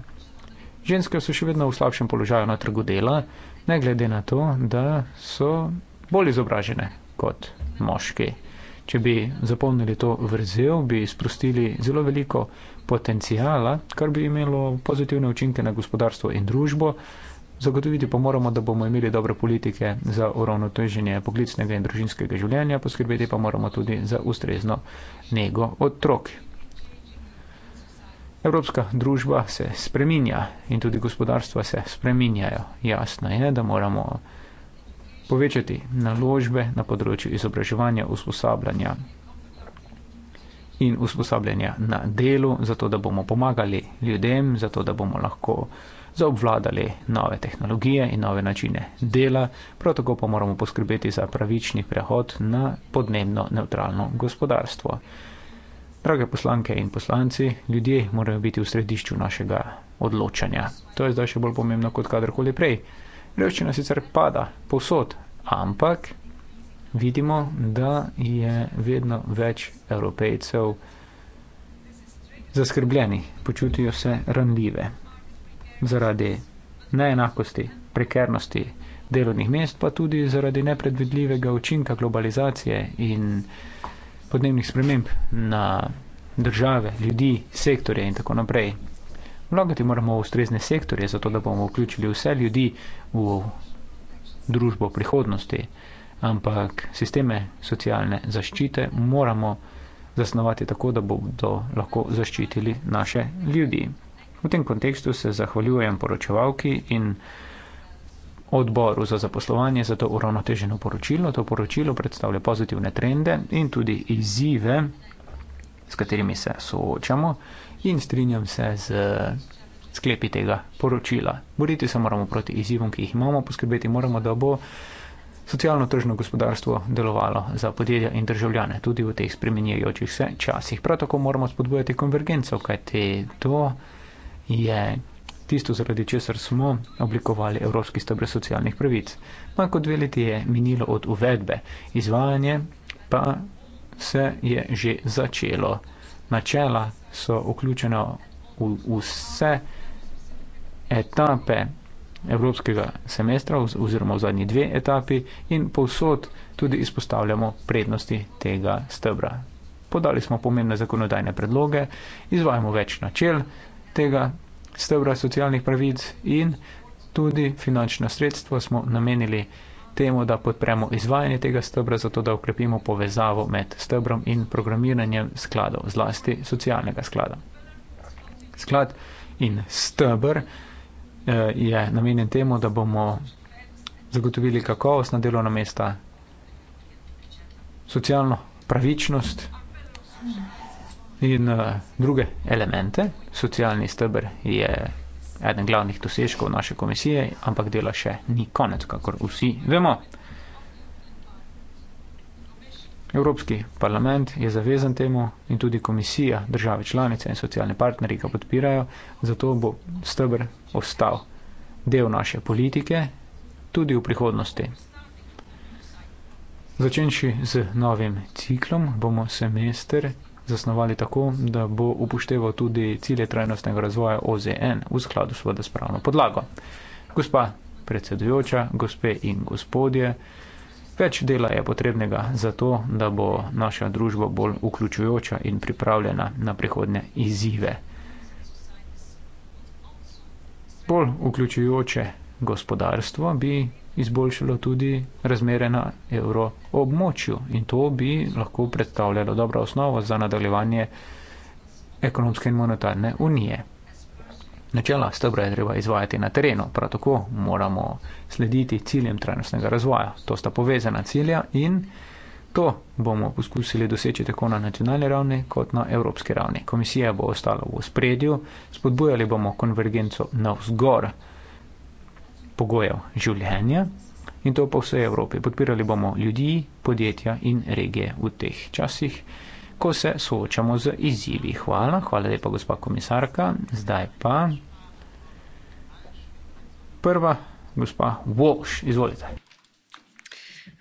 [SPEAKER 1] ženske so še vedno v slabšem položaju na trgu dela, ne glede na to, da so bolj izobražene kot moški. Če bi zapolnili to vrzel, bi sprostili zelo veliko potencijala, kar bi imelo pozitivne učinke na gospodarstvo in družbo. Zagotoviti pa moramo, da bomo imeli dobre politike za uravnoteženje poklicnega in družinskega življenja, poskrbeti pa moramo tudi za ustrezno nego otrok. Evropska družba se spreminja in tudi gospodarstva se spreminjajo. Jasno je, da moramo povečati naložbe na področju izobraževanja, usposabljanja in usposabljanja na delu, zato da bomo pomagali ljudem, zato da bomo lahko zaobvladali nove tehnologije in nove načine dela. Prav tako pa moramo poskrbeti za pravični prehod na podnebno neutralno gospodarstvo. Drage poslanke in poslanci, ljudje morajo biti v središču našega odločanja. To je zdaj še bolj pomembno kot kadarkoli prej. Revščina sicer pada povsod, ampak vidimo, da je vedno več evropejcev zaskrbljeni, počutijo se ranljive zaradi neenakosti, prekernosti delovnih mest, pa tudi zaradi nepredvidljivega učinka globalizacije in podnebnih sprememb na države, ljudi, sektorje in tako naprej. Vlagati moramo v ustrezne sektorje, zato da bomo vključili vse ljudi v družbo prihodnosti, ampak sisteme socialne zaščite moramo zasnovati tako, da bodo lahko zaščitili naše ljudi. V tem kontekstu se zahvaljujem poročevalki in odboru za zaposlovanje za to uravnoteženo poročilo. To poročilo predstavlja pozitivne trende in tudi izzive, s katerimi se soočamo in strinjam se z sklepi tega poročila. Boriti se moramo proti izzivom, ki jih imamo, poskrbeti moramo, da bo socialno-tržno gospodarstvo delovalo za podjetja in državljane, tudi v teh spremenjajočih se časih. Prav tako moramo spodbujati konvergenco, kajti to je tisto, zaradi česar smo oblikovali Evropski stebr socialnih pravic. Manj no, kot dve leti je minilo od uvedbe, izvajanje pa se je že začelo. Načela so vključena v vse etape evropskega semestra oziroma v zadnji dve etapi in povsod tudi izpostavljamo prednosti tega stebra. Podali smo pomembne zakonodajne predloge, izvajamo več načel tega stebra socialnih pravic in tudi finančno sredstvo smo namenili temu, da podpremo izvajanje tega stebra, zato da ukrepimo povezavo med stebrom in programiranjem skladov, zlasti socialnega sklada. Sklad in stebr eh, je namenjen temu, da bomo zagotovili kakovost na delovna mesta, socialno pravičnost, in uh, druge elemente. Socialni stebr je eden glavnih dosežkov naše komisije, ampak dela še ni konec, kakor vsi vemo. Evropski parlament je zavezan temu in tudi komisija, države članice in socialne partnerji ga podpirajo, zato bo stebr ostal del naše politike tudi v prihodnosti. Začenši z novim ciklom, bomo semester zasnovali tako, da bo upošteval tudi cilje trajnostnega razvoja OZN v skladu s pravno podlago. Gospa predsedujoča, gospe in gospodje, več dela je potrebnega za to, da bo naša družba bolj vključujoča in pripravljena na prihodne izzive. Bolj vključujoče gospodarstvo bi izboljšalo tudi razmere na evro območju in to bi lahko predstavljalo dobro osnovo za nadaljevanje ekonomske in monetarne unije. Načela stebra je treba izvajati na terenu, prav tako moramo slediti ciljem trajnostnega razvoja. To sta povezana cilja in to bomo poskusili doseči tako na nacionalni ravni kot na evropski ravni. Komisija bo ostala v spredju, spodbujali bomo konvergenco na vzgor pogojev življenja in to po vsej Evropi. Podpirali bomo ljudi, podjetja in regije v teh časih, ko se soočamo z izzivi. Hvala, hvala lepa, gospa komisarka. Zdaj pa prva, gospa Walsh, izvolite.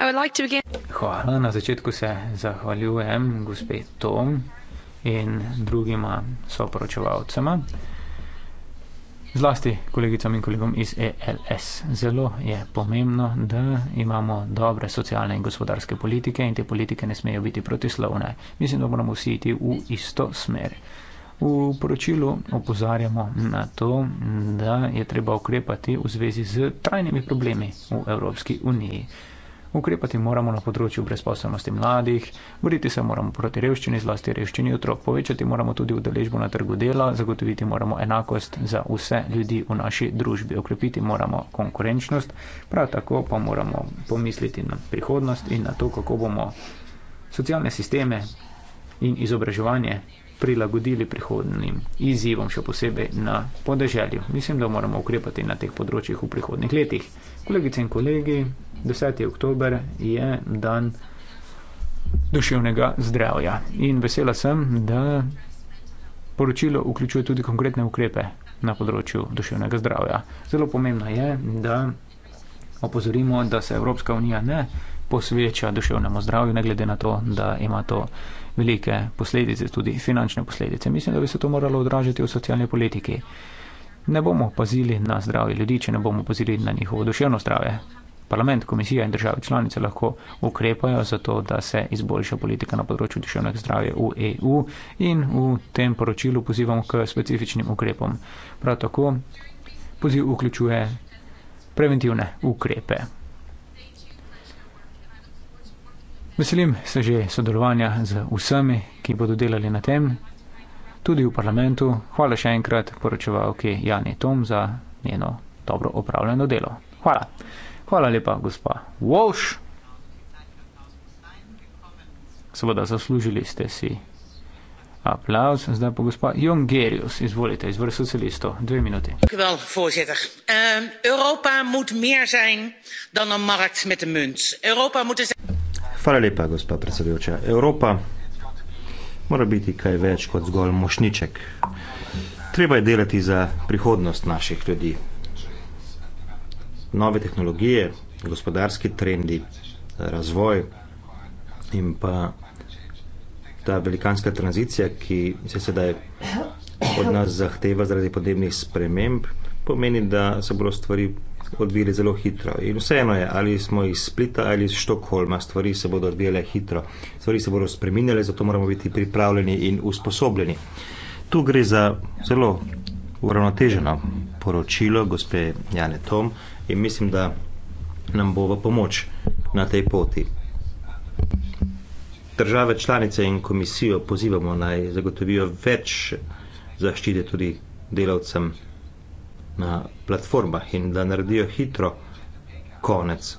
[SPEAKER 5] Hvala,
[SPEAKER 1] na začetku se zahvaljujem gospe Tom in drugima soporočevalcema zlasti kolegicam in kolegom iz ELS. Zelo je pomembno, da imamo dobre socialne in gospodarske politike in te politike ne smejo biti protislovne. Mislim, da moramo vsi iti v isto smer. V poročilu opozarjamo na to, da je treba ukrepati v zvezi z trajnimi problemi v Evropski uniji ukrepati moramo na področju brezposobnosti mladih, boriti se moramo proti revščini, zlasti revščini otrok, povečati moramo tudi udeležbo na trgu dela, zagotoviti moramo enakost za vse ljudi v naši družbi, ukrepiti moramo konkurenčnost, prav tako pa moramo pomisliti na prihodnost in na to, kako bomo socialne sisteme in izobraževanje prilagodili prihodnim izzivom, še posebej na podeželju. Mislim, da moramo ukrepati na teh področjih v prihodnih letih. Kolegice in kolegi, 10. oktober je dan duševnega zdravja in vesela sem, da poročilo vključuje tudi konkretne ukrepe na področju duševnega zdravja. Zelo pomembno je, da opozorimo, da se Evropska unija ne posveča duševnemu zdravju, ne glede na to, da ima to velike posledice, tudi finančne posledice. Mislim, da bi se to moralo odražati v socialni politiki ne bomo pazili na zdravje ljudi, če ne bomo pazili na njihovo duševno zdravje. Parlament, komisija in države članice lahko ukrepajo za to, da se izboljša politika na področju duševnega zdravja v EU in v tem poročilu pozivamo k specifičnim ukrepom. Prav tako poziv vključuje preventivne ukrepe. Veselim se že sodelovanja z vsemi, ki bodo delali na tem tudi v parlamentu. Hvala še enkrat poročevalki Jani Tom za njeno dobro opravljeno delo. Hvala. Hvala lepa, gospa Walsh. Seveda zaslužili ste si aplauz. Zdaj pa gospa Jongerius, izvolite, iz vrst socialistov. Dve minuti.
[SPEAKER 4] Dankjewel,
[SPEAKER 7] voorzitter. Um, Europa moet meer zijn dan een markt met een munt. Europa
[SPEAKER 2] moet... Hvala lepa, gospa predsedujoča. Evropa mora biti kaj več kot zgolj mošniček. Treba je delati za prihodnost naših ljudi. Nove tehnologije, gospodarski trendi, razvoj in pa ta velikanska tranzicija, ki se sedaj od nas zahteva zaradi podnebnih sprememb, pomeni, da se bodo stvari odvijali zelo hitro. In vseeno je, ali smo iz Splita ali iz Štokholma, stvari se bodo odvijale hitro, stvari se bodo spremenile, zato moramo biti pripravljeni in usposobljeni. Tu gre za zelo uravnoteženo poročilo gospe Jane Tom in mislim, da nam bo v pomoč na tej poti. Države članice in komisijo pozivamo naj zagotovijo več zaščite tudi delavcem na platformah in da naredijo hitro konec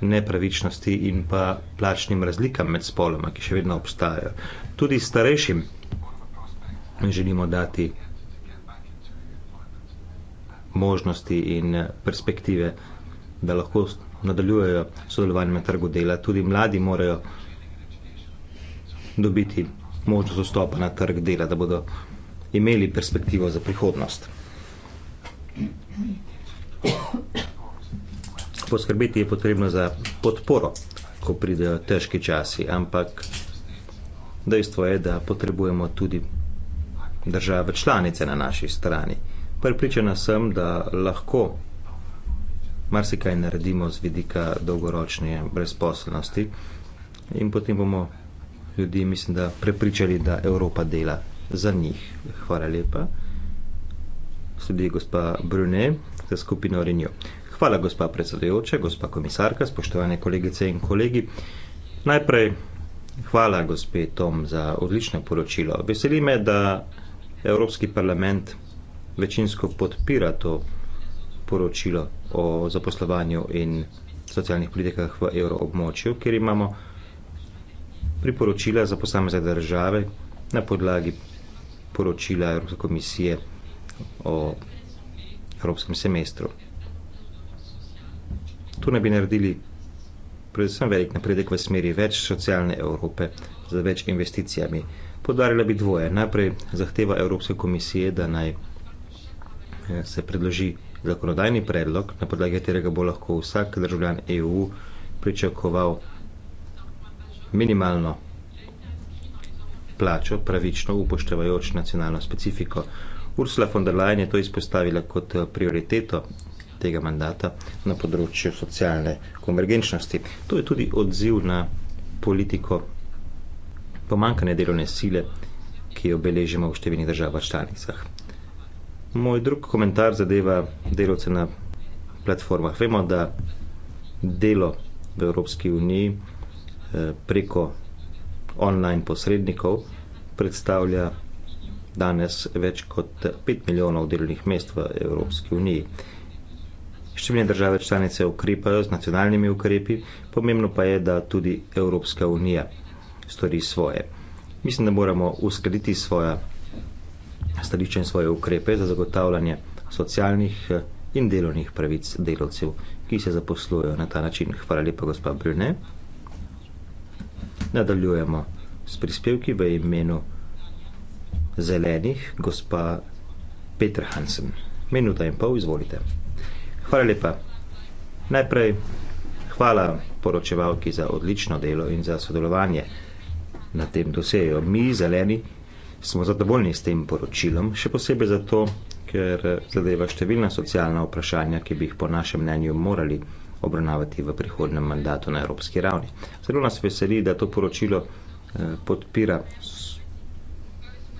[SPEAKER 2] nepravičnosti in pa plačnim razlikam med spoloma, ki še vedno obstajajo. Tudi starejšim želimo dati možnosti in perspektive, da lahko nadaljujejo sodelovanje na trgu dela. Tudi mladi morajo dobiti možnost vstopa na trg dela, da bodo imeli perspektivo za prihodnost. Poskrbeti je potrebno za podporo, ko pridejo težki časi, ampak dejstvo je, da potrebujemo tudi države članice na naši strani. Pripričana sem, da lahko marsikaj naredimo z vidika dolgoročne brezposelnosti in potem bomo ljudi, mislim, da prepričali, da Evropa dela za njih. Hvala lepa sledi gospa Brune za skupino Renjo. Hvala, gospa predsedujoča, gospa komisarka, spoštovane kolegice in kolegi. Najprej hvala, gospe Tom, za odlično poročilo. Veseli me, da Evropski parlament večinsko podpira to poročilo o zaposlovanju in socialnih politikah v evroobmočju, kjer imamo priporočila za posamezne države na podlagi poročila Evropske komisije o evropskem semestru. Tu ne bi naredili predvsem velik napredek v smeri več socialne Evrope z več investicijami. Podarila bi dvoje. Najprej zahteva Evropske komisije, da naj eh, se predloži zakonodajni predlog, na podlagi katerega bo lahko vsak državljan EU pričakoval minimalno plačo, pravično upoštevajoč nacionalno specifiko. Ursula von der Leyen je to izpostavila kot eh, prioriteto tega mandata na področju socialne konvergenčnosti. To je tudi odziv na politiko pomankanja delovne sile, ki jo beležimo v številnih državah članicah. Moj drug komentar zadeva delovce na platformah. Vemo, da delo v Evropski uniji eh, preko online posrednikov predstavlja danes več kot 5 milijonov delovnih mest v Evropski uniji. Številne države članice ukrepajo z nacionalnimi ukrepi, pomembno pa je, da tudi Evropska unija stori svoje. Mislim, da moramo uskladiti svoja stališča in svoje ukrepe za zagotavljanje socialnih eh, in delovnih pravic delovcev, ki se zaposlujejo na ta način. Hvala lepa, gospod Brune. Nadaljujemo s prispevki v imenu zelenih, gospa Petr Hansen. Minuta in pol, izvolite. Hvala lepa. Najprej hvala poročevalki za odlično delo in za sodelovanje na tem doseju. Mi, zeleni, smo zadovoljni s tem poročilom, še posebej zato, ker zadeva številna socialna vprašanja, ki bi jih po našem mnenju morali obravnavati v prihodnem mandatu na evropski ravni. Zelo nas veseli, da to poročilo eh, podpira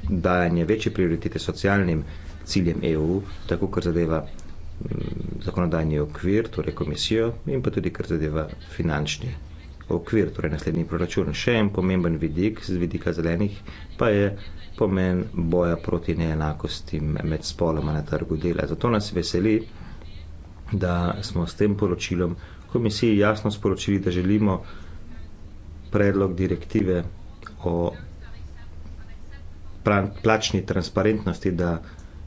[SPEAKER 2] dajanje večje prioritete socialnim ciljem EU, tako kar zadeva mm, zakonodajni okvir, torej komisijo, in pa tudi kar zadeva finančni okvir, torej naslednji proračun. Še en pomemben vidik z vidika zelenih pa je pomen boja proti neenakosti med spoloma na trgu dela. Zato nas veseli, da smo s tem poročilom komisiji jasno sporočili, da želimo predlog direktive o plačni transparentnosti, da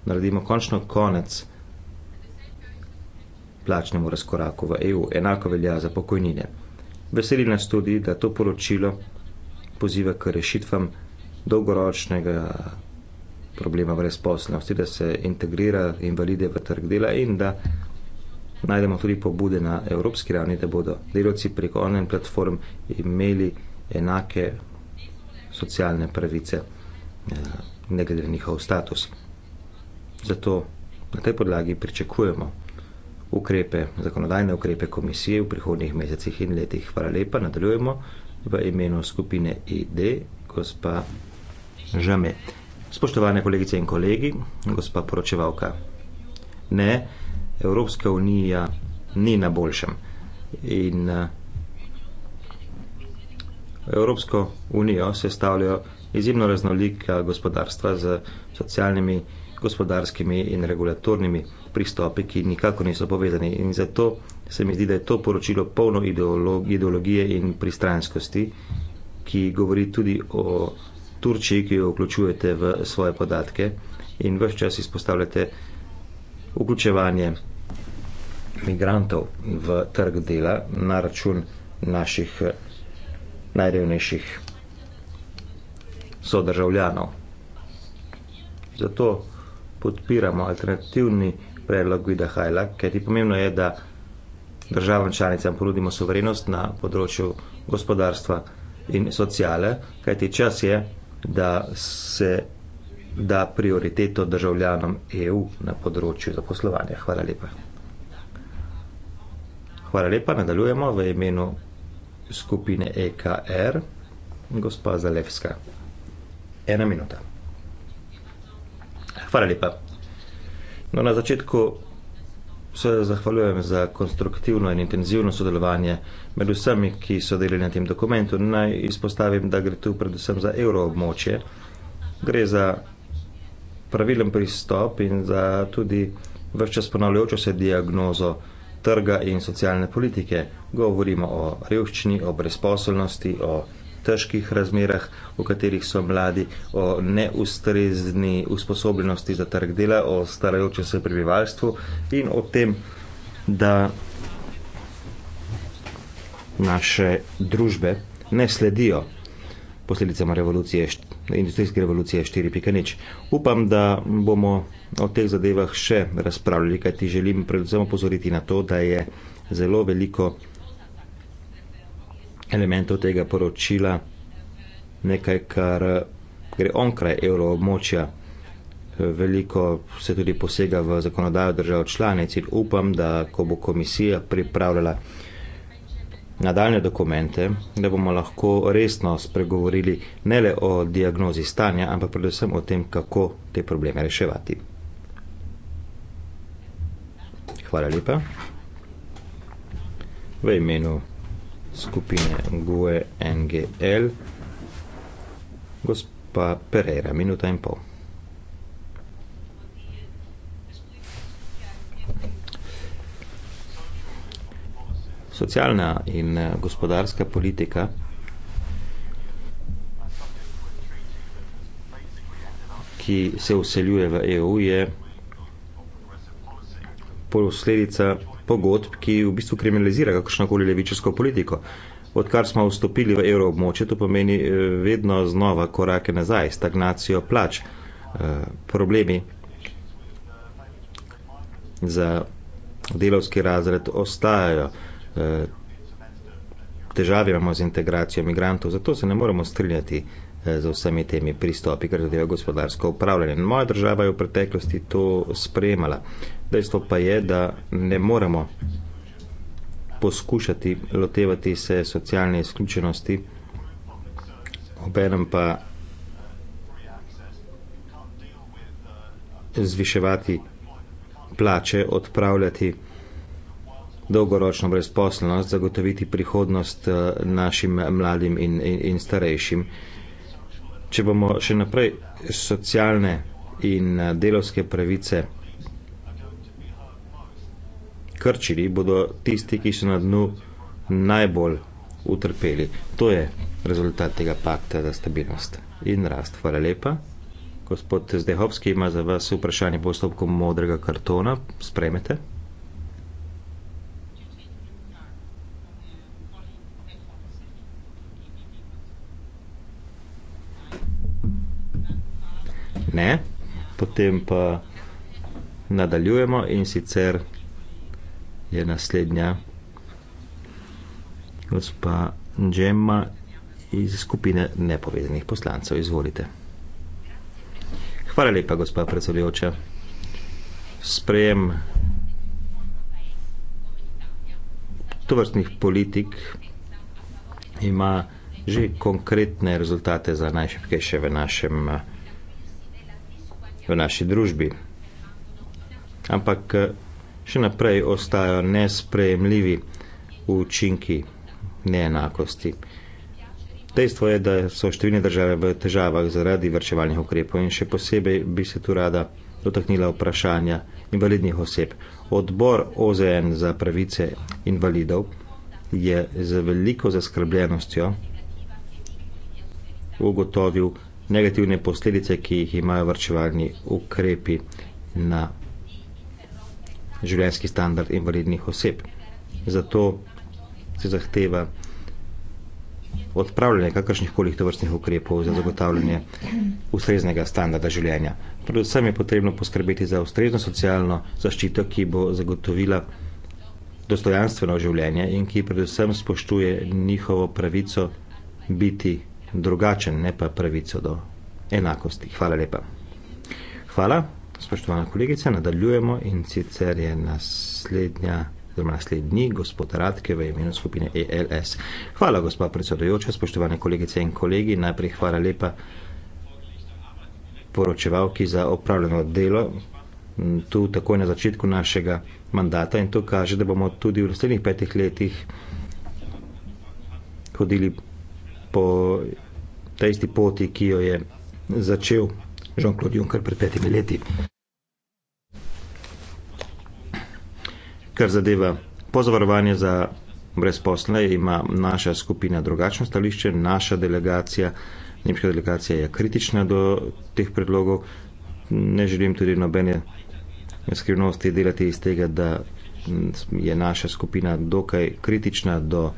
[SPEAKER 2] naredimo končno konec plačnemu razkoraku v EU. Enako velja za pokojnine. Veseli nas tudi, da to poročilo poziva k rešitvam dolgoročnega problema brezposelnosti, da se integrira invalide v trg dela in da najdemo tudi pobude na evropski ravni, da bodo delavci preko online platform imeli enake socialne pravice. Ja, ne glede na njihov status. Zato na tej podlagi pričakujemo ukrepe, zakonodajne ukrepe komisije v prihodnih mesecih in letih. Hvala lepa, nadaljujemo v imenu skupine ID, gospa Žame. Spoštovane kolegice in kolegi, gospa poročevalka, ne, Evropska unija ni na boljšem. In uh, Evropsko unijo sestavljajo izjemno raznolika gospodarstva z socialnimi, gospodarskimi in regulatornimi pristopi, ki nikako niso povezani. In zato se mi zdi, da je to poročilo polno ideologije in pristranskosti, ki govori tudi o Turčiji, ki jo vključujete v svoje podatke in vse čas izpostavljate vključevanje migrantov v trg dela na račun naših najrevnejših sodržavljanov. Zato podpiramo alternativni predlog Guida Hajla, ker ti pomembno je, da državam članicam ponudimo soverenost na področju gospodarstva in sociale, kajti čas je, da se da prioriteto državljanom EU na področju zaposlovanja. Hvala lepa. Hvala lepa, nadaljujemo v imenu skupine EKR, gospa Zalevska ena minuta. Hvala lepa. No, na začetku se zahvaljujem za konstruktivno in intenzivno sodelovanje med vsemi, ki so delili na tem dokumentu. Naj izpostavim, da gre tu predvsem za euroobmočje. Gre za pravilen pristop in za tudi veččas ponavljajočo se diagnozo trga in socialne politike. Govorimo o revščini, o brezposobnosti, o revščini, težkih razmerah, v katerih so mladi, o neustrezni usposobljenosti za trg dela, o starajoče se prebivalstvu in o tem, da naše družbe ne sledijo posledicama revolucije, industrijske revolucije 4.0. Upam, da bomo o teh zadevah še razpravljali, kaj ti želim predvsem opozoriti na to, da je zelo veliko elementov tega poročila, nekaj, kar gre onkraj evroobmočja. Veliko se tudi posega v zakonodajo držav članic in upam, da ko bo komisija pripravljala nadaljne dokumente, da bomo lahko resno spregovorili ne le o diagnozi stanja, ampak predvsem o tem, kako te probleme reševati. Hvala lepa. V imenu skupine GUE NGL, gospa Pereira, minuta in pol. Socialna in eh, gospodarska politika ki se vseljuje v EU, je posledica pogodb, ki v bistvu kriminalizira kakršnokoli levičarsko politiko. Odkar smo vstopili v evroobmoče, to pomeni eh, vedno znova korake nazaj, stagnacijo plač, eh, problemi za delovski razred ostajajo, eh, težave imamo z integracijo migrantov, zato se ne moremo strinjati Eh, z vsemi temi pristopi, kar zadeva gospodarsko upravljanje. Moja država je v preteklosti to sprejemala. Dejstvo pa je, da ne moremo poskušati lotevati se socialne izključenosti, obenem pa zviševati plače, odpravljati dolgoročno brezposelnost, zagotoviti prihodnost eh, našim mladim in, in, in starejšim če bomo še naprej socialne in eh, delovske pravice krčili, bodo tisti, ki so na dnu najbolj utrpeli. To je rezultat tega pakta za stabilnost in rast. Hvala lepa. Gospod Zdehovski ima za vas vprašanje postopku modrega kartona. Spremete. ne, potem pa nadaljujemo in sicer je naslednja gospa Džemma iz skupine nepovezanih poslancev. Izvolite. Hvala lepa, gospa predsedujoča. Sprejem tovrstnih politik ima že konkretne rezultate za najšepkejše v našem uh, v naši družbi. Ampak še naprej ostajajo nesprejemljivi učinki neenakosti. Dejstvo je, da so številne države v težavah zaradi vrčevalnih ukrepov in še posebej bi se tu rada dotaknila vprašanja invalidnih oseb. Odbor OZN za pravice invalidov je z veliko zaskrbljenostjo ugotovil, negativne posledice, ki jih imajo vrčevalni ukrepi na življenjski standard invalidnih oseb. Zato se zahteva odpravljanje kakršnih kolik tovrstnih ukrepov za zagotavljanje ustreznega standarda življenja. Predvsem je potrebno poskrbeti za ustrezno socialno zaščito, ki bo zagotovila dostojanstveno življenje in ki predvsem spoštuje njihovo pravico biti drugačen, ne pa pravico do enakosti. Hvala lepa. Hvala, spoštovana kolegica, nadaljujemo in sicer je naslednja, oziroma naslednji gospod Radke v imenu skupine ELS. Hvala, gospa predsedujoča, spoštovane kolegice in kolegi, najprej hvala lepa poročevalki za opravljeno delo tu takoj na začetku našega mandata in to kaže, da bomo tudi v naslednjih petih letih hodili po ta isti poti, ki jo je začel Jean-Claude Juncker pred petimi leti. Kar zadeva pozavarovanje za brezposle, ima naša skupina drugačno stališče, naša delegacija, nemška delegacija je kritična do teh predlogov. Ne želim tudi nobene skrivnosti delati iz tega, da je naša skupina dokaj kritična do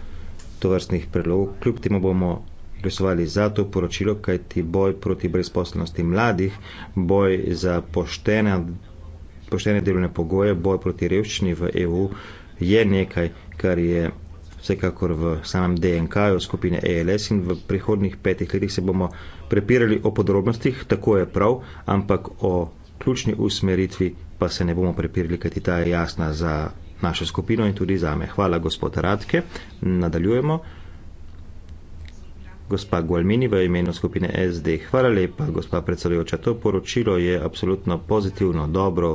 [SPEAKER 2] tovrstnih predlogov. Kljub temu bomo glasovali za to poročilo, kajti boj proti brezposobnosti mladih, boj za poštene, poštene delovne pogoje, boj proti revščini v EU je nekaj, kar je vsekakor v samem DNK v skupine ELS in v prihodnih petih letih se bomo prepirali o podrobnostih, tako je prav, ampak o ključni usmeritvi pa se ne bomo prepirali, kajti ta je jasna za našo skupino in tudi za me. Hvala, gospod Radke. Nadaljujemo gospa Gualmini v imenu skupine SD. Hvala lepa, gospa predsedujoča. To poročilo je absolutno pozitivno, dobro,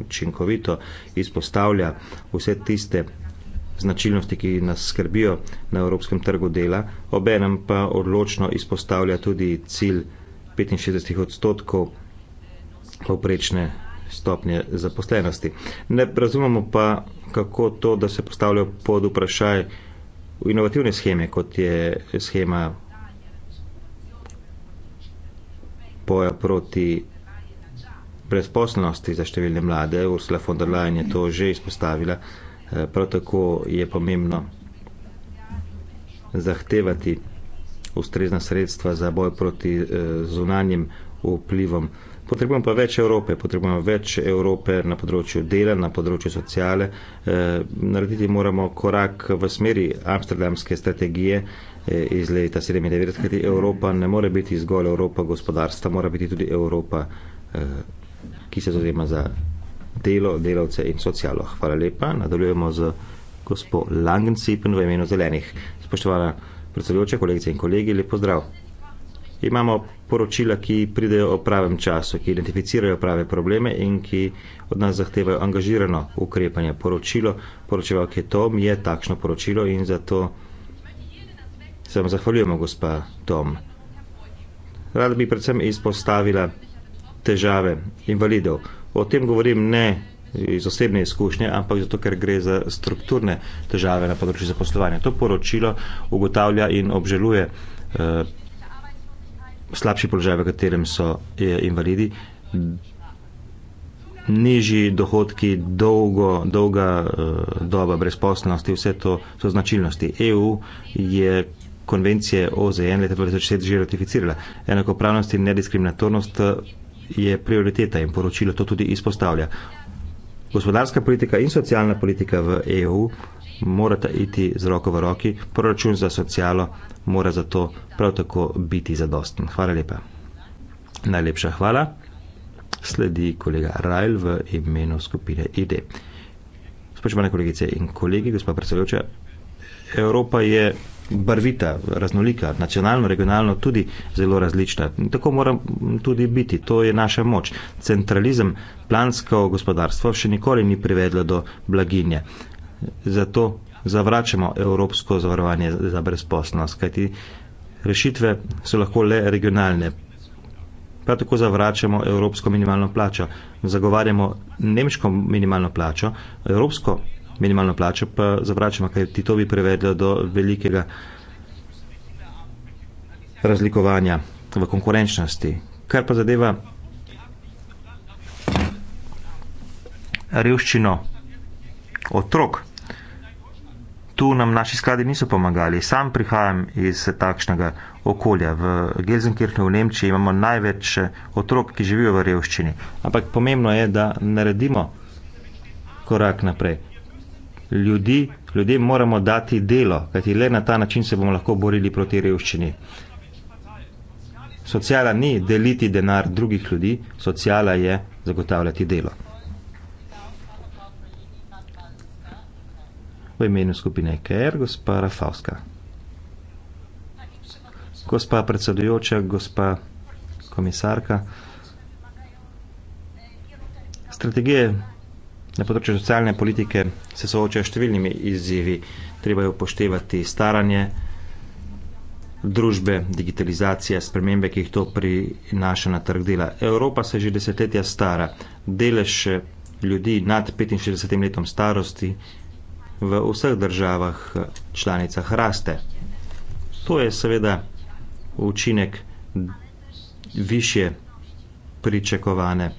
[SPEAKER 2] učinkovito, izpostavlja vse tiste značilnosti, ki nas skrbijo na evropskem trgu dela, obenem pa odločno izpostavlja tudi cilj 65 odstotkov povprečne stopnje zaposlenosti. Ne razumemo pa, kako to, da se postavlja pod vprašaj inovativne scheme, kot je schema boja proti brezposelnosti za številne mlade. Ursula von der Leyen je to že izpostavila. Eh, prav tako je pomembno zahtevati ustrezna sredstva za boj proti eh, zunanjem vplivom. Potrebujemo pa več Evrope, potrebujemo več Evrope na področju dela, na področju sociale. E, narediti moramo korak v smeri amsterdamske strategije, Eh, iz leta 97, Evropa ne more biti zgolj Evropa gospodarstva, mora biti tudi Evropa, eh, ki se zavzema za delo, delavce in socialo. Hvala lepa. Nadaljujemo z gospo Langensipen v imenu zelenih. Spoštovana predsedujoča, kolegice in kolegi, lep pozdrav. Imamo poročila, ki pridejo o pravem času, ki identificirajo prave probleme in ki od nas zahtevajo angažirano ukrepanje. Poročilo, poročevalke Tom, je takšno poročilo in zato se vam zahvaljujemo, gospa Tom. Rad bi predvsem izpostavila težave invalidov. O tem govorim ne iz osebne izkušnje, ampak zato, ker gre za strukturne težave na področju zaposlovanja. To poročilo ugotavlja in obžaluje eh, slabši položaj, v katerem so eh, invalidi, nižji dohodki, dolgo, dolga eh, doba brezposlenosti, vse to so značilnosti. EU je konvencije OZN e leta 2006 že ratificirala. Enakopravnost in nediskriminatornost eh, je prioriteta in poročilo to tudi izpostavlja. Gospodarska politika in socialna politika v EU morata iti z roko v roki, proračun za socialo mora zato prav tako biti zadosten. Hvala lepa. Najlepša hvala. Sledi kolega Rajl v imenu skupine ID. Spoštovane kolegice in kolegi, gospod predsedujoča, Evropa je barvita, raznolika, nacionalno, regionalno, tudi zelo različna. Tako mora tudi biti, to je naša moč. Centralizem, plansko gospodarstvo še nikoli ni privedlo do blaginje. Zato zavračamo evropsko zavarovanje za brezposlnost, kajti rešitve so lahko le regionalne. Prav tako zavračamo evropsko minimalno plačo. Zagovarjamo nemško minimalno plačo, evropsko minimalno plačo pa zavračamo, kaj ti to bi prevedlo do velikega razlikovanja v konkurenčnosti. Kar pa zadeva revščino otrok, tu nam naši skladi niso pomagali. Sam prihajam iz takšnega okolja. V Gelsenkirchnu v Nemčiji imamo največ otrok, ki živijo v revščini. Ampak pomembno je, da naredimo korak naprej ljudi, ljudem moramo dati delo, kajti le na ta način se bomo lahko borili proti revščini. Sociala ni deliti denar drugih ljudi, sociala je zagotavljati delo. V imenu skupine KR, gospa Rafalska. Gospa predsedujoča, gospa komisarka, strategije Na področju socialne politike se soočajo številnimi izzivi. Treba je upoštevati staranje družbe, digitalizacija, spremembe, ki jih to prinaša na trg dela. Evropa se že desetletja stara. Delež eh, ljudi nad 65 letom starosti v vseh državah eh, članicah raste. To je seveda učinek višje pričakovane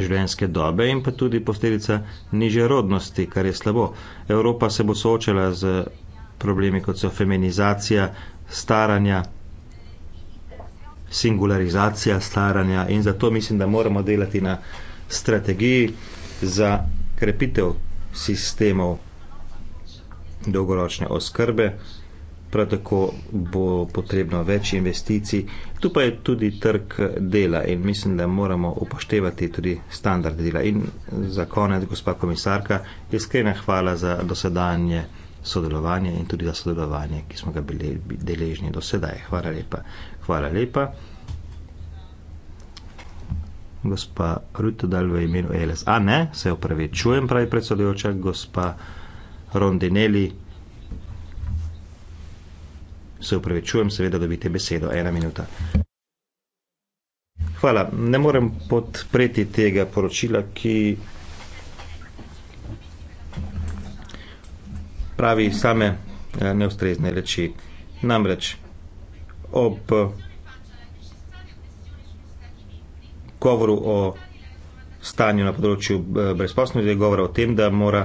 [SPEAKER 2] življenjske dobe in pa tudi posledica niže rodnosti, kar je slabo. Evropa se bo soočala z problemi kot so feminizacija, staranja, singularizacija staranja in zato mislim, da moramo delati na strategiji za krepitev sistemov dolgoročne oskrbe prav tako bo potrebno več investicij. Tu pa je tudi trg dela in mislim, da moramo upoštevati tudi standard dela. In za konec, gospa komisarka, iskrena hvala za dosedanje sodelovanje in tudi za sodelovanje, ki smo ga bili deležni do sedaj. Hvala lepa. Hvala lepa. Gospa Rutodal v imenu e LSA, ne, se opravičujem, pravi predsedujoča, gospa Rondinelli. Se upravičujem, seveda dobite besedo, ena minuta. Hvala. Ne morem podpreti tega poročila, ki pravi same eh, neustrezne reči. Namreč ob govoru o stanju na področju eh, brezposobnosti, govora o tem, da mora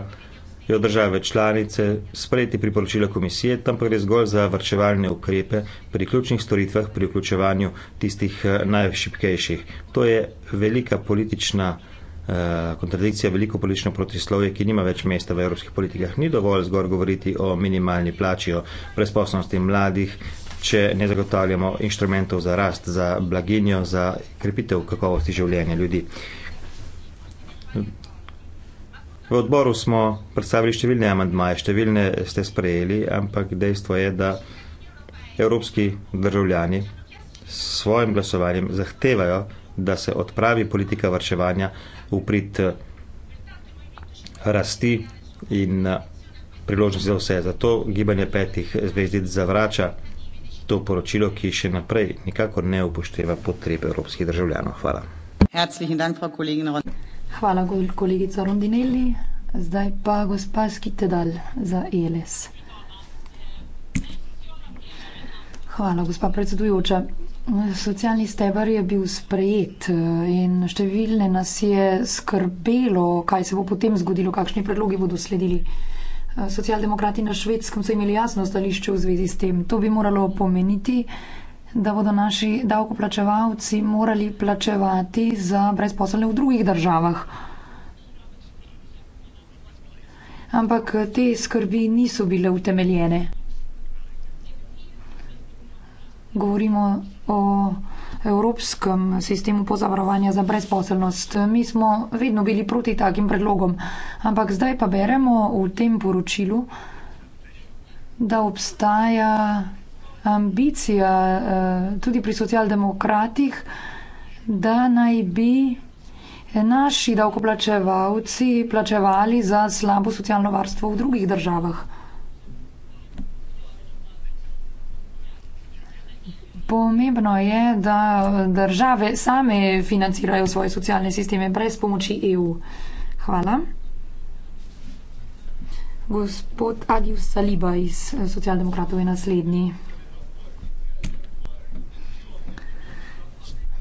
[SPEAKER 2] jo države članice sprejeti priporočila komisije, tam pa gre zgolj za vrčevalne ukrepe pri ključnih storitvah, pri vključevanju tistih eh, najšipkejših. To je velika politična eh, kontradikcija, veliko politično protislovje, ki nima več mesta v evropskih politikah. Ni dovolj zgolj govoriti o minimalni plači, o presposobnosti mladih, če ne zagotavljamo inštrumentov za rast, za blaginjo, za krepitev kakovosti življenja ljudi. V odboru smo predstavili številne amandmaje, številne ste sprejeli, ampak dejstvo je, da evropski državljani s svojim glasovanjem zahtevajo, da se odpravi politika varčevanja v prid rasti in priložnosti za vse. Zato gibanje petih zvezdic zavrača to poročilo, ki še naprej nikakor ne upošteva potrebe evropskih državljanov. Hvala.
[SPEAKER 3] Herzlichen Dank, Frau Kollegin Ron. Hvala, kolegica Rondinelli. Zdaj pa gospa Skitedal za ELES. Hvala, gospa predsedujoča. Socialni steber je bil sprejet in številne nas je skrbelo, kaj se bo potem zgodilo, kakšni predlogi bodo sledili. Socialdemokrati na švedskem so imeli jasno stališče v zvezi s tem. To bi moralo pomeniti, da bodo naši davkoplačevalci morali plačevati za brezposelne v drugih državah. Ampak te skrbi niso bile utemeljene. Govorimo o evropskem sistemu pozavarovanja za brezposelnost. Mi smo vedno bili proti takim predlogom, ampak zdaj pa beremo v tem poročilu, da obstaja ambicija eh, tudi pri socialdemokratih, da naj bi naši davkoplačevalci plačevali za slabo socialno varstvo v drugih državah. Pomembno je, da države same financirajo svoje socialne sisteme brez pomoči EU. Hvala. Gospod Agius Saliba iz eh, socialdemokratov je naslednji.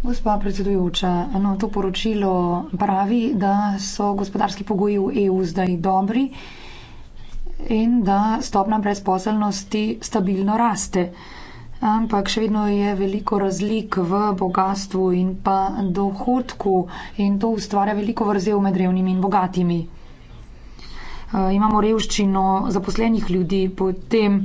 [SPEAKER 3] Gospa predsedujoča, no, to poročilo pravi, da so gospodarski pogoji v EU zdaj dobri in da stopna brezposelnosti stabilno raste. Ampak še vedno je veliko razlik v bogatstvu in pa dohodku in to ustvarja veliko vrzel med revnimi in bogatimi. E, imamo revščino zaposlenih ljudi, potem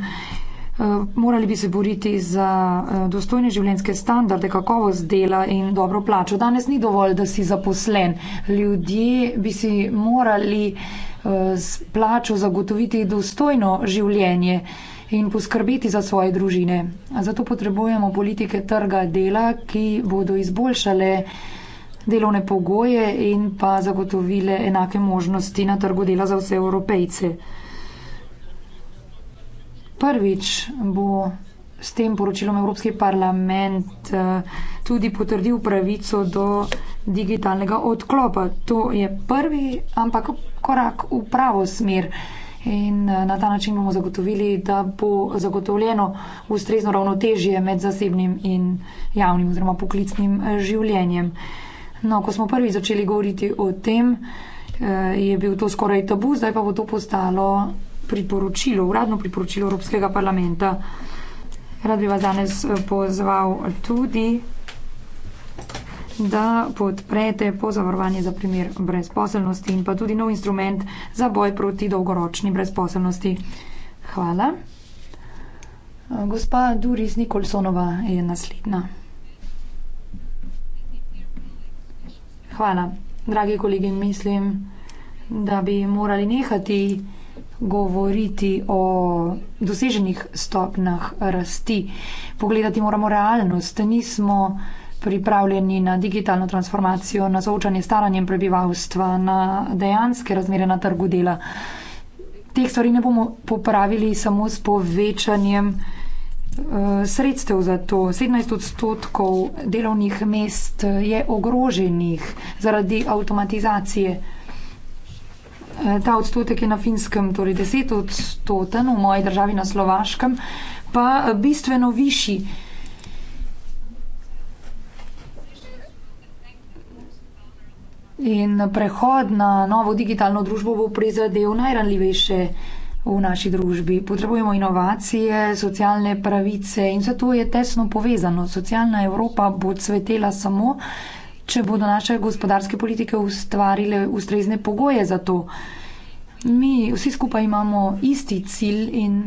[SPEAKER 3] Eh, morali bi se boriti za eh, dostojne življenjske standarde, kakovost dela in dobro plačo. Danes ni dovolj, da si zaposlen. Ljudje bi si morali eh, s plačo zagotoviti dostojno življenje in poskrbeti za svoje družine. Zato potrebujemo politike trga dela, ki bodo izboljšale delovne pogoje in pa zagotovile enake možnosti na trgu dela za vse evropejce prvič bo s tem poročilom Evropski parlament eh, tudi potrdil pravico do digitalnega odklopa. To je prvi, ampak korak v pravo smer. In eh, na ta način bomo zagotovili, da bo zagotovljeno ustrezno ravnotežje med zasebnim in javnim oziroma poklicnim eh, življenjem. No, ko smo prvi začeli govoriti o tem, je bil to skoraj tabu, zdaj pa bo to postalo priporočilo, uradno priporočilo Evropskega parlamenta. Rad bi vas danes eh, pozval tudi, da podprete pozavarovanje za primer brezposelnosti in pa tudi nov instrument za boj proti dolgoročni brezposelnosti. Hvala. Eh, gospa Duris Nikolsonova je naslednja. Hvala. Dragi kolegi, mislim, da bi morali nehati govoriti o doseženih stopnjah rasti. Pogledati moramo realnost. Nismo pripravljeni na digitalno transformacijo, na soočanje s staranjem prebivalstva, na dejanske razmere na trgu dela. Teh stvari ne bomo popravili samo s povečanjem eh, sredstev za to. 17 odstotkov delovnih mest je ogroženih zaradi avtomatizacije. Eh, ta odstotek je na finskem, torej deset odstoten, v moji državi na slovaškem, pa eh, bistveno višji. In prehod na novo digitalno družbo bo prizadel najranljivejše v naši družbi. Potrebujemo inovacije, socialne pravice in vse to je tesno povezano. Socialna Evropa bo cvetela samo, če bodo naše gospodarske politike ustvarile ustrezne pogoje za to. Mi vsi skupaj imamo isti cilj in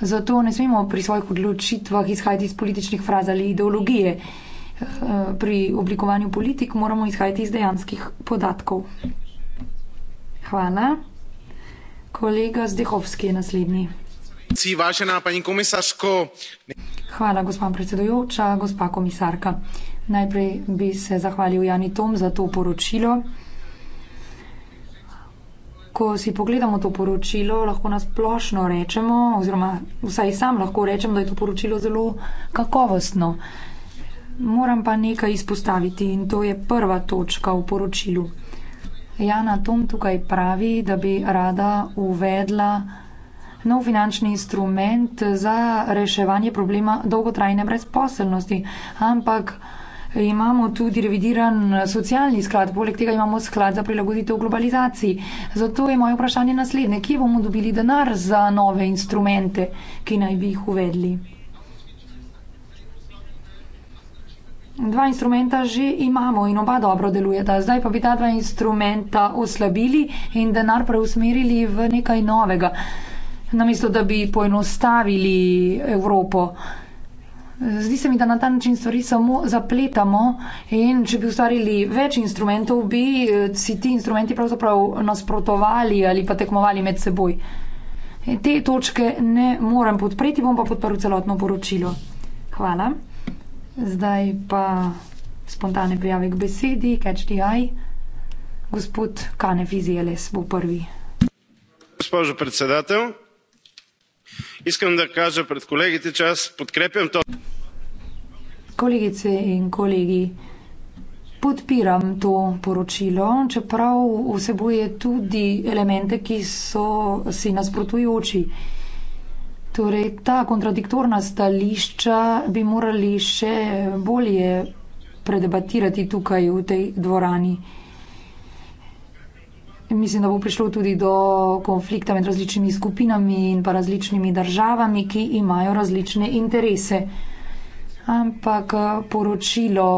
[SPEAKER 3] zato ne smemo pri svojih odločitvah izhajati iz političnih fraz ali ideologije. Eh, pri oblikovanju politik moramo izhajati iz dejanskih podatkov. Hvala. Kolega Zdehovski je naslednji. Hvala, gospod predsedujoča, gospa komisarka. Najprej bi se zahvalil Jani Tom za to poročilo. Ko si pogledamo to poročilo, lahko nasplošno rečemo, oziroma vsaj sam lahko rečem, da je to poročilo zelo kakovostno. Moram pa nekaj izpostaviti in to je prva točka v poročilu. Jana Tom tukaj pravi, da bi rada uvedla nov finančni instrument za reševanje problema dolgotrajne brezposelnosti, ampak imamo tudi revidiran socialni sklad, poleg tega imamo sklad za prilagoditev globalizaciji. Zato je moje vprašanje naslednje, kje bomo dobili denar za nove instrumente, ki naj bi jih uvedli? Dva instrumenta že imamo in oba dobro delujeta. Zdaj pa bi ta dva instrumenta oslabili in denar preusmerili v nekaj novega, namesto da bi poenostavili Evropo. Uh, Zdi se mi, da na ta način stvari samo zapletamo in če bi ustvarili več instrumentov, bi eh, si ti instrumenti pravzaprav nasprotovali ali pa tekmovali med seboj. E, te točke ne morem podpreti, bom pa podprl celotno poročilo. Hvala. Zdaj pa spontane prijave k besedi, catch the eye. Gospod Kane Fizijeles bo prvi.
[SPEAKER 2] Gospod predsedatelj, iskam da kažem pred kolegi ti čas, podkrepim to
[SPEAKER 3] kolegice in kolegi, podpiram to poročilo, čeprav vsebuje tudi elemente, ki so si nasprotujoči. Torej, ta kontradiktorna stališča bi morali še bolje predebatirati tukaj v tej dvorani. Mislim, da bo prišlo tudi do konflikta med različnimi skupinami in pa različnimi državami, ki imajo različne interese ampak eh, poročilo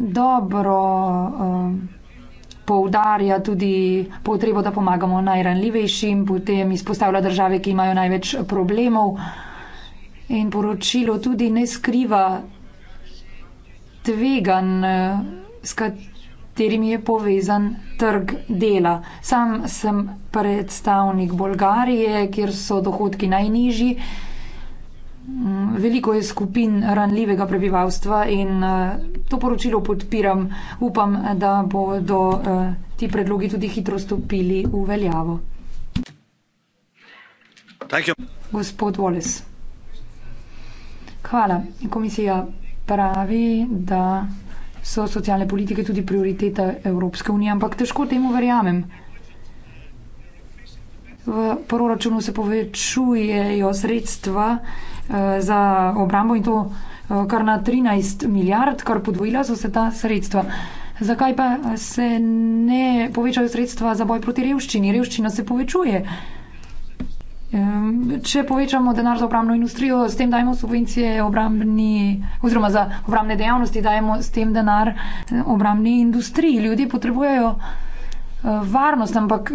[SPEAKER 3] dobro eh, poudarja tudi potrebo, da pomagamo najranljivejšim, potem izpostavlja države, ki imajo največ problemov in poročilo tudi ne skriva tvegan, s katerimi je povezan trg dela. Sam sem predstavnik Bolgarije, kjer so dohodki najnižji. Mm, veliko je skupin ranljivega prebivalstva in eh, to poročilo podpiram. Upam, da bodo eh, ti predlogi tudi hitro stopili v veljavo. Gospod Wallace. Hvala. Komisija pravi, da so socialne politike tudi prioriteta Evropske unije, ampak težko temu verjamem. V proračunu se povečujejo sredstva eh, za obrambo in to eh, kar na 13 milijard, kar podvojila so se ta sredstva. Zakaj pa se ne povečajo sredstva za boj proti revščini? Revščina se povečuje. Če povečamo denar za obrambno industrijo, s tem dajemo subvencije obrambni, oziroma za obrambne dejavnosti dajemo s tem denar eh, obrambni industriji. Ljudje potrebujejo varnost, ampak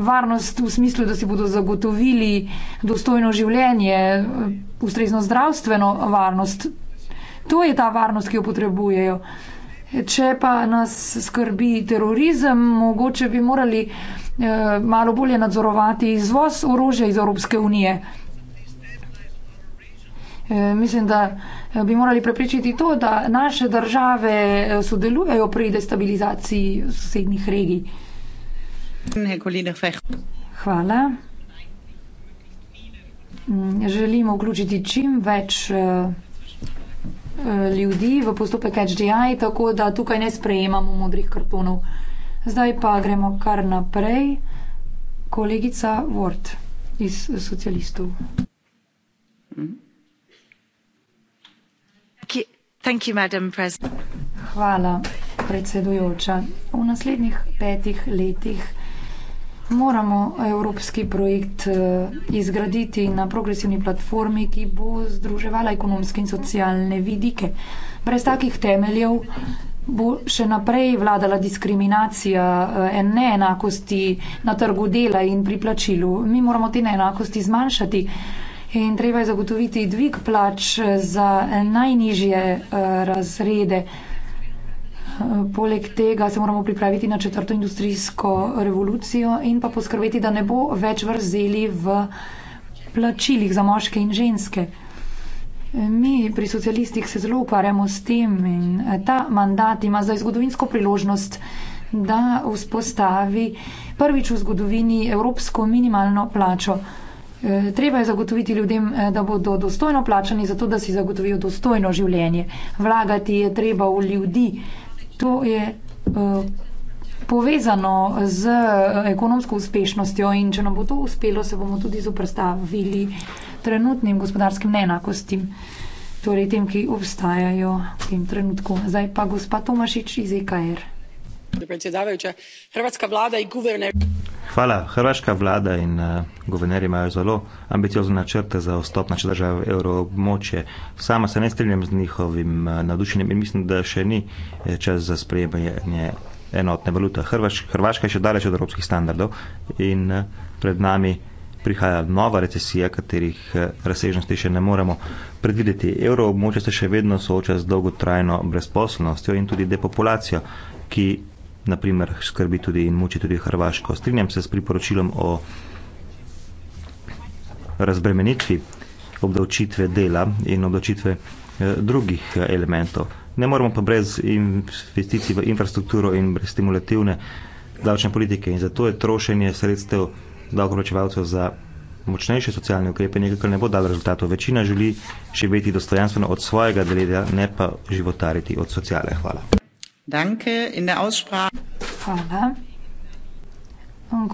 [SPEAKER 3] varnost v smislu, da si bodo zagotovili dostojno življenje, ustrezno zdravstveno varnost. To je ta varnost, ki jo potrebujejo. Če pa nas skrbi terorizem, mogoče bi morali eh, malo bolje nadzorovati izvoz orožja iz Evropske unije. Eh, mislim, da eh, bi morali preprečiti to, da naše države eh, sodelujejo pri destabilizaciji sosednjih regij. Hvala. Mm, Želimo vključiti čim več eh, eh, ljudi v postopek HDI, tako da tukaj ne sprejemamo modrih kartonov. Zdaj pa gremo kar naprej. Kolegica Ward iz socialistov. Hvala, predsedujoča. V naslednjih petih letih moramo evropski projekt eh, izgraditi na progresivni platformi, ki bo združevala ekonomske in socialne vidike. Brez takih temeljev bo še naprej vladala diskriminacija, eh, neenakosti na trgu dela in pri plačilu. Mi moramo te neenakosti zmanjšati in treba je zagotoviti dvig plač eh, za najnižje razrede. Poleg tega se moramo pripraviti na četrto industrijsko revolucijo in pa poskrbeti, da ne bo več vrzeli v plačilih za moške in ženske. Mi pri socialistih se zelo ukvarjamo s tem in eh, ta mandat ima zdaj zgodovinsko priložnost, da vzpostavi prvič v zgodovini evropsko minimalno plačo. Eh, treba je zagotoviti ljudem, eh, da bodo dostojno plačani, zato da si zagotovijo dostojno življenje. Vlagati je treba v ljudi to je eh, povezano z eh, ekonomsko uspešnostjo in če nam bo to uspelo, se bomo tudi zoprstavili trenutnim gospodarskim neenakostim, torej tem, ki obstajajo v tem trenutku. Zdaj pa gospa Tomašič iz EKR.
[SPEAKER 2] Hvala. Hrvaška vlada in uh, eh, guverner imajo zelo ambiciozne načrte za vstop naše države v evroobmočje. Sama se ne strinjam z njihovim uh, eh, nadušenjem in mislim, da še ni eh, čas za sprejemanje enotne valute. Hrvaš, Hrvaška je še daleč od evropskih standardov in uh, pred nami prihaja nova recesija, katerih razsežnosti še ne moremo predvideti. Evroobmočje se še vedno sooča z dolgotrajno brezposobnostjo in tudi depopulacijo, ki naprimer, skrbi tudi in muči tudi Hrvaško. Strinjam se s priporočilom o razbremenitvi obdavčitve dela in obdavčitve eh, drugih eh, elementov. Ne moremo pa brez investicij v infrastrukturo in brez stimulativne davčne politike. In zato je trošenje sredstev davkoplačevalcev za močnejše socialne ukrepe nekaj, kar ne bo dalo rezultatov. Večina želi še biti dostojanstveno od svojega deleda, ne pa životariti od sociale. Hvala.
[SPEAKER 3] Danke. In der Aussprache. Hvala.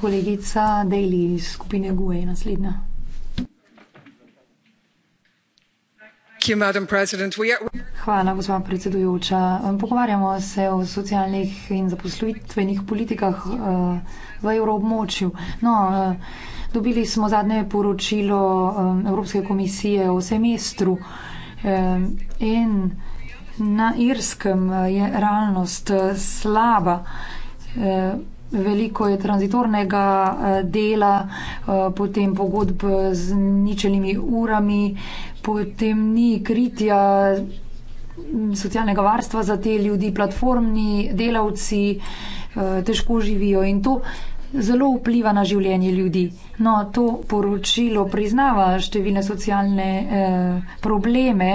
[SPEAKER 3] Kolegica Daly iz skupine GUE je naslednja. Hvala, gospa predsedujoča. Pogovarjamo se o socialnih in zaposlitvenih politikah eh, v evroobmočju. No, eh, dobili smo zadnje poročilo eh, Evropske komisije o semestru in. Na Irskem eh, je realnost eh, slaba. Eh, veliko je transitornega dela, potem pogodb z ničelimi urami, potem ni kritja mm, socialnega varstva za te ljudi, platformni delavci težko živijo in to zelo vpliva na življenje ljudi. No, to poročilo priznava številne socialne probleme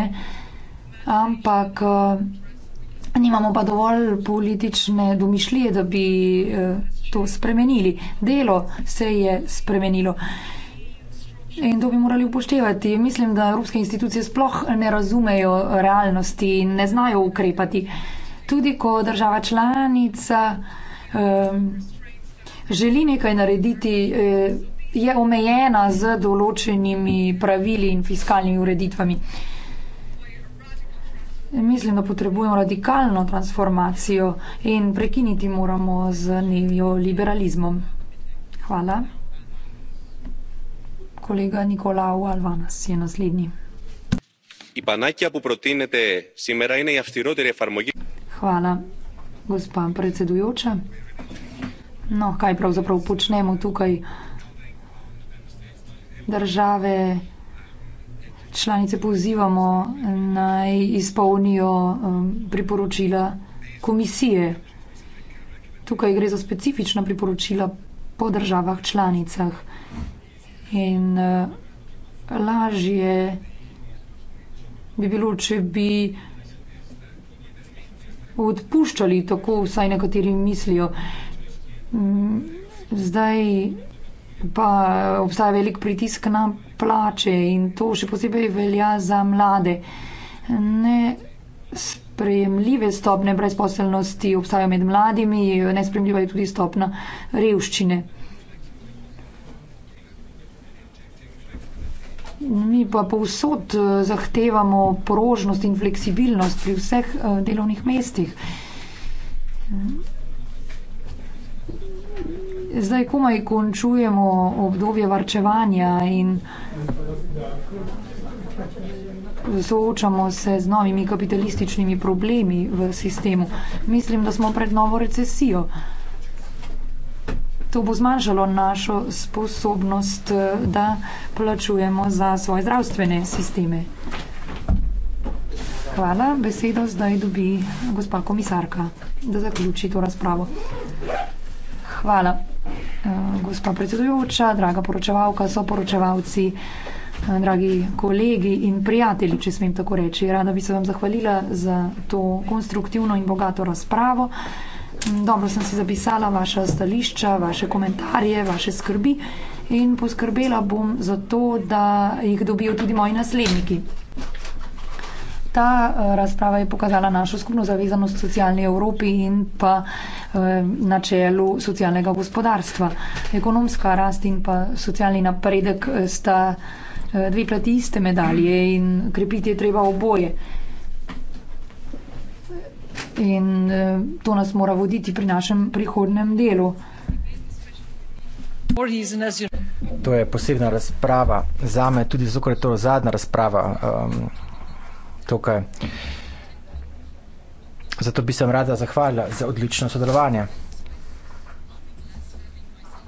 [SPEAKER 3] ampak eh, nimamo pa dovolj politične domišljije, da bi eh, to spremenili. Delo se je spremenilo. In to bi morali upoštevati. Mislim, da evropske institucije sploh ne razumejo realnosti in ne znajo ukrepati. Tudi ko država članica um, želi nekaj narediti, je omejena z določenimi pravili in fiskalnimi ureditvami. Uh, Mislim, da potrebujemo radikalno transformacijo in prekiniti moramo z neoliberalizmom. Hvala. Kolega Nikolau Alvanas je naslednji. Hvala, gospa predsedujoča. No, kaj pravzaprav počnemo tukaj? Države članice pozivamo naj izpolnijo um, priporočila komisije. Tukaj gre za specifična priporočila po državah članicah in uh, lažje bi bilo, če bi odpuščali, tako vsaj nekateri mislijo. Mm, zdaj pa obstaja velik pritisk na plače in to še posebej velja za mlade. Ne Sprejemljive stopne brezposelnosti obstajajo med mladimi, nesprejemljiva je tudi stopna revščine. Mi pa povsod eh, zahtevamo porožnost in fleksibilnost pri vseh eh, delovnih mestih zdaj komaj končujemo obdobje varčevanja in soočamo se z novimi kapitalističnimi problemi v sistemu. Mislim, da smo pred novo recesijo. To bo zmanjšalo našo sposobnost, da plačujemo za svoje zdravstvene sisteme. Hvala. Besedo zdaj dobi gospa komisarka, da zaključi to razpravo. Hvala. Eh, gospa predsedujoča, draga poročevalka, soporočevalci, eh, dragi kolegi in prijatelji, če smem tako reči. Rada bi se vam zahvalila za to konstruktivno in bogato razpravo. Mm, dobro sem si zapisala vaša stališča, vaše komentarje, vaše skrbi in poskrbela bom za to, da jih dobijo tudi moji nasledniki ta eh, razprava je pokazala našo skupno zavezanost socialni Evropi in pa eh, načelu socialnega gospodarstva. Ekonomska rast in pa socialni napredek eh, sta dve plati iste medalje in krepiti je treba oboje. In to nas mora voditi pri našem prihodnem delu.
[SPEAKER 7] To je posebna razprava zame, tudi zokoli to zadnja razprava. Um, tukaj. Zato bi sem rada zahvalila za odlično sodelovanje.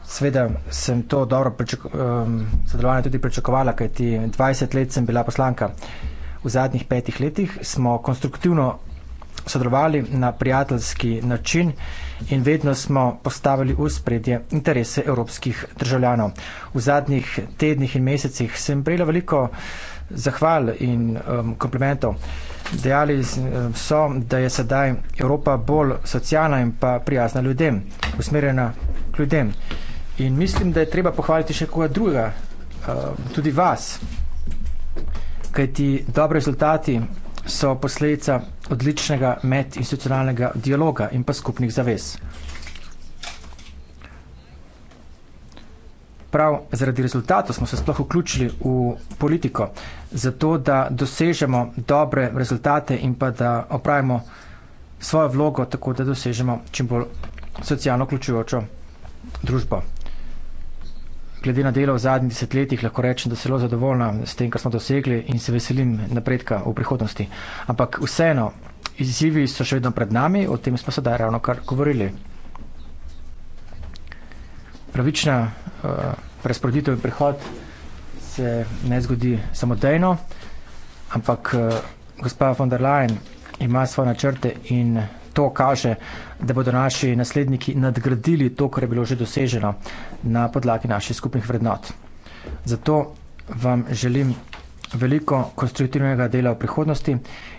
[SPEAKER 7] Sveda sem to dobro ehm, sodelovanje tudi pričakovala, kajti 20 let sem bila poslanka. V zadnjih petih letih smo konstruktivno sodelovali na prijateljski način in vedno smo postavili v spredje interese evropskih državljanov. V zadnjih tednih in mesecih sem prejela veliko zahval in um, komplimentov. Dejali um, so, da je sedaj Evropa bolj socialna in pa prijazna ljudem, usmerjena k ljudem. In mislim, da je treba pohvaliti še koga druga, um, tudi vas, kaj ti dobri rezultati so posledica odličnega medinstitucionalnega dialoga in pa skupnih zavez. prav zaradi rezultatov smo se sploh vključili v politiko, zato da dosežemo dobre rezultate in pa da opravimo svojo vlogo, tako da dosežemo čim bolj socijalno vključujočo družbo. Glede na delo v zadnjih desetletjih lahko rečem, da sem zelo zadovoljna s tem, kar smo dosegli in se veselim napredka v prihodnosti. Ampak vseeno, izzivi so še vedno pred nami, o tem smo sedaj ravno kar govorili pravična uh, razporeditev in prihod se ne zgodi samodejno, ampak uh, gospa von der Leyen ima svoje načrte in to kaže, da bodo naši nasledniki nadgradili to, kar je bilo že doseženo na podlagi naših skupnih vrednot. Zato vam želim veliko konstruktivnega dela v prihodnosti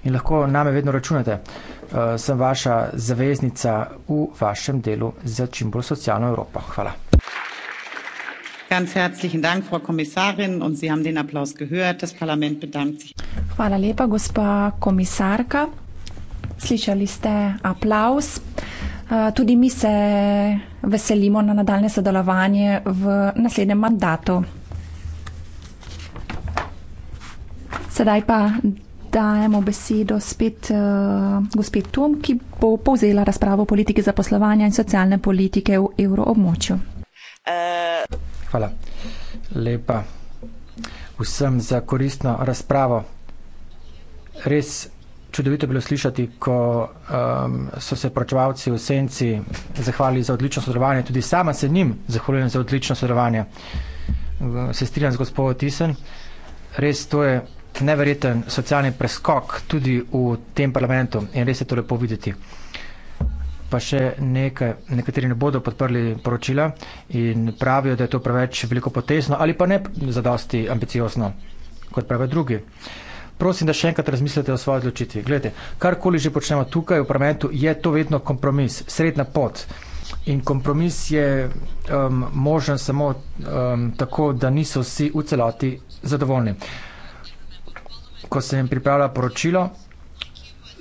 [SPEAKER 7] in lahko name vedno računate. Uh, uh, sem vaša zaveznica v vašem delu za čim bolj socialno Evropo. Hvala.
[SPEAKER 5] Hvala lepa, gospa komisarka. Slišali ste aplaus. Eh, tudi mi se veselimo na nadaljne sodelovanje v naslednjem mandatu. Sedaj pa dajemo besedo spet uh, eh, gospod Tom, ki bo povzela razpravo o politiki zaposlovanja in socialne politike v evroobmočju.
[SPEAKER 7] Eh. Hvala lepa vsem za koristno razpravo. Res čudovito je bilo slišati, ko um, so se pročevalci v senci zahvalili za odlično sodelovanje. Tudi sama se njim zahvaljujem za odlično sodelovanje. Se strinjam z gospodom Tisen. Res to je neverjeten socialni preskok tudi v tem parlamentu in res je to lepo videti. Pa še nekaj, nekateri ne bodo podprli poročila in pravijo, da je to preveč veliko potezno ali pa ne za dosti ambiciozno, kot pravijo drugi. Prosim, da še enkrat razmislite o svoji odločitvi. Gledajte, karkoli že počnemo tukaj v parlamentu, je to vedno kompromis, sredna pot. In kompromis je um, možen samo um, tako, da niso vsi v celoti zadovoljni ko se jim pripravlja poročilo,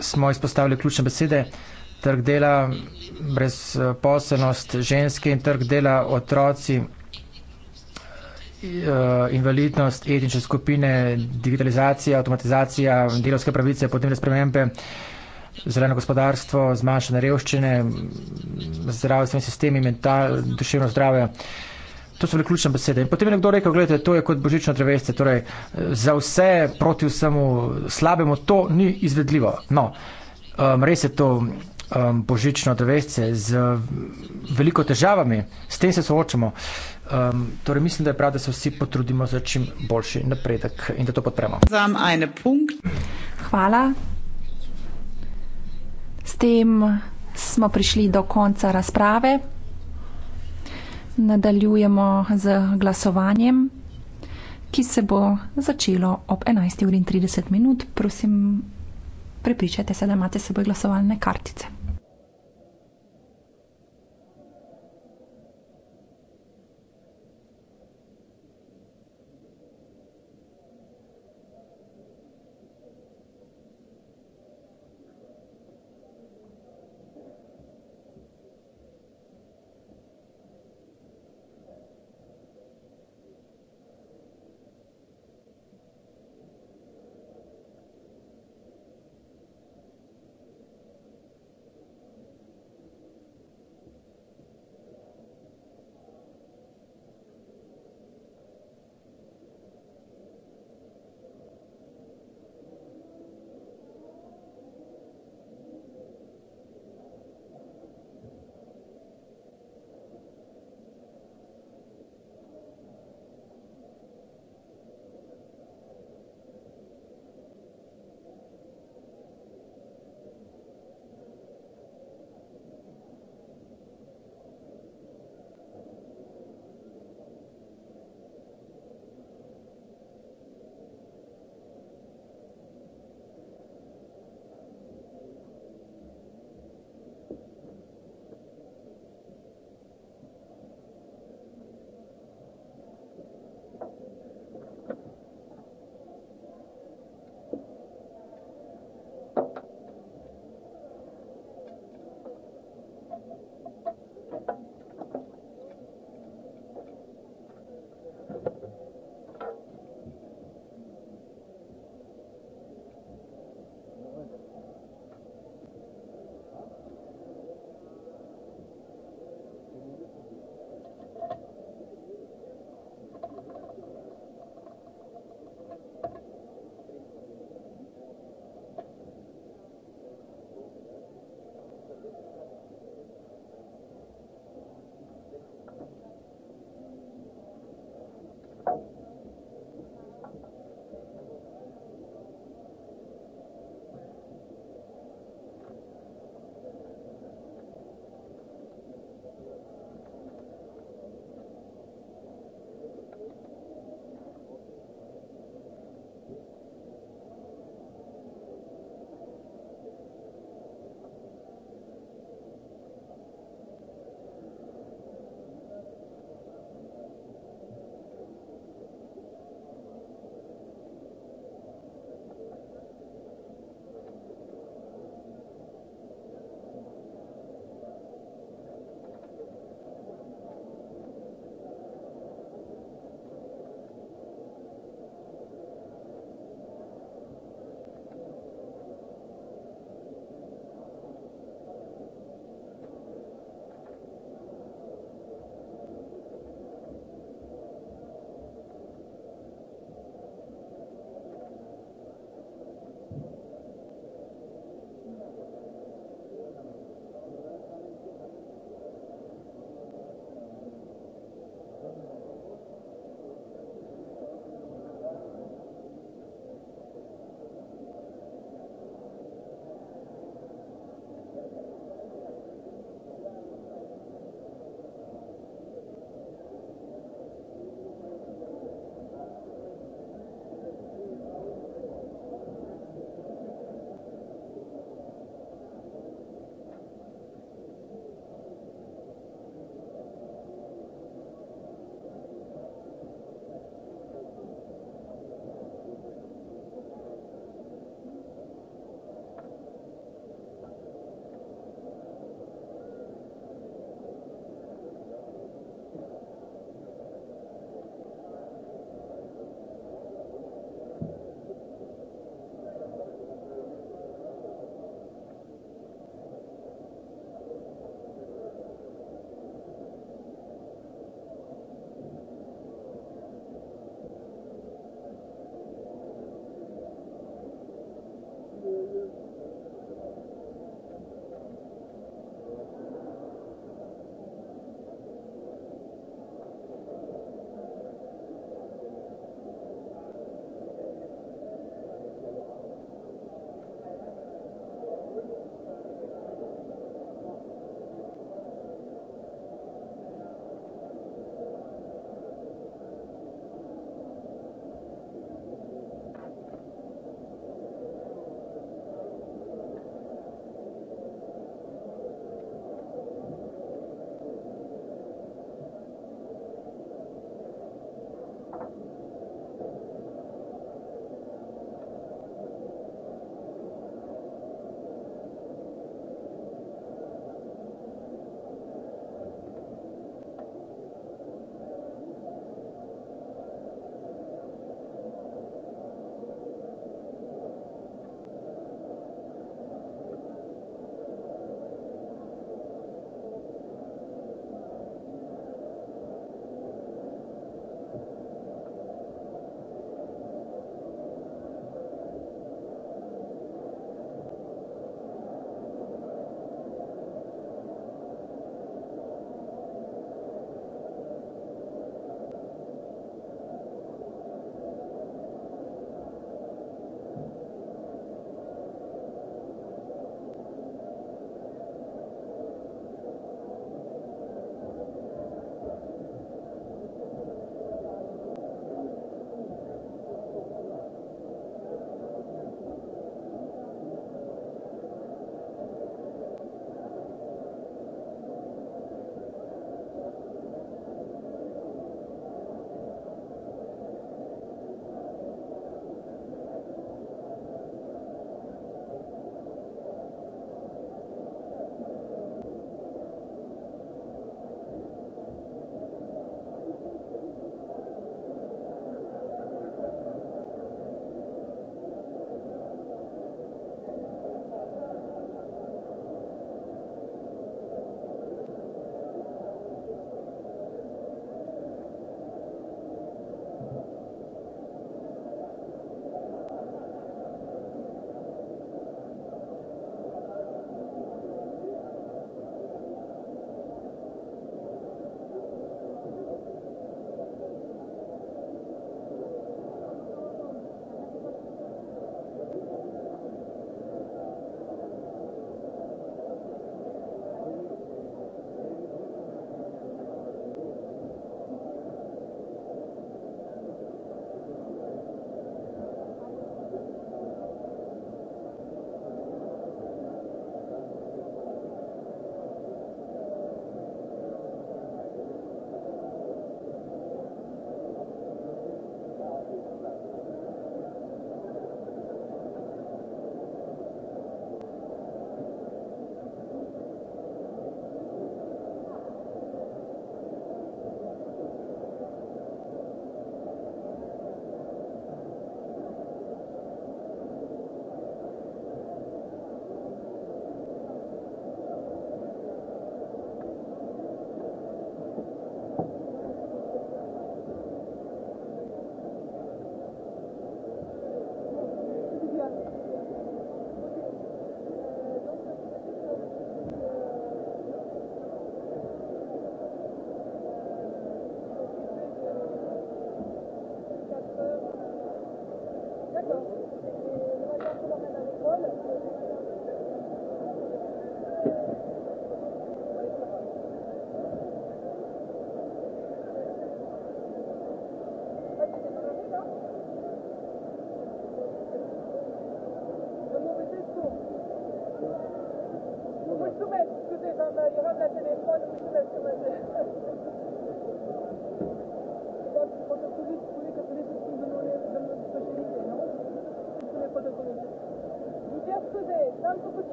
[SPEAKER 7] smo izpostavili ključne besede trg dela, brezposelnost ženske in trg dela, otroci, eh, invalidnost, etnične skupine, digitalizacija, avtomatizacija, delovske pravice, podnebne spremembe, zeleno gospodarstvo, zmanjšanje revščine, zdravstveni sistemi, mental, duševno zdravje. Uh, To so bile ključne besede. In potem je nekdo rekel, gledajte, to je kot božično drevesce, torej eh, za vse proti vsemu slabemu, to ni izvedljivo. No, um, res je to um, božično drevesce z veliko težavami, s tem se soočamo. Um, torej mislim, da je prav, da se vsi potrudimo za čim boljši napredek in da to podpremo.
[SPEAKER 5] Hvala. S tem smo prišli do konca razprave nadaljujemo z glasovanjem, ki se bo začelo ob 11.30. Prosim, prepričajte se, da imate s seboj glasovalne kartice.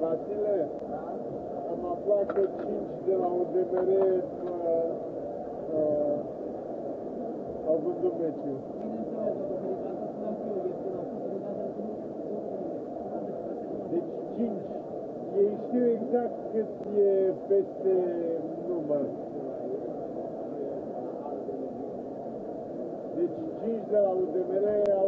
[SPEAKER 4] Vasile, am aflat că 5 de la UDMR au vândut meciul. Deci 5. Ei știu exact cât e peste număr. Deci 5 de la UDMR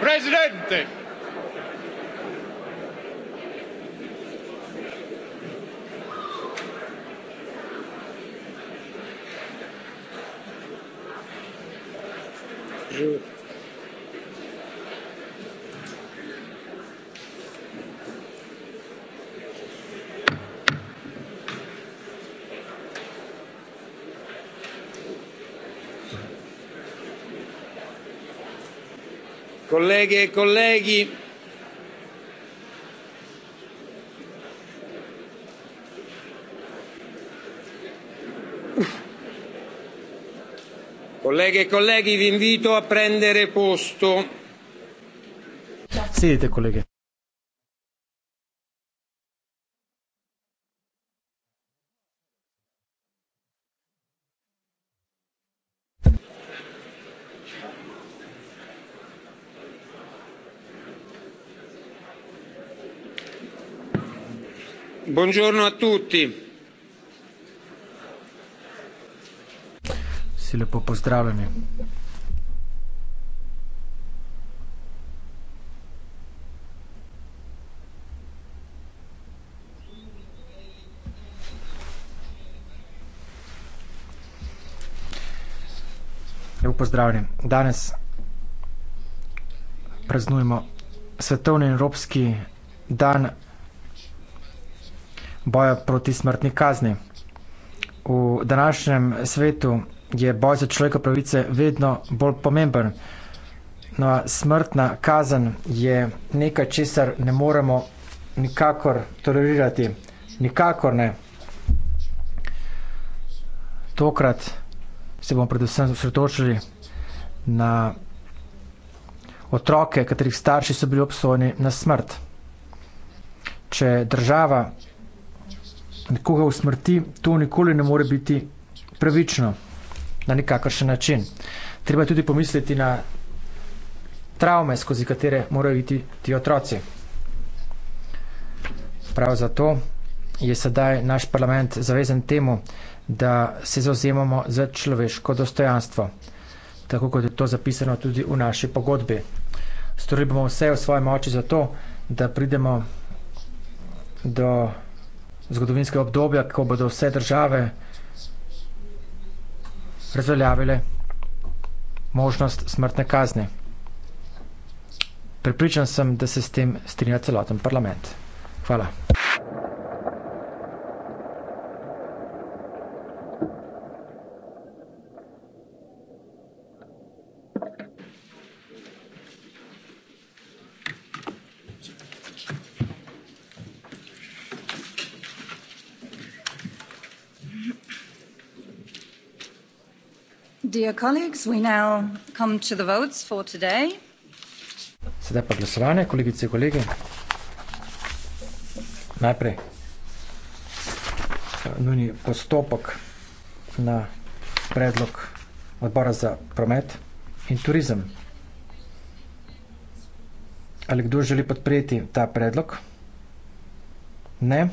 [SPEAKER 2] Presidente,
[SPEAKER 7] colleghe e colleghi
[SPEAKER 2] colleghe e colleghi vi invito a prendere posto
[SPEAKER 1] siete colleghe
[SPEAKER 2] buongiorno a tutti.
[SPEAKER 7] Vsi lepo pozdravljeni. Lepo pozdravljeni. Danes praznujemo svetovni in evropski dan boja proti smrtni kazni. V današnjem svetu je boj za človekove pravice vedno bolj pomemben. No, smrtna kazen je nekaj, česar ne moremo nikakor tolerirati. Nikakor ne. Tokrat se bomo predvsem osredotočili na otroke, katerih starši so bili obsojeni na smrt. Če država nekoga usmrti, to nikoli ne more biti pravično na nekakršen način. Treba tudi pomisliti na travme, skozi katere morajo iti ti otroci. Prav zato je sedaj naš parlament zavezen temu, da se zauzemamo za človeško dostojanstvo, tako kot je to zapisano tudi v naši pogodbi. Storili bomo vse v svoje moči za to, da pridemo do zgodovinskega obdobja, ko bodo vse države razveljavile možnost smrtne kazni. Pripričan sem, da se s tem strinja celoten parlament.
[SPEAKER 4] Hvala.
[SPEAKER 5] dear colleagues, we now come to the votes for today.
[SPEAKER 7] Sedaj pa glasovanje, kolegice in kolegi. Najprej eh, nujni postopek na predlog odbora za promet in turizem. Ali kdo želi podpreti ta predlog? Ne.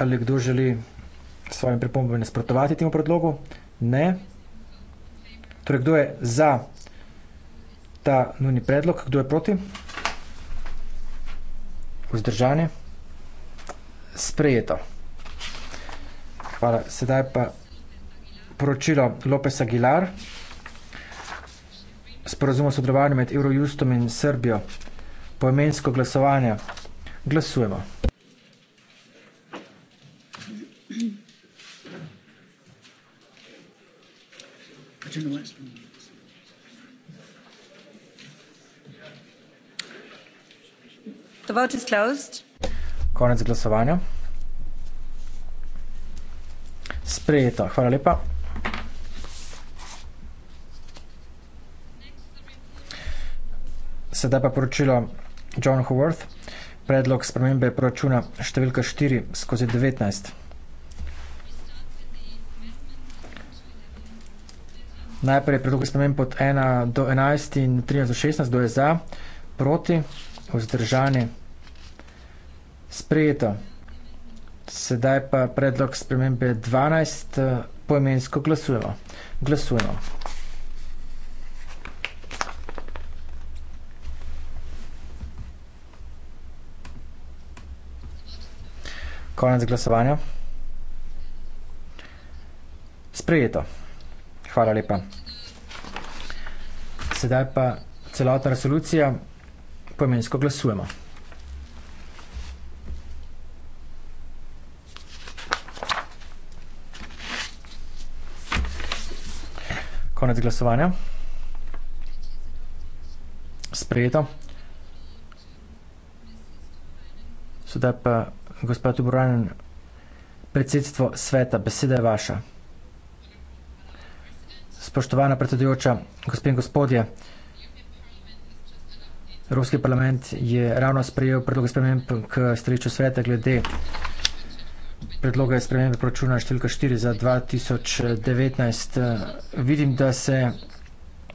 [SPEAKER 7] Ali kdo želi svojim pripombam nasprotovati temu predlogu? Ne. Torej, kdo je za ta nujni predlog, kdo je proti? Vzdržani? Sprejeto. Hvala. Sedaj pa poročilo Lopes Aguilar. Sporazum o sodelovanju med Eurojustom in Srbijo. Poemensko glasovanje. Glasujemo.
[SPEAKER 4] če ne
[SPEAKER 5] bom
[SPEAKER 7] Konec glasovanja. Sprejeto, hvala lepa. Sedaj pa poročilo John Howarth, predlog spremembe proračuna številka 4 skozi 19. Najprej predlog spremen pod 1 do 11 in 13 do 16, kdo je za, proti, vzdržani, sprejeto. Sedaj pa predlog spremembe 12, eh, poimensko glasujemo. Glasujemo. Konec glasovanja. Sprejeto. Hvala lepa. Sedaj pa celotna resolucija, pomensko glasujemo. Konec glasovanja. Sprejeto. Sedaj pa gospod Uboranen, predsedstvo sveta, beseda je vaša. Spoštovana predsedujoča, gospe in gospodje, Evropski parlament je ravno sprejel predloge sprememb k stališču sveta glede predloga spremembe proračuna številka 4 za 2019. Vidim, da se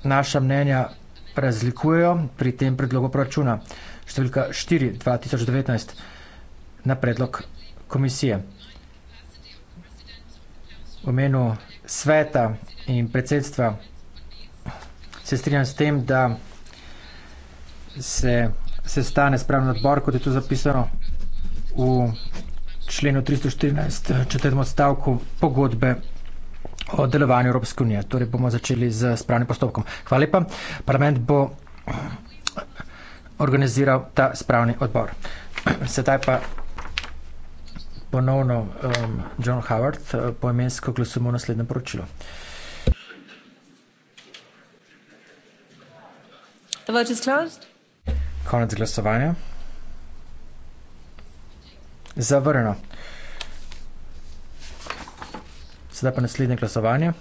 [SPEAKER 7] naša mnenja razlikujejo pri tem predlogu proračuna številka 4 2019 na predlog komisije. V imenu sveta in predsedstva se strinjam s tem, da se sestane spravni odbor, kot je to zapisano v členu 314 četrtem odstavku pogodbe o delovanju Evropske unije. Torej bomo začeli z spravnim postopkom. Hvala lepa. Parlament bo organiziral ta spravni odbor. Sedaj pa ponovno um, John Howard uh, poimensko glasujemo v naslednjem poročilu. Uh,
[SPEAKER 5] The vote is closed.
[SPEAKER 7] Konec glasovanja. Zavrno. Sedaj pa naslednje glasovanje.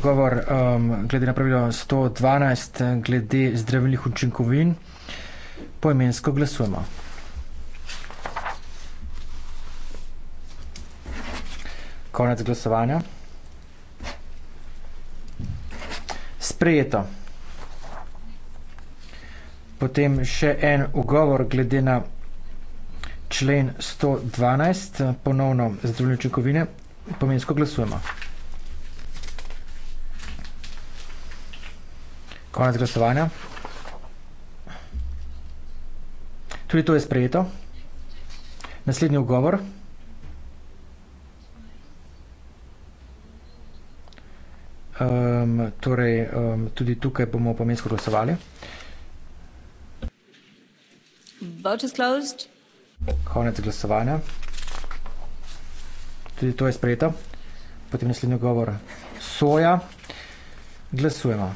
[SPEAKER 7] Ugovor um, glede na pravilo 112 glede zdravilnih učinkovin. Poimensko glasujemo. konec glasovanja. Sprejeto. Potem še en ugovor glede na člen 112, ponovno zdravljene čekovine. Pomensko glasujemo. Konec glasovanja. Tudi to je sprejeto. Naslednji ugovor. Naslednji ugovor. Um, torej, um, tudi tukaj bomo pomensko glasovali.
[SPEAKER 5] Vote is closed.
[SPEAKER 7] Konec glasovanja. Tudi to je sprejeto. Potem naslednji govor. Soja. Glasujemo.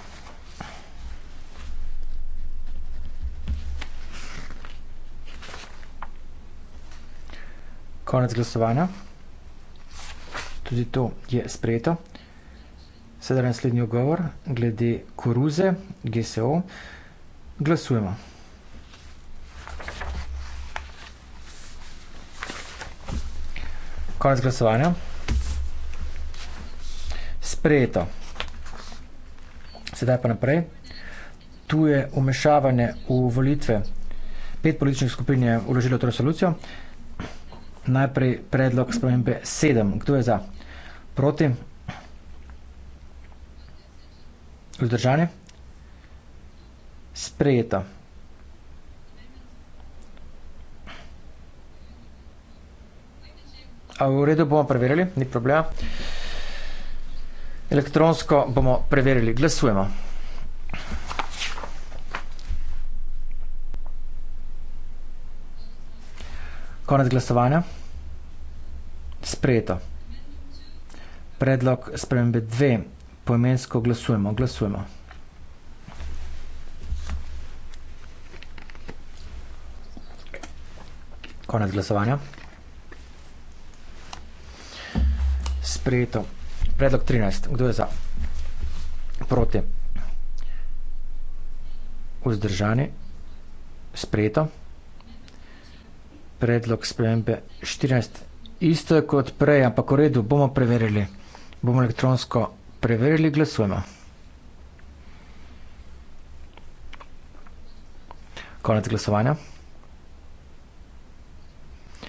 [SPEAKER 7] Konec glasovanja. Tudi to je sprejeto. Sedaj je naslednji ogovor glede koruze, GSO. Glasujemo. Konec glasovanja. Sprejeto. Sedaj pa naprej. Tu je umešavanje v volitve. Pet političnih skupin je uložilo to resolucijo. Najprej predlog spremembe sedem. Kdo je za? Proti? Vzdržanje. Sprejeta. A v redu bomo preverili, ni problema. Elektronsko bomo preverili. Glasujemo. Konec glasovanja. Sprejeto. Predlog spremembe 2 poimensko glasujemo. Glasujemo. Konec glasovanja. Sprejeto. Predlog 13. Kdo je za? Proti. Vzdržani. Sprejeto. Predlog spremembe 14. Isto je kot prej, ampak v redu bomo preverili. Bomo elektronsko Preverili glasujemo. Konec glasovanja.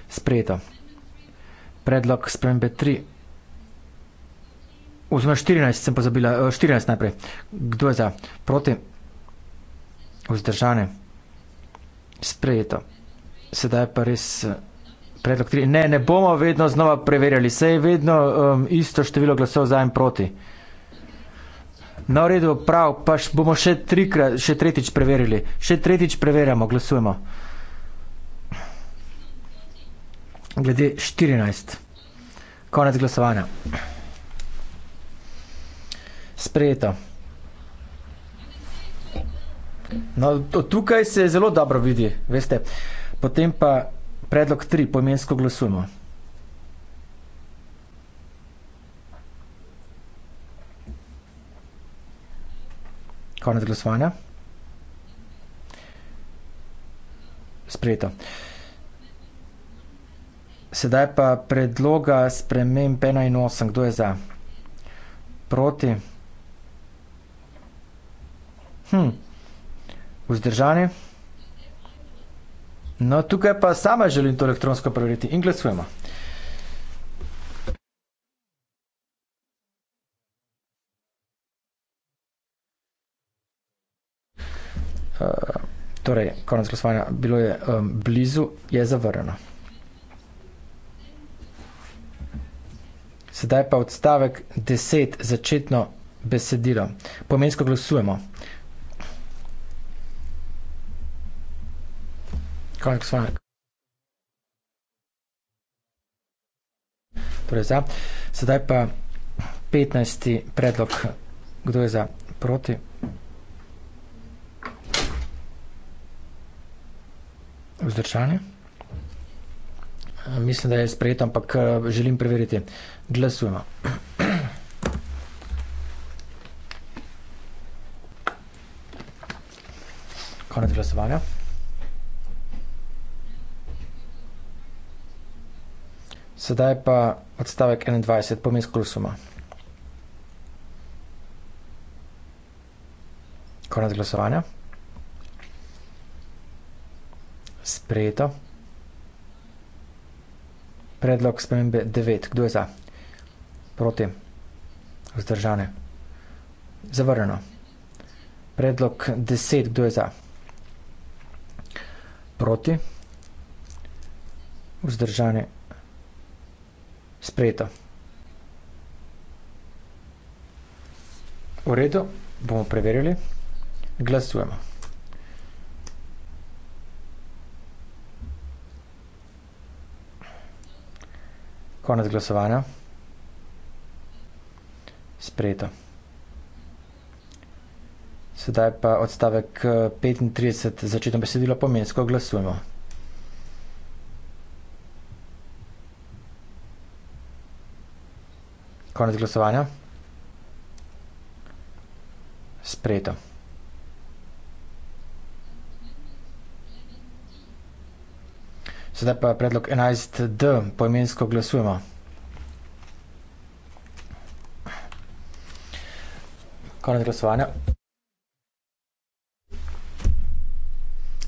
[SPEAKER 7] Sprejeto. Predlog spremembe 3. Oziroma 14, sem pozabila, 14 eh, najprej. Kdo je za? Proti? Vzdržane? Sprejeto. Sedaj pa res eh, predlog 3. Ne, ne bomo vedno znova preverjali. Se je vedno um, isto število glasov za in proti. Na redu, prav, pa bomo še trikrat, še tretjič preverili. Še tretjič preverjamo, glasujemo. Glede 14. Konec glasovanja. Sprejeto. No, to, tukaj se zelo dobro vidi, veste. Potem pa predlog 3, pojmensko glasujemo. Konec glasovanja. Sprejeto. Sedaj pa predloga spremem 58. Kdo je za? Proti? Hm. Vzdržani? No, tukaj pa sama želim to elektronsko preveriti in glasujemo. Eh, torej, konec glasovanja, bilo je um, blizu, je zavrnjeno. Sedaj pa odstavek 10 začetno besedilo. Pomensko glasujemo. Konec glasovanja. Torej za. Sedaj pa 15. predlog. Kdo je za? Proti. vzdržanje. Eh, mislim, da je sprejeto, ampak eh, želim preveriti. Glasujemo. [clears throat] Konec glasovanja. Sedaj pa odstavek 21, pomen sklusoma. Konec glasovanja. sprejeto. Predlog spremembe 9. Kdo je za? Proti. Vzdržane. Zavrneno. Predlog 10. Kdo je za? Proti. Vzdržane. Sprejeto. V redu bomo preverili. Glasujemo. Konec glasovanja. Sprejeto. Sedaj pa odstavek 35 eh, začetno besedilo pomensko glasujemo. Konec glasovanja. Sprejeto. Sedaj pa predlog 11.d. poimensko glasujemo. Konec glasovanja.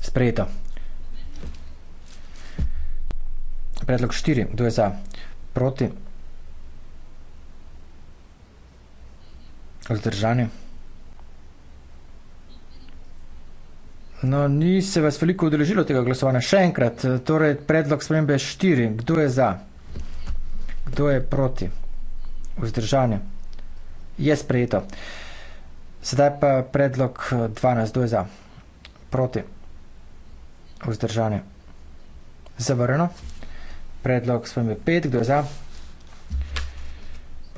[SPEAKER 7] Sprejeto. Predlog 4. Kdo je za? Proti? Zdržanje? No, ni se vas veliko udeležilo tega glasovanja. Še enkrat, eh, torej predlog spremembe štiri. Kdo je za? Kdo je proti? Vzdržanje. Je sprejeto. Sedaj pa predlog 12. Eh, Kdo je za? Proti. Vzdržanje. Zavrno. Predlog spremembe 5. Kdo je za?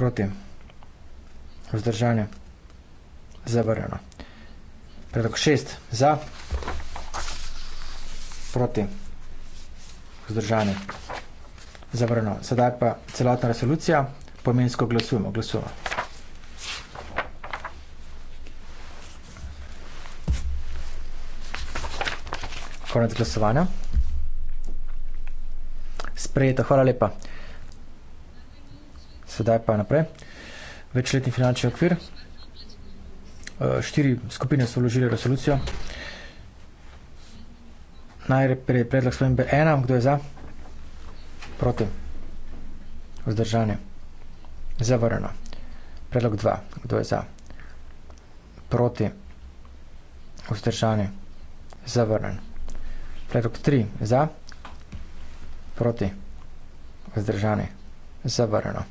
[SPEAKER 7] Proti. Vzdržanje. Zavrno. Predlog šest. Za. Proti. Zdržani. Zavrno. Sedaj pa celotna resolucija. Pomensko glasujemo. Glasujemo. Konec glasovanja. Sprejeto. Hvala lepa. Sedaj pa naprej. Večletni finančni okvir štiri skupine so vložile resolucijo. Najprej predlog svojim B1, kdo je za? Proti. Vzdržanje. Zavrano. Predlog 2, kdo je za? Proti. Vzdržanje. Zavrnen. Predlog 3, za? Proti. Vzdržanje. Zavrneno.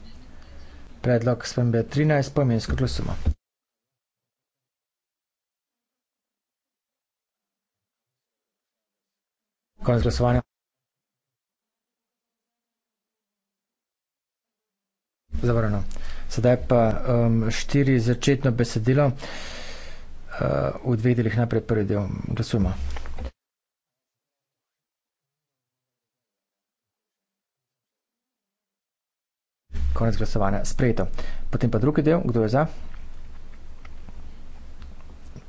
[SPEAKER 7] Predlog svem B13, pomensko glasimo. Konec glasovanja. Zavrano. Sedaj pa um, štiri začetno besedilo. Uh, v dveh delih najprej prvi del. Glasujmo. Konec glasovanja. Sprejeto. Potem pa drugi del. Kdo je za?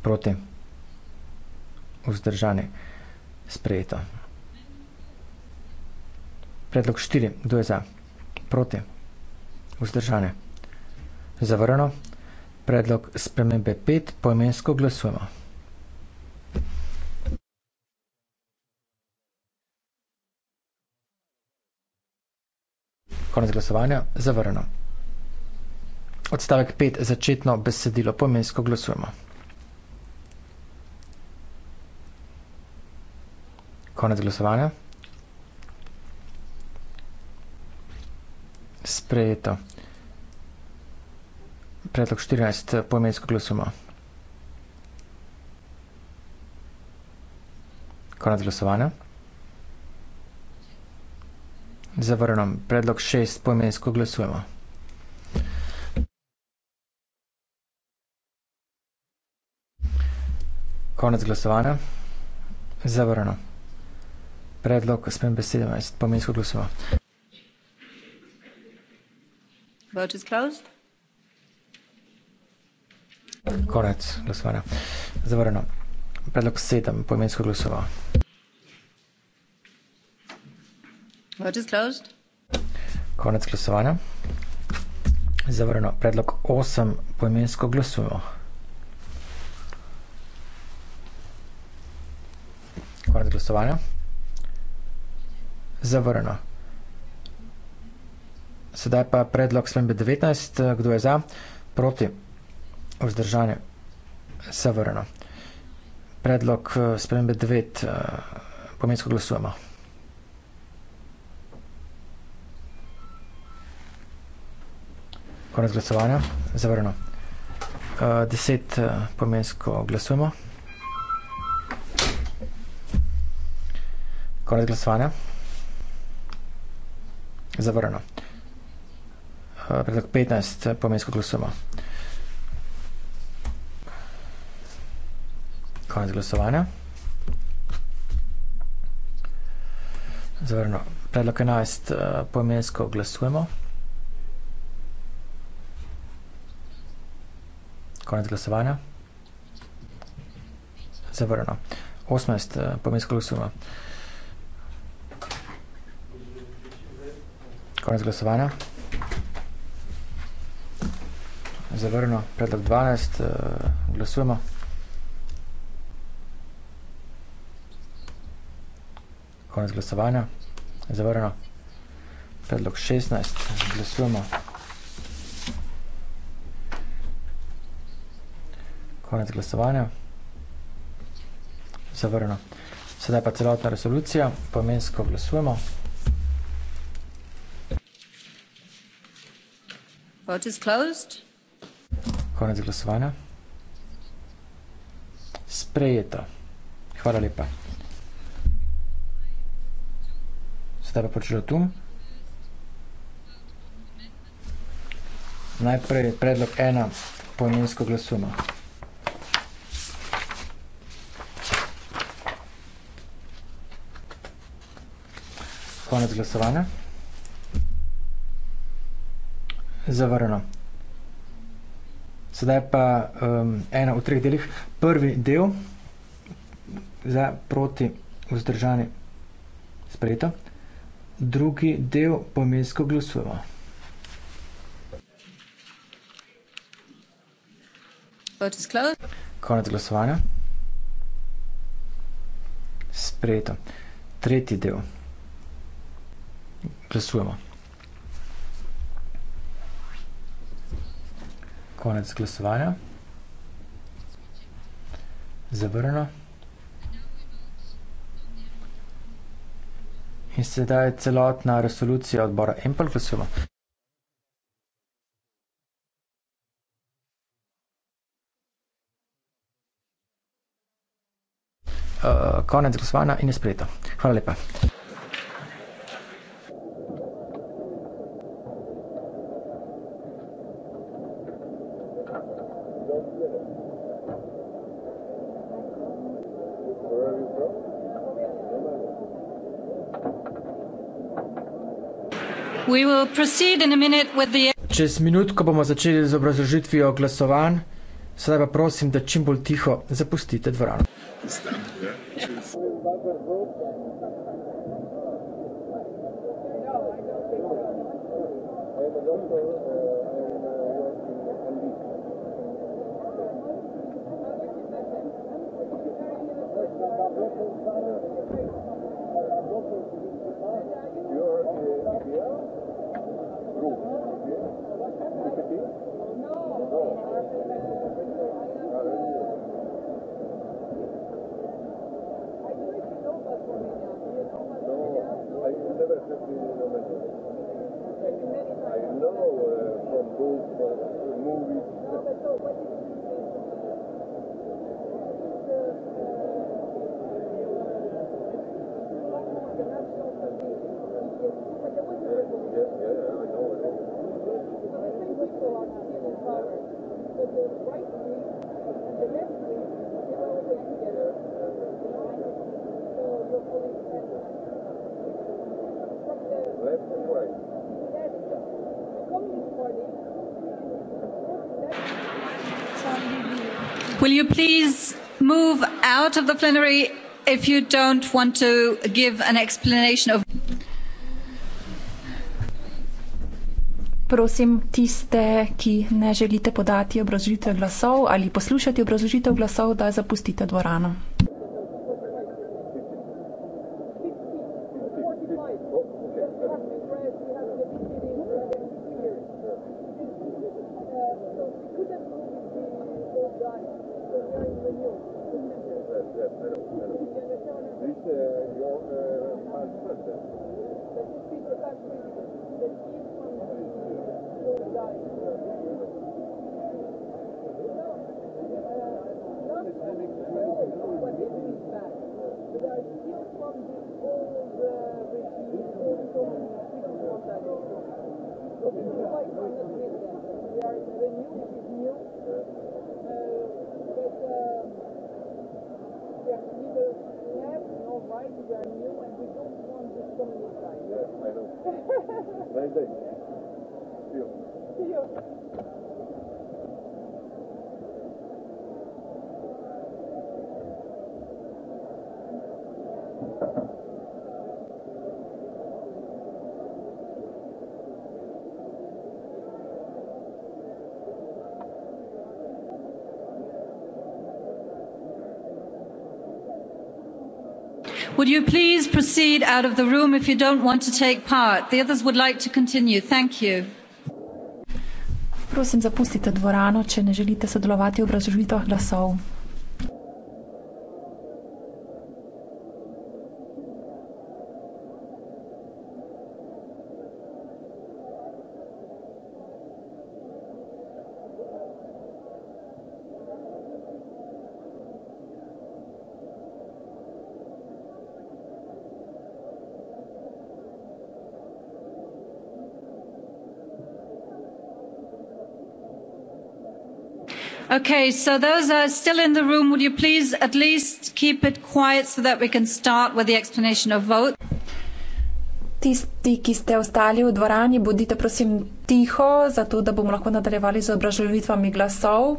[SPEAKER 7] Proti. Vzdržani. Sprejeto. Predlog štiri. Kdo je za? Proti. Vzdržane. Zavrano. Predlog spremembe pet. Poimensko glasujemo. Konec glasovanja. Zavrano. Odstavek pet. Začetno besedilo. Poimensko glasujemo. Konec glasovanja. sprejeto. Predlog 14 eh, pomensko glasujemo. Konec glasovanja. Zavrnem. Predlog 6 pomensko glasujemo. Konec glasovanja. Zavrnem. Predlog spremembe 17 pomensko glasujemo.
[SPEAKER 4] Vote is closed.
[SPEAKER 7] Konec glasovanja. Zavrno. Predlog sedem poimensko glasoval.
[SPEAKER 5] Vote is closed.
[SPEAKER 7] Konec glasovanja. Zavrno. Predlog osem poimensko glasujemo. Konec glasovanja. Zavrno. Sedaj pa predlog spremembe 19. Kdo je za? Proti. Vzdržanje. Severno. Predlog eh, spremembe 9. Eh, pomensko glasujemo. Konec glasovanja. Zavrno. 10. Eh, pomensko glasujemo. Konec glasovanja. Zavrno. Zavrno predlog 15 pomensko glasoma. Konec glasovanja. Zavrno. Predlog 11 pomensko glasujemo. Konec glasovanja. Zavrno. 18 eh, pomensko glasujemo. Konec glasovanja. Eh, Konec glasovanja zavrnil predlog 12, eh, glasujemo. Konec glasovanja, zavrnil predlog 16, glasujemo. Konec glasovanja, zavrnil. Sedaj pa celotna resolucija, pomensko glasujemo.
[SPEAKER 5] Vote is closed
[SPEAKER 7] konec glasovanja. Sprejeto. Hvala lepa. Sedaj pa počelo tu. Najprej predlog ena pojemensko glasuma. Konec glasovanja. Zavrano. Sedaj pa um, ena v treh delih. Prvi del za proti vzdržani sprejeto. Drugi del pomensko glasujemo. Konec glasovanja. Sprejeto. Tretji del. Glasujemo. konec glasovanja. Zavrno. In sedaj celotna resolucija odbora Empel glasujemo. Uh, konec glasovanja in je sprejeto. Hvala lepa.
[SPEAKER 5] proceed in a minute with the.
[SPEAKER 7] Čez minutko bomo začeli z obrazložitvijo glasovanj, sedaj pa prosim, da čim bolj tiho zapustite dvorano.
[SPEAKER 4] Thank you.
[SPEAKER 5] will you please move out of the plenary if you don't want to give an explanation of Prosim tiste, ki ne želite podati obrazložitve glasov ali poslušati obrazložitev glasov, da zapustite dvorano. would you please proceed out of the room if you don't want to take part the others would like to continue thank you prosim zapustite dvorano če ne želite sodelovati v obrazložitvah glasov okay so those are still in the room would you please at least keep it quiet so that we can start with the explanation of vote Tisti, ki ste ostali v dvorani, bodite prosim tiho, zato da bomo lahko nadaljevali z obražljivitvami glasov.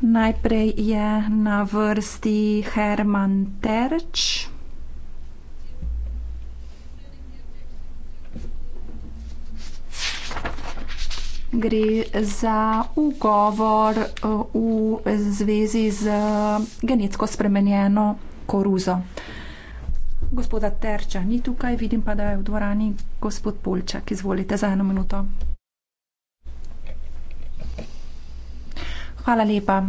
[SPEAKER 5] Najprej je na vrsti Herman Terč. gre za ugovor eh, v zvezi z genetsko spremenjeno koruzo. Gospoda Terča ni tukaj, vidim pa, da je v dvorani gospod Polčak. Izvolite za eno minuto. Hvala lepa.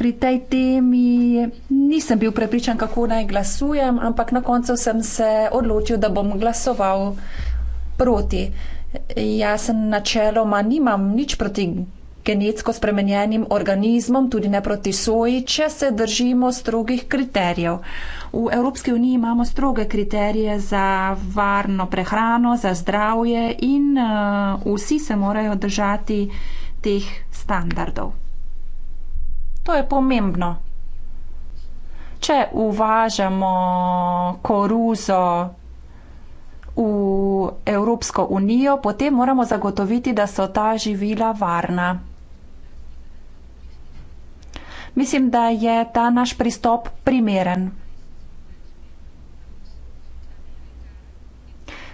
[SPEAKER 5] pri tej temi nisem bil prepričan, kako naj glasujem, ampak na koncu sem se odločil, da bom glasoval proti. Jaz sem načeloma nimam nič proti genetsko spremenjenim organizmom, tudi ne proti soji, če se držimo strogih kriterijev. V Evropski uniji imamo stroge kriterije za varno prehrano, za zdravje in uh, vsi se morajo držati teh standardov. To je pomembno. Če uvažamo koruzo v Evropsko unijo, potem moramo zagotoviti, da so ta živila varna. Mislim, da je ta naš pristop primeren.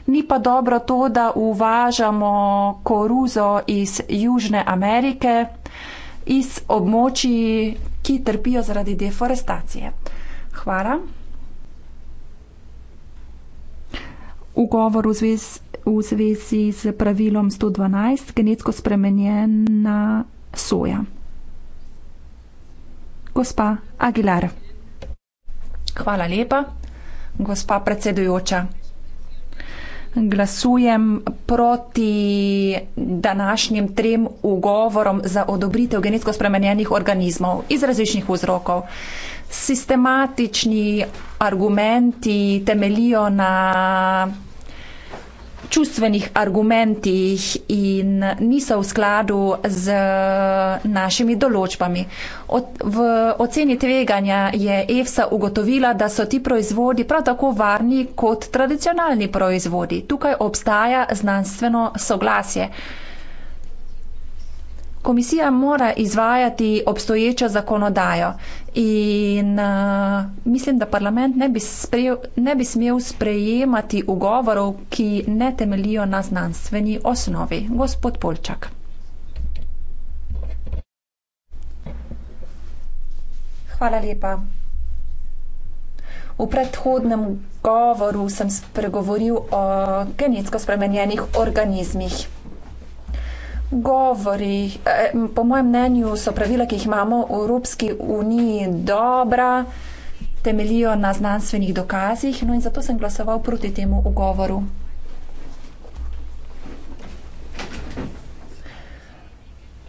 [SPEAKER 5] Ni pa dobro to, da uvažamo koruzo iz Južne Amerike, iz območij, ki trpijo zaradi deforestacije. Hvala. V govoru v zvezi z pravilom 112 genetsko spremenjena soja. Gospa Aguilar. Hvala lepa, gospa predsedujoča glasujem proti današnjim trem ugovorom za odobritev genetsko spremenjenih organizmov iz različnih vzrokov. Sistematični argumenti temelijo na čustvenih argumentih in niso v skladu z našimi določbami. Od, v oceni tveganja je EFSA ugotovila, da so ti proizvodi prav tako varni kot tradicionalni proizvodi. Tukaj obstaja znanstveno soglasje. Komisija mora izvajati obstoječo zakonodajo in uh, mislim, da parlament ne bi, sprejel, ne bi smel sprejemati ugovorov, ki ne temelijo na znanstveni osnovi. Gospod Polčak. Hvala lepa. V predhodnem govoru sem spregovoril o genetsko spremenjenih organizmih govori. Eh, po mojem mnenju so pravila, ki jih imamo v Evropski uniji, dobra, temelijo na znanstvenih dokazih, no in zato sem glasoval proti temu ugovoru.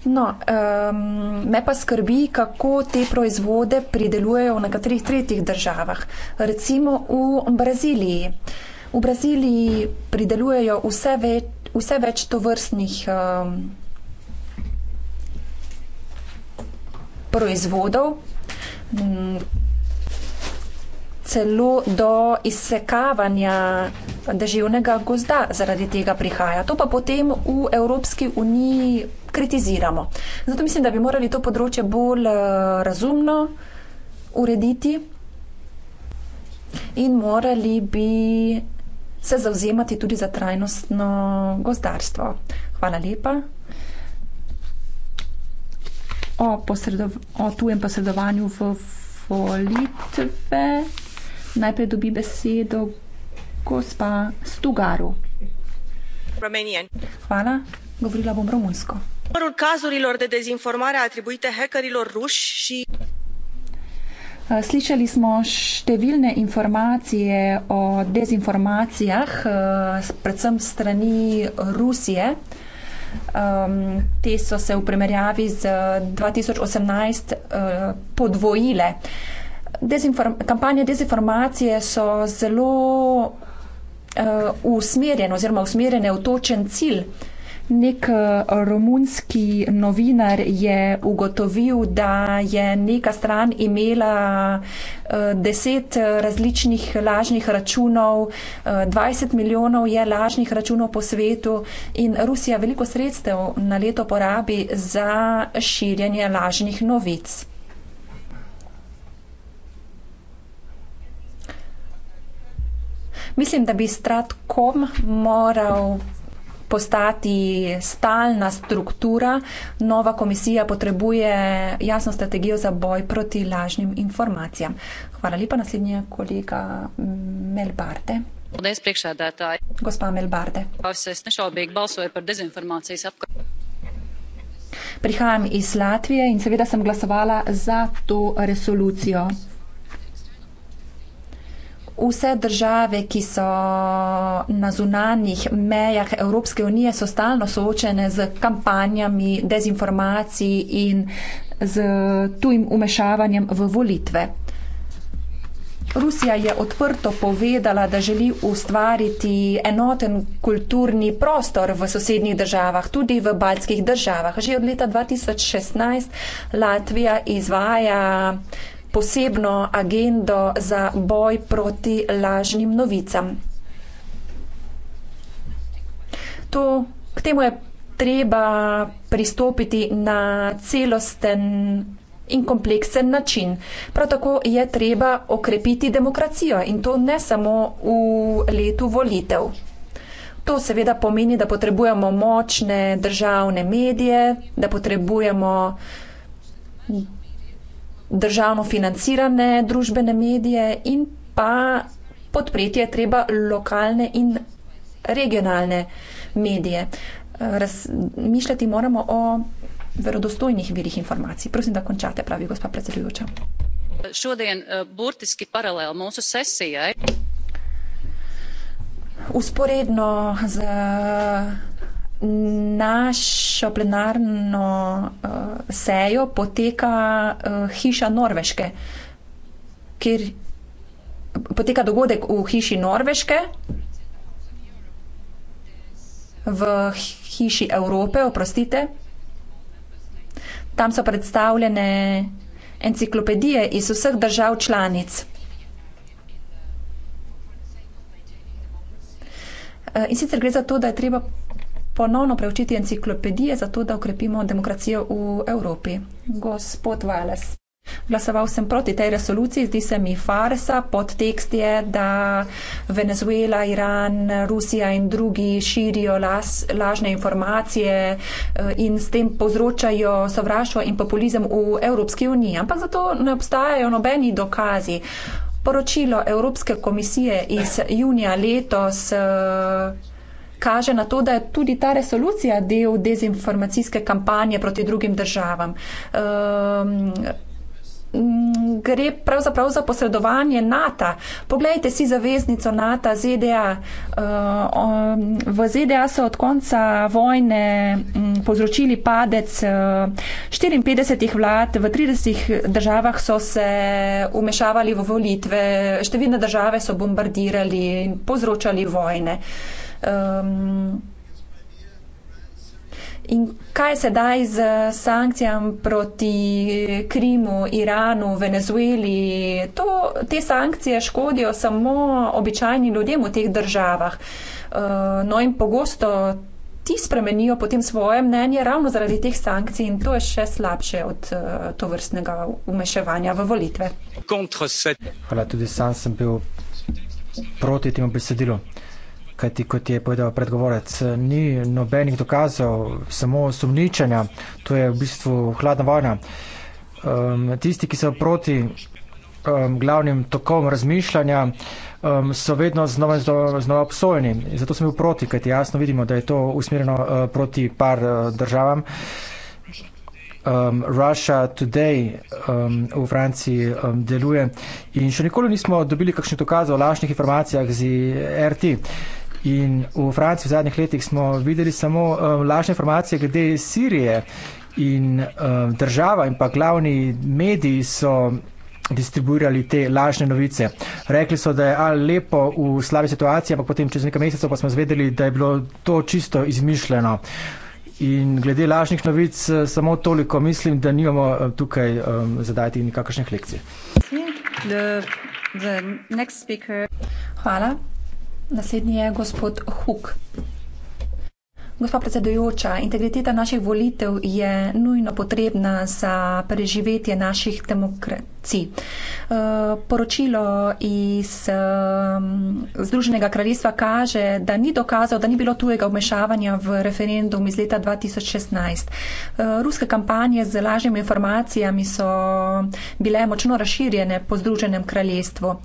[SPEAKER 5] No, um, me pa skrbi, kako te proizvode pridelujejo v nekaterih tretjih državah, recimo v Braziliji. V Braziliji pridelujejo vse več vse več tovrstnih um, proizvodov, um, celo do izsekavanja državnega gozda zaradi tega prihaja. To pa potem v Evropski uniji kritiziramo. Zato mislim, da bi morali to področje bolj uh, razumno urediti in morali bi se zauzemati tudi za trajnostno gozdarstvo. Hvala lepa. O, posredov, o tujem posredovanju v volitve najprej dobi besedo gospa Stugaru. Romanian. Hvala, govorila bom romunsko.
[SPEAKER 7] Morul cazurilor de dezinformare atribuite hackerilor
[SPEAKER 5] ruși și... Eh, slišali smo številne informacije o dezinformacijah, eh, predvsem strani Rusije. Te so se v primerjavi z 2018 eh, podvojile. Dezinform kampanje dezinformacije so zelo usmerjene oziroma usmerjene v točen cilj. Nek eh, romunski novinar je ugotovil, da je neka stran imela eh, deset eh, različnih lažnih računov, 20 milijonov je lažnih računov po svetu in Rusija veliko sredstev na leto porabi za širjenje lažnih novic. Mislim, da bi Stratkom moral postati stalna struktura, nova komisija potrebuje jasno strategijo za boj proti lažnim informacijam. Hvala lepa, naslednji je kolega Melbarde. Gospa Melbarde. Prihajam iz Latvije in seveda sem glasovala za to resolucijo vse države, ki so na zunanjih mejah Evropske unije, so stalno soočene z kampanjami dezinformacij in z tujim umešavanjem v volitve. Rusija je odprto povedala, da želi ustvariti enoten kulturni prostor v sosednjih državah, tudi v baltskih državah. Že od leta 2016 Latvija izvaja posebno agendo za boj proti lažnim novicam. To, k temu je treba pristopiti na celosten in kompleksen način. Prav tako je treba okrepiti demokracijo in to ne samo v letu volitev. To seveda pomeni, da potrebujemo močne državne medije, da potrebujemo državno financirane družbene medije in pa podpreti je treba lokalne in regionalne medije. Razmišljati moramo o verodostojnih virih informacij. Prosim, da končate, pravi gospa predsedujoča. Šodien eh, burtiski paralel mūsu sesijai. Usporedno z našo plenarno uh, sejo poteka uh, hiša Norveške, kjer poteka dogodek v hiši Norveške, v hiši Evrope, oprostite. Tam so predstavljene enciklopedije iz vseh držav članic. Eh, in sicer gre za to, da je treba ponovno preučiti enciklopedije, zato da ukrepimo demokracijo v Evropi. Gospod Vales. Glasoval sem proti tej resoluciji, zdi se mi farsa, podtekst je, da Venezuela, Iran, Rusija in drugi širijo las, lažne informacije eh, in s tem povzročajo sovraštvo in populizem v Evropski uniji. Ampak zato ne obstajajo nobeni dokazi. Poročilo Evropske komisije iz junija letos. Uh, kaže na to, da je tudi ta resolucija del dezinformacijske kampanje proti drugim državam. Um, gre pravzaprav za posredovanje NATO. Poglejte si zaveznico NATO, ehm, ZDA. V ZDA so od konca vojne povzročili padec 54 e, vlad, v 30 državah so se umešavali v volitve, številne države so bombardirali in povzročali vojne. Um, In kaj se daj z sankcijam proti Krimu, Iranu, Venezueli? To, te sankcije škodijo samo običajnim ljudem v teh državah. Ehm, no in pogosto ti spremenijo potem svoje mnenje ravno zaradi teh sankcij in to je še slabše od eh, to vrstnega umeševanja v volitve.
[SPEAKER 7] Hvala, tudi sam sem bil proti temu besedilu kajti kot je povedal predgovorec, ni nobenih dokazov, samo sumničenja, to je v bistvu hladna vojna. Um, tisti, ki so proti um, glavnim tokom razmišljanja, um, so vedno znova, znova obsojeni. Zato smo bili proti, kajti jasno vidimo, da je to usmerjeno uh, proti par uh, državam. Um, Russia Today um, v Franciji um, deluje in še nikoli nismo dobili kakšnih dokazov o lažnih informacijah z e RT. Uh, In v Franciji v zadnjih letih smo videli samo um, lažne informacije glede Sirije in um, država in pa glavni mediji so distribuirali te lažne novice. Rekli so, da je ali lepo v slabi situaciji, ampak potem čez nekaj mesecev pa smo zvedeli, da je bilo to čisto izmišljeno. In glede lažnih novic eh, samo toliko mislim, da nimamo eh, tukaj um, zadajati nikakršnih lekcij.
[SPEAKER 5] Hvala. Naslednji je gospod Huk. Gospa predsedujoča, integriteta naših volitev je nujno potrebna za preživetje naših demokrat, korupciji. Eh, poročilo iz Združenega kraljestva kaže, da ni dokazal, da ni bilo tujega vmešavanja v referendum iz leta 2016. Eh, ruske kampanje z lažnimi informacijami so bile močno razširjene po Združenem kraljestvu.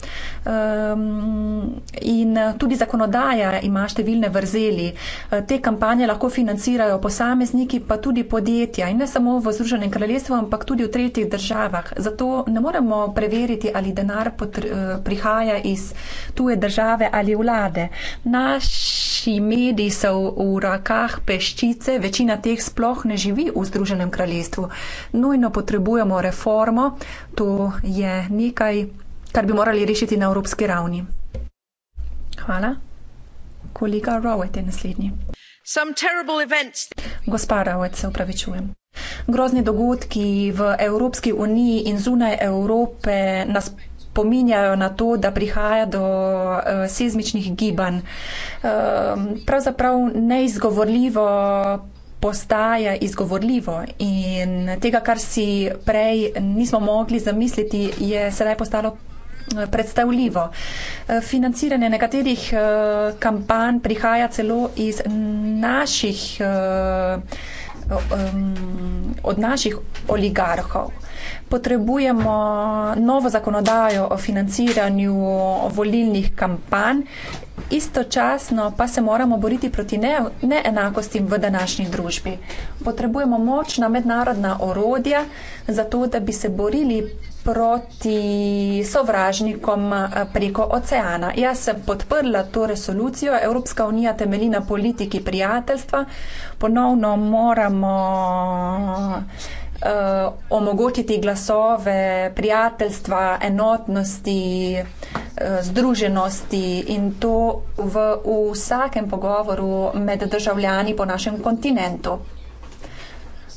[SPEAKER 5] In tudi zakonodaja ima številne vrzeli. Eh, te kampanje lahko financirajo posamezniki, pa tudi podjetja. In ne samo v Združenem kraljestvu, ampak tudi v tretjih državah. Zato ne more moramo preveriti, ali denar eh, prihaja iz tuje države ali vlade. Naši mediji so v rokah peščice, večina teh sploh ne živi v Združenem kraljestvu. Nujno potrebujemo reformo, to je nekaj, kar bi morali rešiti na evropski ravni. Hvala. Kolega Rowett je naslednji. Gospa Rowett, se upravičujem. Grozni dogodki v Evropski uniji in zunaj Evrope nas pominjajo na to, da prihaja do uh, eh, sezmičnih gibanj. Um, pravzaprav neizgovorljivo postaja izgovorljivo in tega, kar si prej nismo mogli zamisliti, je sedaj postalo eh, predstavljivo. Eh, financiranje nekaterih kampanj prihaja celo iz naših uh, um, od naših oligarhov potrebujemo novo zakonodajo o financiranju volilnih kampanj, istočasno pa se moramo boriti proti ne, neenakostim v današnji družbi. Potrebujemo močna mednarodna orodja za to, da bi se borili proti sovražnikom eh, preko oceana. Jaz sem podprla to resolucijo. Evropska unija temelji na politiki prijateljstva. Ponovno moramo uh, omogočiti glasove prijateljstva, enotnosti, uh, združenosti in to v, v vsakem pogovoru med državljani po našem kontinentu.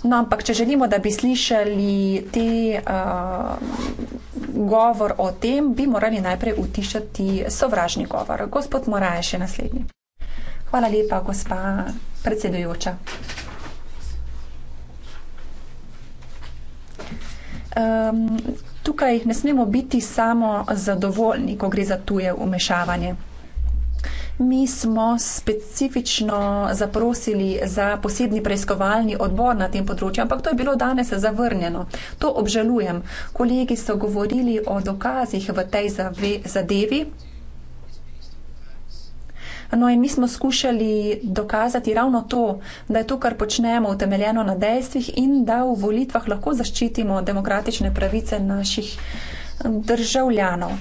[SPEAKER 5] No, ampak, če želimo, da bi slišali te, uh, govor o tem, bi morali najprej utišati sovražni govor. Gospod Moraj, še naslednji. Hvala lepa, gospa predsedujoča. um, tukaj ne smemo biti samo zadovoljni, ko gre za tuje umešavanje. Mi smo specifično zaprosili za posebni preiskovalni odbor na tem področju, ampak to je bilo danes zavrnjeno. To obžalujem. Kolegi so govorili o dokazih v tej zave, zadevi. No in mi smo skušali dokazati ravno to, da je to, kar počnemo, utemeljeno na dejstvih in da v volitvah lahko zaščitimo demokratične pravice naših eh, državljanov.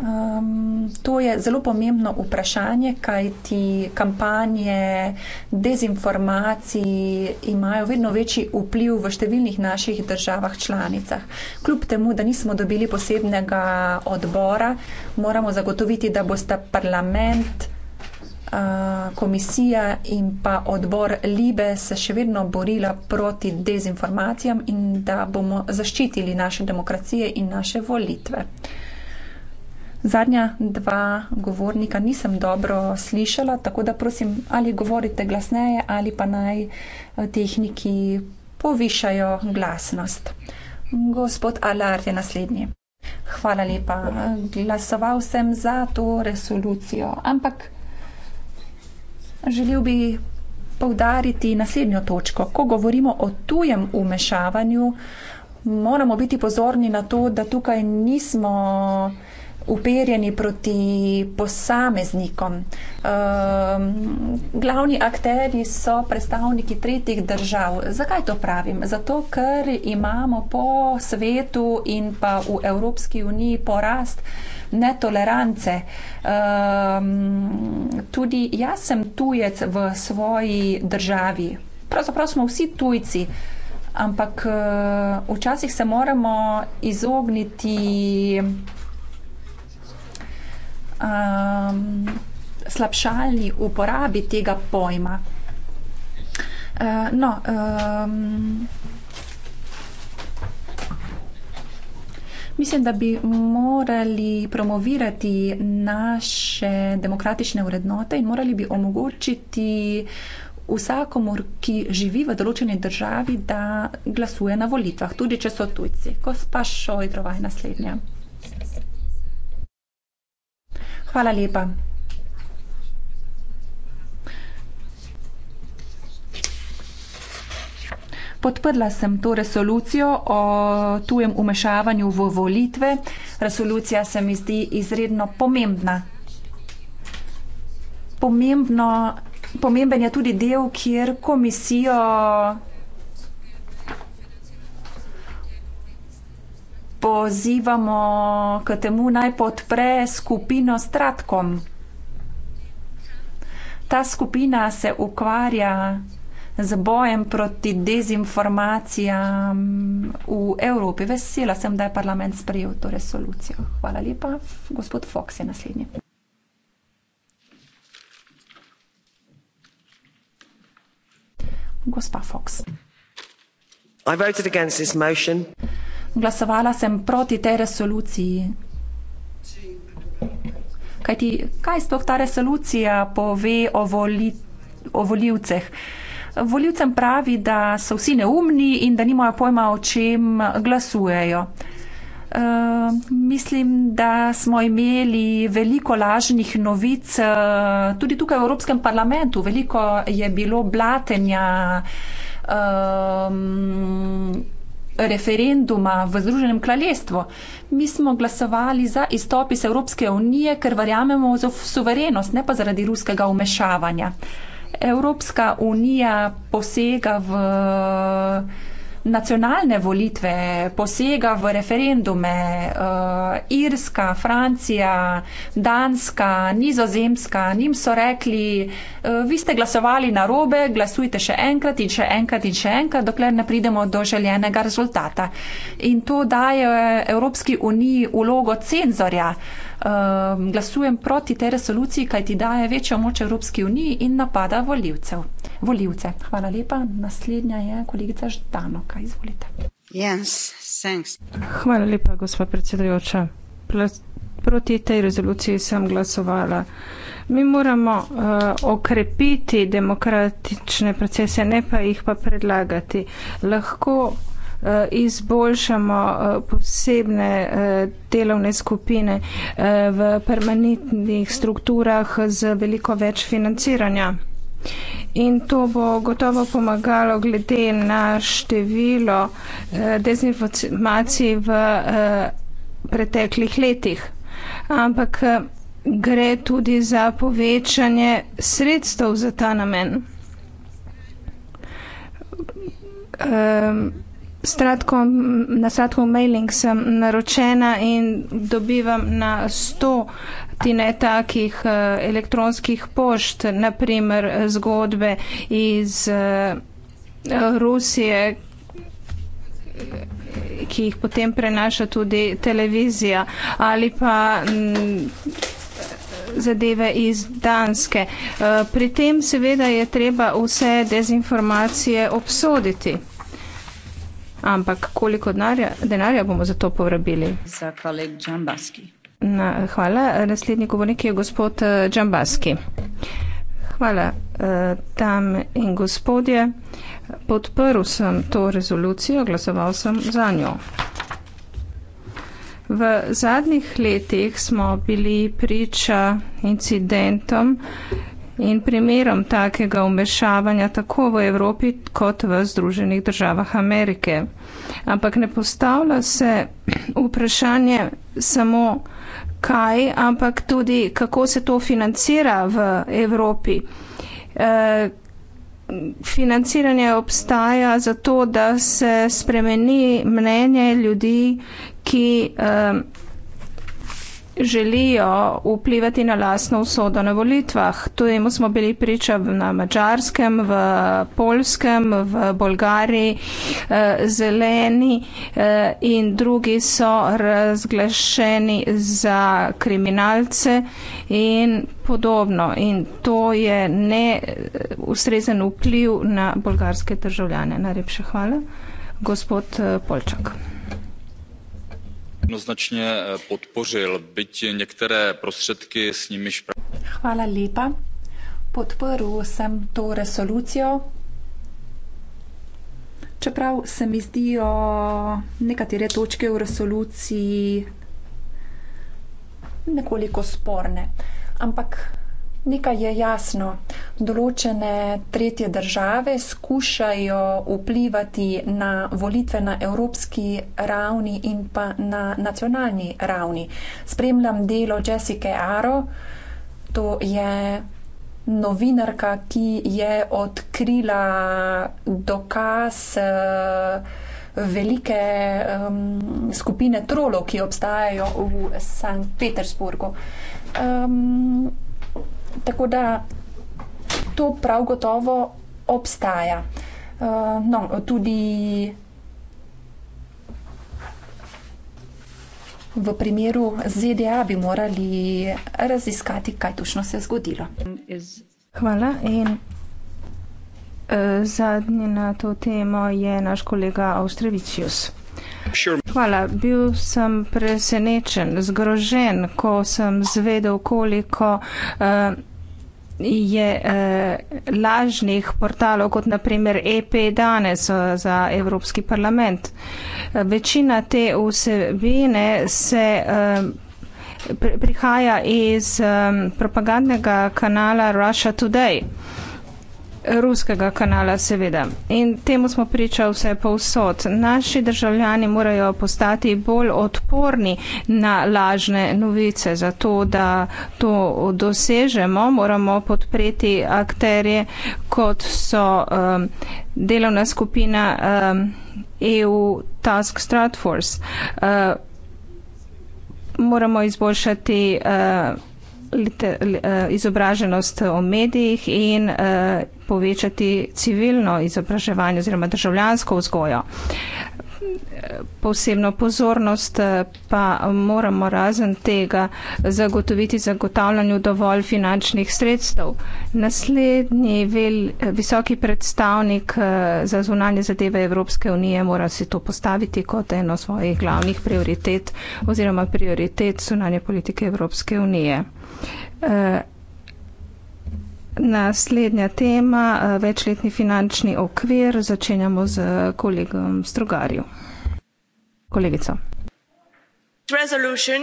[SPEAKER 5] Um, to je zelo pomembno vprašanje, kaj ti kampanje dezinformacij imajo vedno večji vpliv v številnih naših državah članicah. Kljub temu, da nismo dobili posebnega odbora, moramo zagotoviti, da bosta parlament komisija in pa odbor Libe se še vedno borila proti dezinformacijam in da bomo zaščitili naše demokracije in naše volitve. Zadnja dva govornika nisem dobro slišala, tako da prosim, ali govorite glasneje ali pa naj e, tehniki povišajo glasnost. Gospod Alar je naslednji. Hvala lepa. Glasoval sem za to resolucijo, ampak Želel bi povdariti naslednjo točko. Ko govorimo o tujem umešavanju, moramo biti pozorni na to, da tukaj nismo uperjeni proti posameznikom. Um, glavni akteri so predstavniki tretjih držav. Zakaj to pravim? Zato, ker imamo po svetu in pa v Evropski uniji porast netolerance. Um, tudi jaz sem tujec v svoji državi. Pravzaprav smo vsi tujci. Ampak uh, včasih se moramo izogniti um, slabšalni uporabi tega pojma. Uh, no, um, mislim, da bi morali promovirati naše demokratične vrednote in morali bi omogočiti vsakomor, ki živi v določeni državi, da glasuje na volitvah, tudi če so tujci. Gospa Šojdrova je naslednja. Hvala lepa. Podprla sem to resolucijo o tujem vmešavanju v volitve. Resolucija se mi zdi izredno pomembna. Pomembno, pomemben je tudi del, kjer komisijo pozivamo k temu, naj podpre skupino Stratkom. Ta skupina se ukvarja z bojem proti dezinformacijam v Evropi. Vesela sem, da je parlament sprejel to resolucijo. Hvala lepa. Gospod Fox je naslednji. Gospa Fox.
[SPEAKER 4] I voted against this motion
[SPEAKER 5] glasovala sem proti tej resoluciji. Kajti, kaj sploh ta resolucija pove o, voli, o voljivceh? Voljivcem pravi, da so vsi neumni in da nimajo pojma, o čem glasujejo. Uh, mislim, da smo imeli veliko lažnih novic, uh, tudi tukaj v Evropskem parlamentu. Veliko je bilo blatenja. Uh, referenduma v Združenem kraljestvu. Mi smo glasovali za izstop iz Evropske unije, ker verjamemo v suverenost, ne pa zaradi ruskega umešavanja. Evropska unija posega v nacionalne volitve, posega v referendume. Uh, Irska, Francija, Danska, Nizozemska, njim so rekli, uh, vi ste glasovali na robe, glasujte še enkrat in še enkrat in še enkrat, dokler ne pridemo do željenega rezultata. In to daje Evropski uniji ulogo cenzorja. Uh, um, glasujem proti tej resoluciji, kaj ti daje večjo moč Evropski uniji in napada voljivcev. Voljivce. Hvala lepa. Naslednja je kolegica Ždanoka. Izvolite.
[SPEAKER 4] Yes,
[SPEAKER 6] Hvala lepa, gospod predsedujoča. Proti tej rezoluciji sem glasovala. Mi moramo uh, okrepiti demokratične procese, ne pa jih pa predlagati. Lahko Eh, izboljšamo eh, posebne eh, delovne skupine v permanentnih strukturah z veliko več financiranja. In to bo gotovo pomagalo glede na število dezinformacij v preteklih letih. Ampak gre tudi za povečanje sredstev za ta namen. Um, Stratko, na Stratko mailing sem naročena in dobivam na 100 tine takih eh, elektronskih pošt, naprimer zgodbe iz eh, Rusije, ki jih potem prenaša tudi televizija ali pa mm, zadeve iz Danske. Eh, pri tem seveda je treba vse dezinformacije obsoditi. Ampak koliko denarja, denarja bomo za to porabili?
[SPEAKER 5] Za kolega Džambaski.
[SPEAKER 6] Na, hvala. Naslednji govornik je gospod eh, Džambaski. Hvala, eh, dam in gospodje. Podprl sem to rezolucijo, glasoval sem za njo. V zadnjih letih smo bili priča incidentom, In primerom takega umešavanja tako v Evropi kot v Združenih državah Amerike. Ampak ne postavlja se vprašanje samo kaj, ampak tudi kako se to financira v Evropi. E, financiranje obstaja zato, da se spremeni mnenje ljudi, ki. E, želijo vplivati na lastno usodo na volitvah. Tudi smo bili priča na Mačarskem, v Polskem, v Bolgariji, eh, zeleni eh, in drugi so razglašeni za kriminalce in podobno. In to je neustrezen vpliv na bolgarske državljane. Najlepša hvala. Gospod eh, Polčak
[SPEAKER 1] jednoznačně eh, podpořil, byť některé prostředky s
[SPEAKER 2] nimiž...
[SPEAKER 5] Hvala lepa. Podporil jsem to resolucijo, čeprav se mi zdijo nekatere točke v resoluciji nekoliko sporne. Ampak Nekaj je jasno. Določene tretje države skušajo vplivati na volitve na evropski ravni in pa na nacionalni ravni. Spremljam delo Jessica Aro, to je novinarka, ki je odkrila dokaz eh, velike um, skupine trolov, ki obstajajo v Sankt Petersburgu. Um, Tako da to prav gotovo obstaja. Uh, no, tudi v primeru ZDA bi morali raziskati, kaj točno se je zgodilo. Hvala. In uh,
[SPEAKER 6] zadnji na to temo je naš kolega Austrevičius. Hvala. Bil sem presenečen, zgrožen, ko sem zvedel, koliko eh, je eh, lažnih portalov, kot naprimer EP danes eh, za Evropski parlament. Večina te vsebine se prihaja iz propagandnega kanala Russia Today ruskega kanala, seveda. In temu smo pričali vse povsod. Naši državljani morajo postati bolj odporni na lažne novice. Zato, da to dosežemo, moramo podpreti akterje, kot so um, delovna skupina um, EU Task Stratforce. Uh, moramo izboljšati. Uh, Eh, izobraženost o medijih in eh, povečati civilno izobraževanje oziroma državljansko vzgojo posebno pozornost, eh, pa moramo razen tega zagotoviti zagotavljanju dovolj finančnih sredstev. Naslednji vel, eh, visoki predstavnik eh, za zunanje zadeve Evropske unije mora si to postaviti kot eno svojih glavnih prioritet oziroma prioritet zunanje politike Evropske unije. Naslednja tema, eh, večletni finančni okvir, začenjamo z kolegom Strugarju. Kolegica.
[SPEAKER 5] Resolution.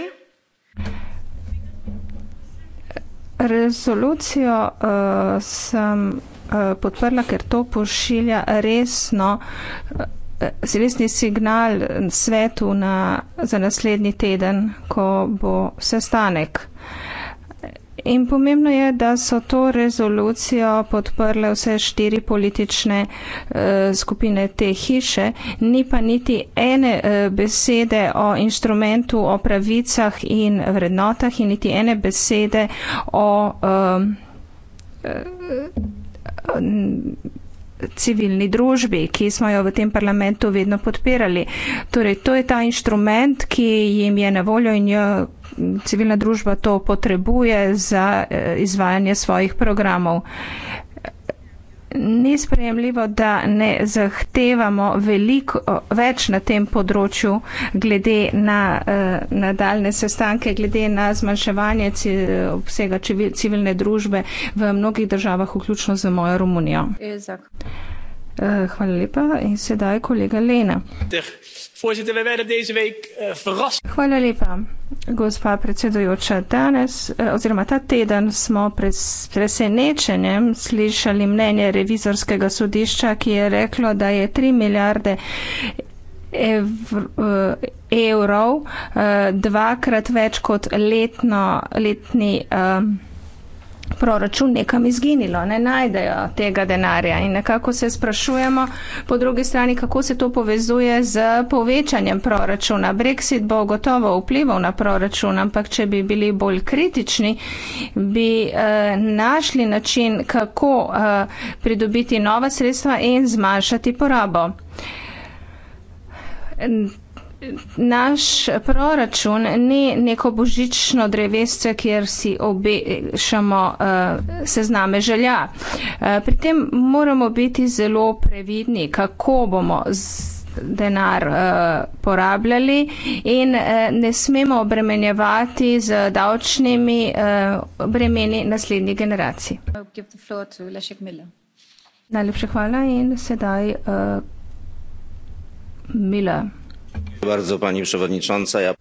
[SPEAKER 6] Resolucijo, eh, sem, eh, podprla, ker to pošilja resno, resni signal svetu na, za naslednji teden, ko bo sestanek. In pomembno je, da so to rezolucijo podprle vse štiri politične uh, skupine te hiše, ni pa niti ene uh, besede o inštrumentu, o pravicah in vrednotah in niti ene besede o. Um, uh, civilni družbi, ki smo jo v tem parlamentu vedno podpirali. Torej, to je ta inštrument, ki jim je na voljo in jo civilna družba to potrebuje za eh, izvajanje svojih programov ni sprejemljivo, da ne zahtevamo veliko več na tem področju glede na eh, nadaljne sestanke, glede na zmanjševanje obsega civil, civilne družbe v mnogih državah, vključno z mojo Romunijo. Exact. Eh, hvala lepa. In sedaj kolega Lena.
[SPEAKER 1] Voorzitter, we werden deze week eh, verrast.
[SPEAKER 6] Hvala lepa, gospa predsedujoča. Danes eh, oziroma ta teden smo presenečenjem slišali mnenje revizorskega sodišča, ki je reklo, da je 3 milijarde evrov dvakrat več kot letno, letni. Um, proračun nekam izginilo, ne najdejo tega denarja in nekako se sprašujemo po drugi strani, kako se to povezuje z povečanjem proračuna. Brexit bo gotovo vplival na proračun, ampak če bi bili bolj kritični, bi eh, našli način, kako eh, pridobiti nova sredstva in zmanjšati porabo. En, Naš proračun ni neko božično drevesce, kjer si obešamo uh, sezname želja. Uh, pri tem moramo biti zelo previdni, kako bomo denar uh, porabljali in uh, ne smemo obremenjevati z davčnimi uh, bremeni naslednjih generacij. Najlepša hvala in sedaj uh, Mila
[SPEAKER 2] bardzo pani przewodnicząca! Ja-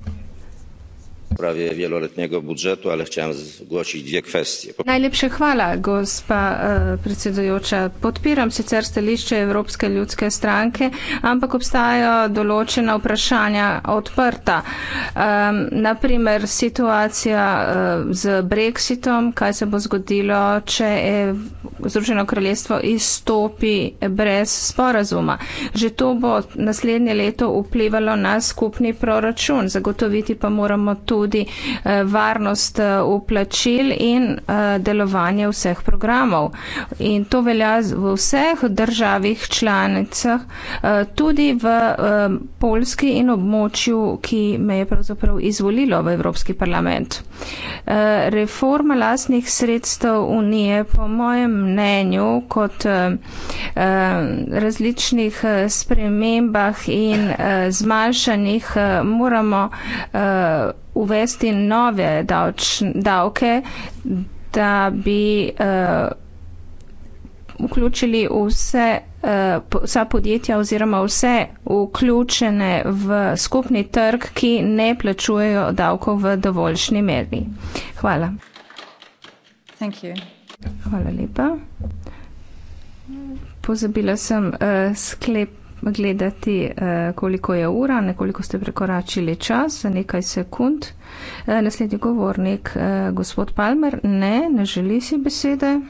[SPEAKER 2] sprawie wieloletniego budżetu, ale chciałem zgłosić dwie kwestie.
[SPEAKER 6] Najlepsze chwala, gospa e, predsedujoča. Podpiram sicer stališče Evropske ljudske stranke, ampak obstajajo določena vprašanja odprta. E, naprimer, situacija e, z Brexitom, kaj se bo zgodilo, če je Združeno kraljestvo izstopi brez sporazuma. Že to bo naslednje leto vplivalo na skupni proračun. Zagotoviti pa moramo tudi tudi eh, varnost uplačil eh, in eh, delovanje vseh programov. In to velja v vseh državih članicah, tudi v Polski in območju, ki me je pravzaprav izvolilo v Evropski parlament. Reforma lastnih sredstev Unije, po mojem mnenju, kot različnih spremembah in zmanjšanjih moramo uvesti nove davč, davke, da bi uh, vključili vse, uh, vsa podjetja oziroma vse vključene v skupni trg, ki ne plačujejo davkov v dovoljšni meri. Hvala. Thank you. Hvala lepa. Pozabila sem uh, sklep gledati, eh, koliko je ura, nekoliko ste prekoračili čas za nekaj sekund. Eh, naslednji govornik, eh, gospod Palmer, ne, ne želi si besede.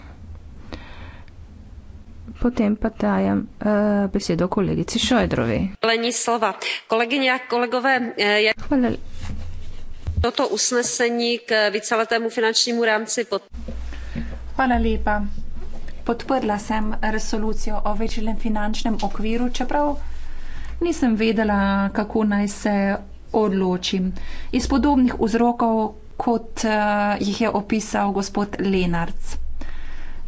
[SPEAKER 6] Potem pa dajem uh, besedo kolegici Šojdrovi.
[SPEAKER 5] Slova. Kolegyně a kolegové, je... Hvala. toto usnesení k víceletému finančnímu rámci pod... Hvala lepa podprla sem resolucijo o večjem finančnem okviru, čeprav nisem vedela, kako naj se odločim. Iz podobnih vzrokov, kot eh, jih je opisal gospod Lenarc.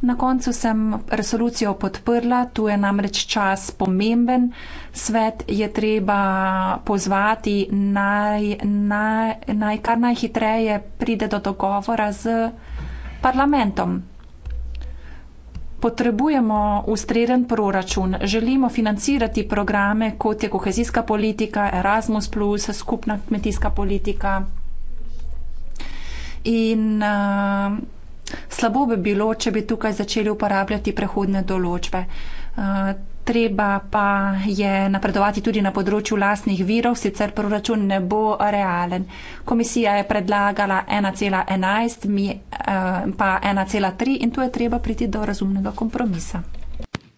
[SPEAKER 5] Na koncu sem resolucijo podprla, tu je namreč čas pomemben, svet je treba pozvati naj, naj, naj kar najhitreje pride do dogovora z parlamentom. Potrebujemo ustreden proračun, želimo financirati programe, kot je kohezijska politika, Erasmus, skupna kmetijska politika. In uh, slabo bi bilo, če bi tukaj začeli uporabljati prehodne določbe. Uh, treba pa je napredovati tudi na področju lastnih virov, sicer proračun ne bo realen. Komisija je predlagala 1,11, mi eh, pa 1,3 in tu je treba priti do razumnega kompromisa.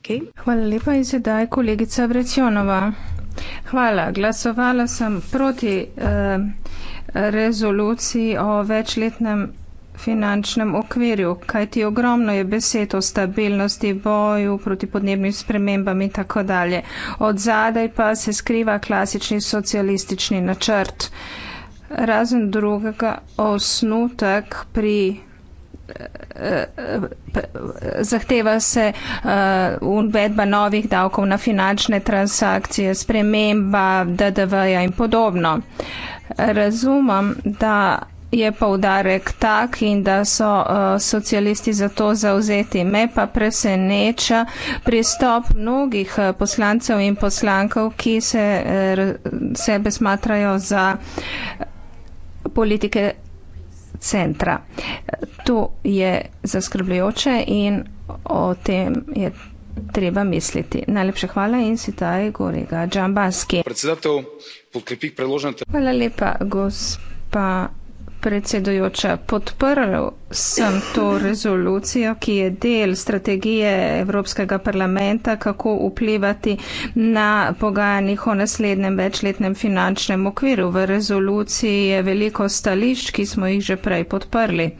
[SPEAKER 5] Okay. Hvala
[SPEAKER 6] lepa in sedaj kolegica Vrečonova. Hvala. Glasovala sem proti eh, rezoluciji o večletnem finančnem okvirju, kajti ogromno je besed o stabilnosti, boju proti podnebnim spremembam in tako dalje. Od zadaj pa se skriva klasični socialistični načrt. Razen drugega osnutek pri eh, eh, zahteva se eh, uvedba uh, novih davkov na finančne transakcije, sprememba DDV-ja in podobno. Razumem, da je povdarek tak in da so uh, socialisti za to zauzeti. Me pa preseneča pristop mnogih uh, poslancev in poslankov, ki se uh, sebe smatrajo za uh, politike centra. To je zaskrbljujoče in o tem je treba misliti. Najlepša hvala in si taj gorega Džambaski. Hvala lepa, gospod. Pa predsedujoča, podprl sem to rezolucijo, ki je del strategije Evropskega parlamenta, kako vplivati na pogajanjih o naslednjem večletnem finančnem okviru. V rezoluciji je veliko stališč, ki smo jih že prej podprli.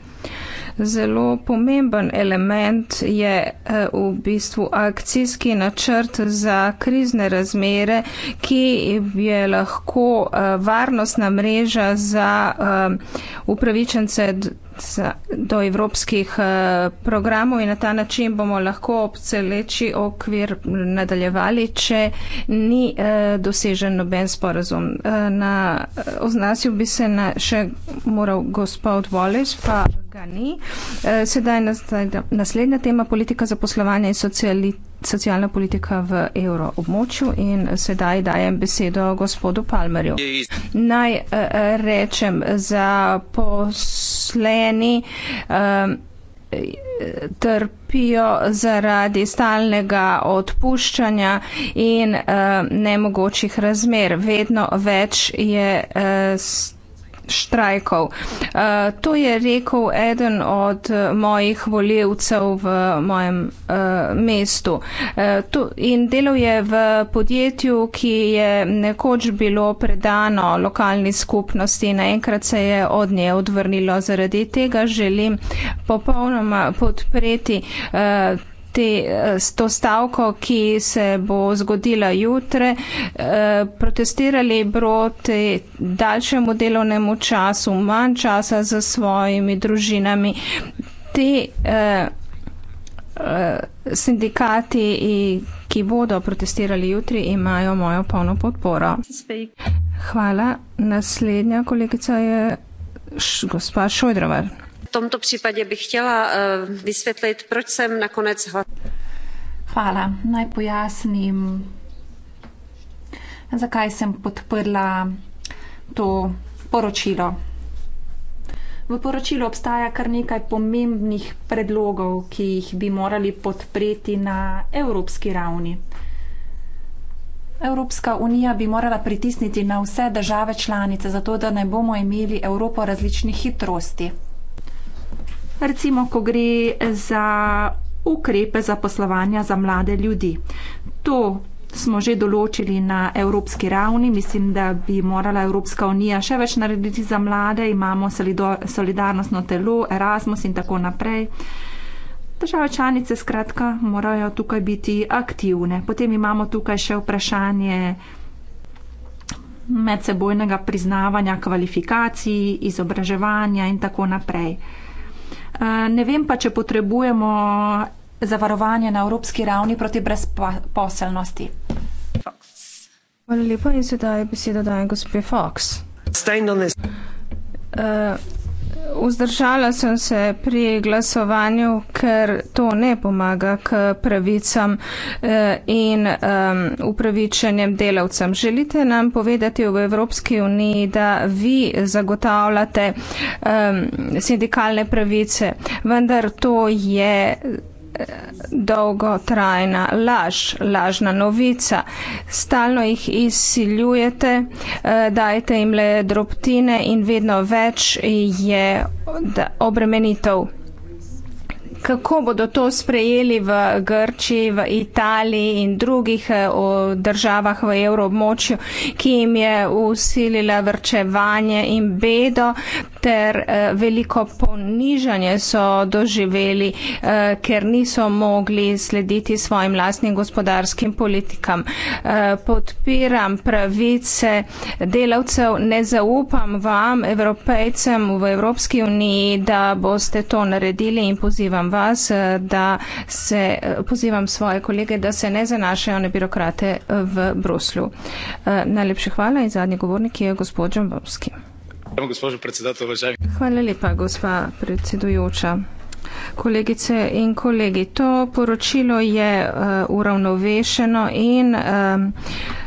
[SPEAKER 6] Zelo pomemben element je eh, v bistvu akcijski načrt za krizne razmere, ki je lahko eh, varnostna mreža za eh, upravičence do evropskih eh, programov in na ta način bomo lahko ob celeči okvir nadaljevali, če ni eh, dosežen noben sporazum. Eh, na, oznasil bi se na, še moral gospod Wallace, pa ga ni. Sedaj naslednja tema politika zaposlovanja in socialitete socialna politika v evroobmočju in sedaj dajem besedo gospodu Palmerju. Naj eh, rečem za posleni eh, trpijo zaradi stalnega odpuščanja in eh, nemogočih razmer. Vedno več je stalnega štrajkov. Uh, to je rekel eden od eh, mojih voljevcev v mojem uh, mestu. Uh, to, in delal je v podjetju, ki je nekoč bilo predano lokalni skupnosti in naenkrat se je od nje odvrnilo. Zaradi tega želim popolnoma podpreti. Uh, te, eh, s to stavko, ki se bo zgodila jutre, eh, protestirali proti daljšemu delovnemu času, manj časa za svojimi družinami. Te eh, sindikati, ki bodo protestirali jutri, imajo mojo polno podporo. Hvala. Naslednja kolegica je gospa Šojdrovar
[SPEAKER 5] tomto případě bych chtěla eh, vysvětlit proč jsem nakonec hlasovala. Naj pojasnim, zakaj sem podprla to poročilo. V poročilu obstaja kar nekaj pomembnih predlogov, ki jih bi morali podpreti na evropski ravni. Evropska unija bi morala pritisniti na vse države članice, zato da ne bomo imeli Evropo različnih hitrosti recimo, ko gre za ukrepe za poslovanja za mlade ljudi. To smo že določili na evropski ravni. Mislim, da bi morala Evropska unija še več narediti za mlade. Imamo solidarnostno telo, Erasmus in tako naprej. Države članice skratka morajo tukaj biti aktivne. Potem imamo tukaj še vprašanje medsebojnega priznavanja kvalifikacij, izobraževanja in tako naprej. Eh, ne vem pa, če potrebujemo zavarovanje na evropski ravni proti brezposelnosti.
[SPEAKER 6] Hvala lepa in sedaj besedo dajem gospe Fox. Uh, vzdržala sem se pri glasovanju, ker to ne pomaga k pravicam eh, in upravičenjem delavcem. Želite nam povedati v Evropski uniji, da vi zagotavljate sindikalne pravice, vendar to je dolgotrajna laž, lažna novica. Stalno jih izsiljujete, eh, dajete jim le drobtine in vedno več je obremenitev. Kako bodo to sprejeli v Grčiji, v Italiji in drugih eh, državah v evroobmočju, ki jim je usilila vrčevanje in bedo, ter eh, veliko ponižanje so doživeli, eh, ker niso mogli slediti svojim lastnim gospodarskim politikam. Eh, podpiram pravice delavcev, ne zaupam vam, evropejcem v Evropski uniji, da boste to naredili in pozivam vas, da se, pozivam svoje kolege, da se ne zanašajo na birokrate v Bruslju. Najlepša hvala in zadnji govornik je gospod Džombovski. Hvala lepa, gospa predsedujoča kolegice in kolegi. To poročilo je uh, uravnovešeno in uh,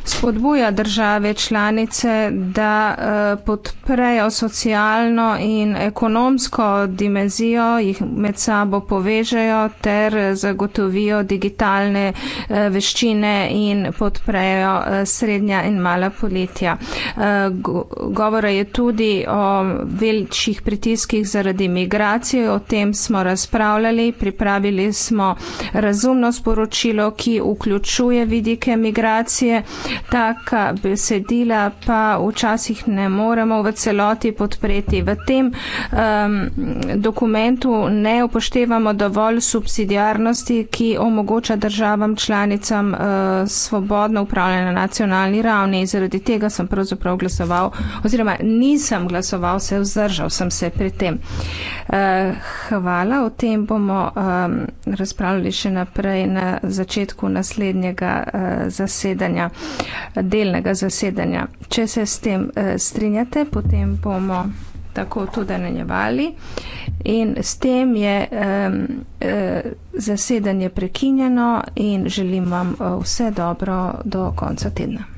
[SPEAKER 6] spodbuja države članice, da uh, podprejo socialno in ekonomsko dimenzijo, jih med sabo povežejo ter eh, zagotovijo digitalne uh, veščine in podprejo uh, srednja in mala politja. Uh, govora je tudi o večjih pritiskih zaradi migracije, o tem smo razpravljali razpravljali, pripravili smo razumno sporočilo, ki vključuje vidike migracije, taka besedila pa včasih ne moremo v celoti podpreti. V tem um, dokumentu ne upoštevamo dovolj subsidijarnosti, ki omogoča državam članicam uh, svobodno upravljanje na nacionalni ravni. Zaradi tega sem pravzaprav glasoval, oziroma nisem glasoval, se vzdržal sem se pri tem. Uh, hvala, v tem bomo um, razpravljali še naprej na začetku naslednjega uh, zasedanja, delnega zasedanja. Če se s tem uh, strinjate, potem bomo tako tudi nanjevali. In s tem je um, uh, zasedanje prekinjeno in želim vam uh, vse dobro do konca tedna.